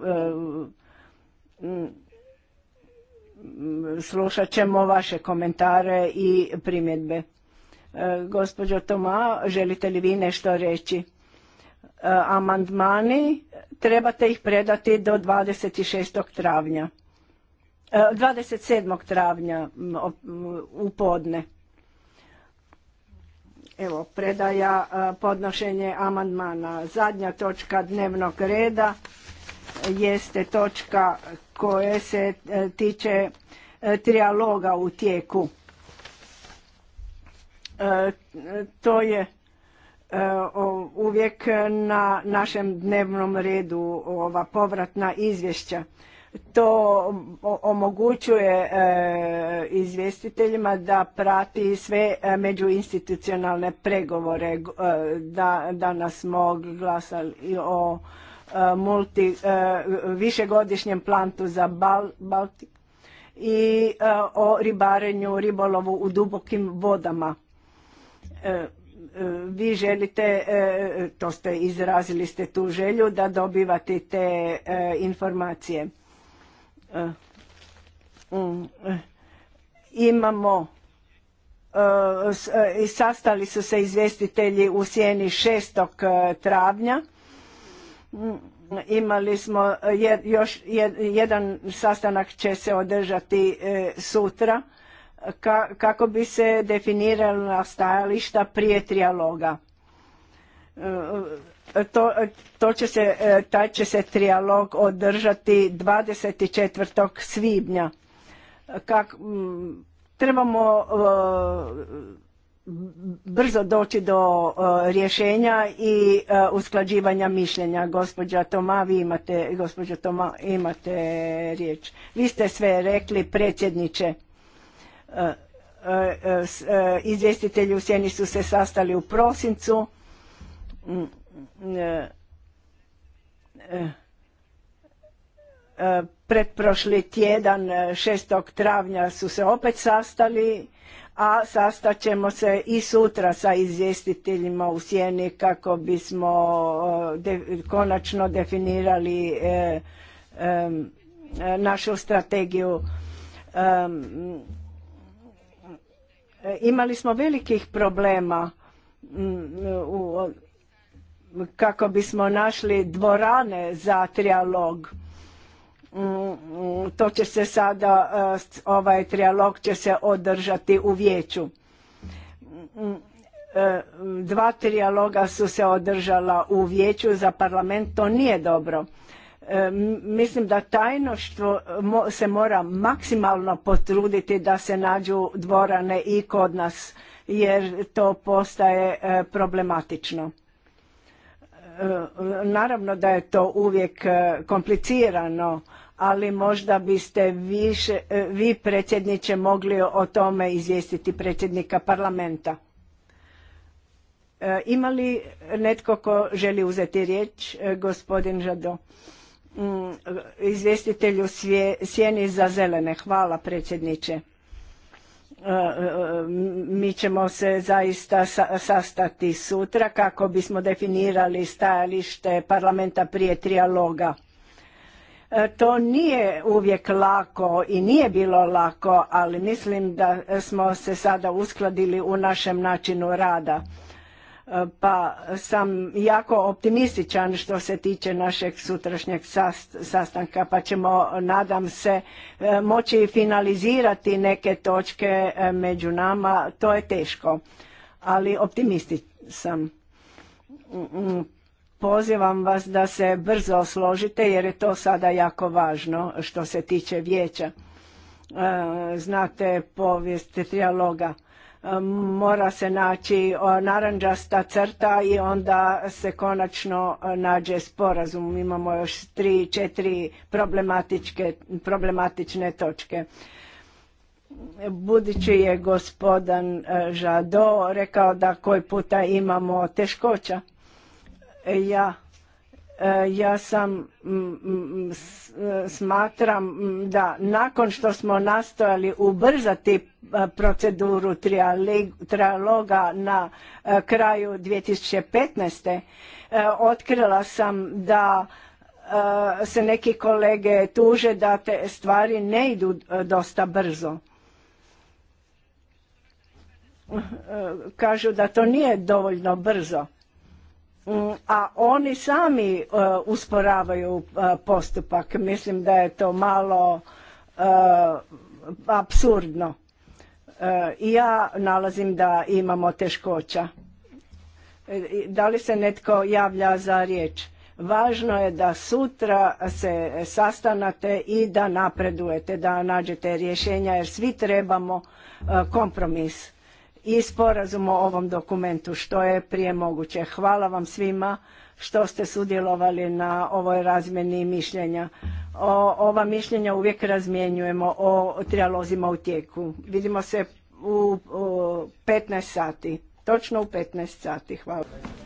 slušat ćemo vaše komentare i primjedbe. Gospođo Toma, želite li vi nešto reći? E, amandmani trebate ih predati do 26. travnja. 27. E, travnja u podne. Evo, predaja e, podnošenje amandmana. Zadnja točka dnevnog reda jeste točka koje se tiče trialoga u tijeku. To je e, uvijek na našem dnevnom redu ova povratna izvješća. To omogućuje e, izvjestiteljima da prati sve e, međuinstitucionalne pregovore. Da, danas smo glasali o multi, višegodišnjem plantu za Bal, i o ribarenju ribolovu u dubokim vodama E, e, vi želite, e, to ste izrazili ste tu želju da dobivate te informacije. Mm, imamo sastali su se izvjestitelji u sjeni 6. travnja. Mm, imali smo još jedan sastanak će se održati sutra kako bi se definirala stajališta prije trijaloga. E, to, će se, e, taj će se trijalog održati 24. svibnja. trebamo e, brzo doći do rješenja i usklađivanja mišljenja. Gospođa Toma, vi imate, gospođo Toma, imate riječ. Vi ste sve rekli predsjedniče izvjestitelji u sjeni su se sastali u prosincu pretprošli tjedan 6. travnja su se opet sastali a sastat ćemo se i sutra sa izvjestiteljima u sjeni kako bismo e, konačno definirali e, e, našu strategiju E, imali smo velikih problema mm, u, kako bismo našli dvorane za trijalog. Mm, to će se sada, e, ovaj trijalog će se održati u vijeću. Mm, e, dva trijaloga su se održala u vijeću za parlament, to nije dobro E, mislim da tajnoštvo se mora maksimalno potruditi da se nađu dvorane i kod nas jer to postaje e, problematično. E, naravno da je to uvijek komplicirano, ali možda biste više, vi predsjedniče mogli o tome izvijestiti predsjednika parlamenta. Ima li netko ko želi uzeti riječ? Gospodin Žado. Mm, izvjestitelju sjeni za zelene. Hvala predsjedniče. E, e, mi ćemo se zaista sastati sutra kako bismo definirali stajalište parlamenta prije trijaloga. E, to nije uvijek lako i nije bilo lako, ali mislim da smo se sada uskladili u našem načinu rada E, pa sam jako optimističan što se tiče našeg sutrašnjeg sastanka pa ćemo nadam se e, moći finalizirati neke točke e, među nama to je teško ali optimističan sam pozivam vas da se brzo složite jer je to sada jako važno što se tiče vijeća znate povijest trijaloga mora se naći naranđasta crta i onda se konačno e, nađe sporazum. Imamo još tri, četiri problematične točke. Budući je gospodan e, Žado rekao da koji puta imamo teškoća. E, ja E, ja sam e, smatram da nakon što smo nastojali ubrzati e, proceduru trialoga na kraju 2015. otkrila sam da se neki kolege tuže da te stvari ne idu dosta brzo. Kažu da to nije dovoljno brzo Mm, a oni sami e, usporavaju e, postupak. Mislim da je to malo e, apsurdno. I ja nalazim da imamo teškoća. Da li se netko javlja za riječ? Važno je da sutra se sastanate i da napredujete, da nađete rješenja jer svi trebamo kompromis i sporazum o ovom dokumentu što je prije moguće. Hvala vam svima što ste sudjelovali na ovoj razmjeni mišljenja. ova mišljenja uvijek razmjenjujemo o trijalozima u tijeku. Vidimo se u, u 15 sati, točno u 15 sati. Hvala.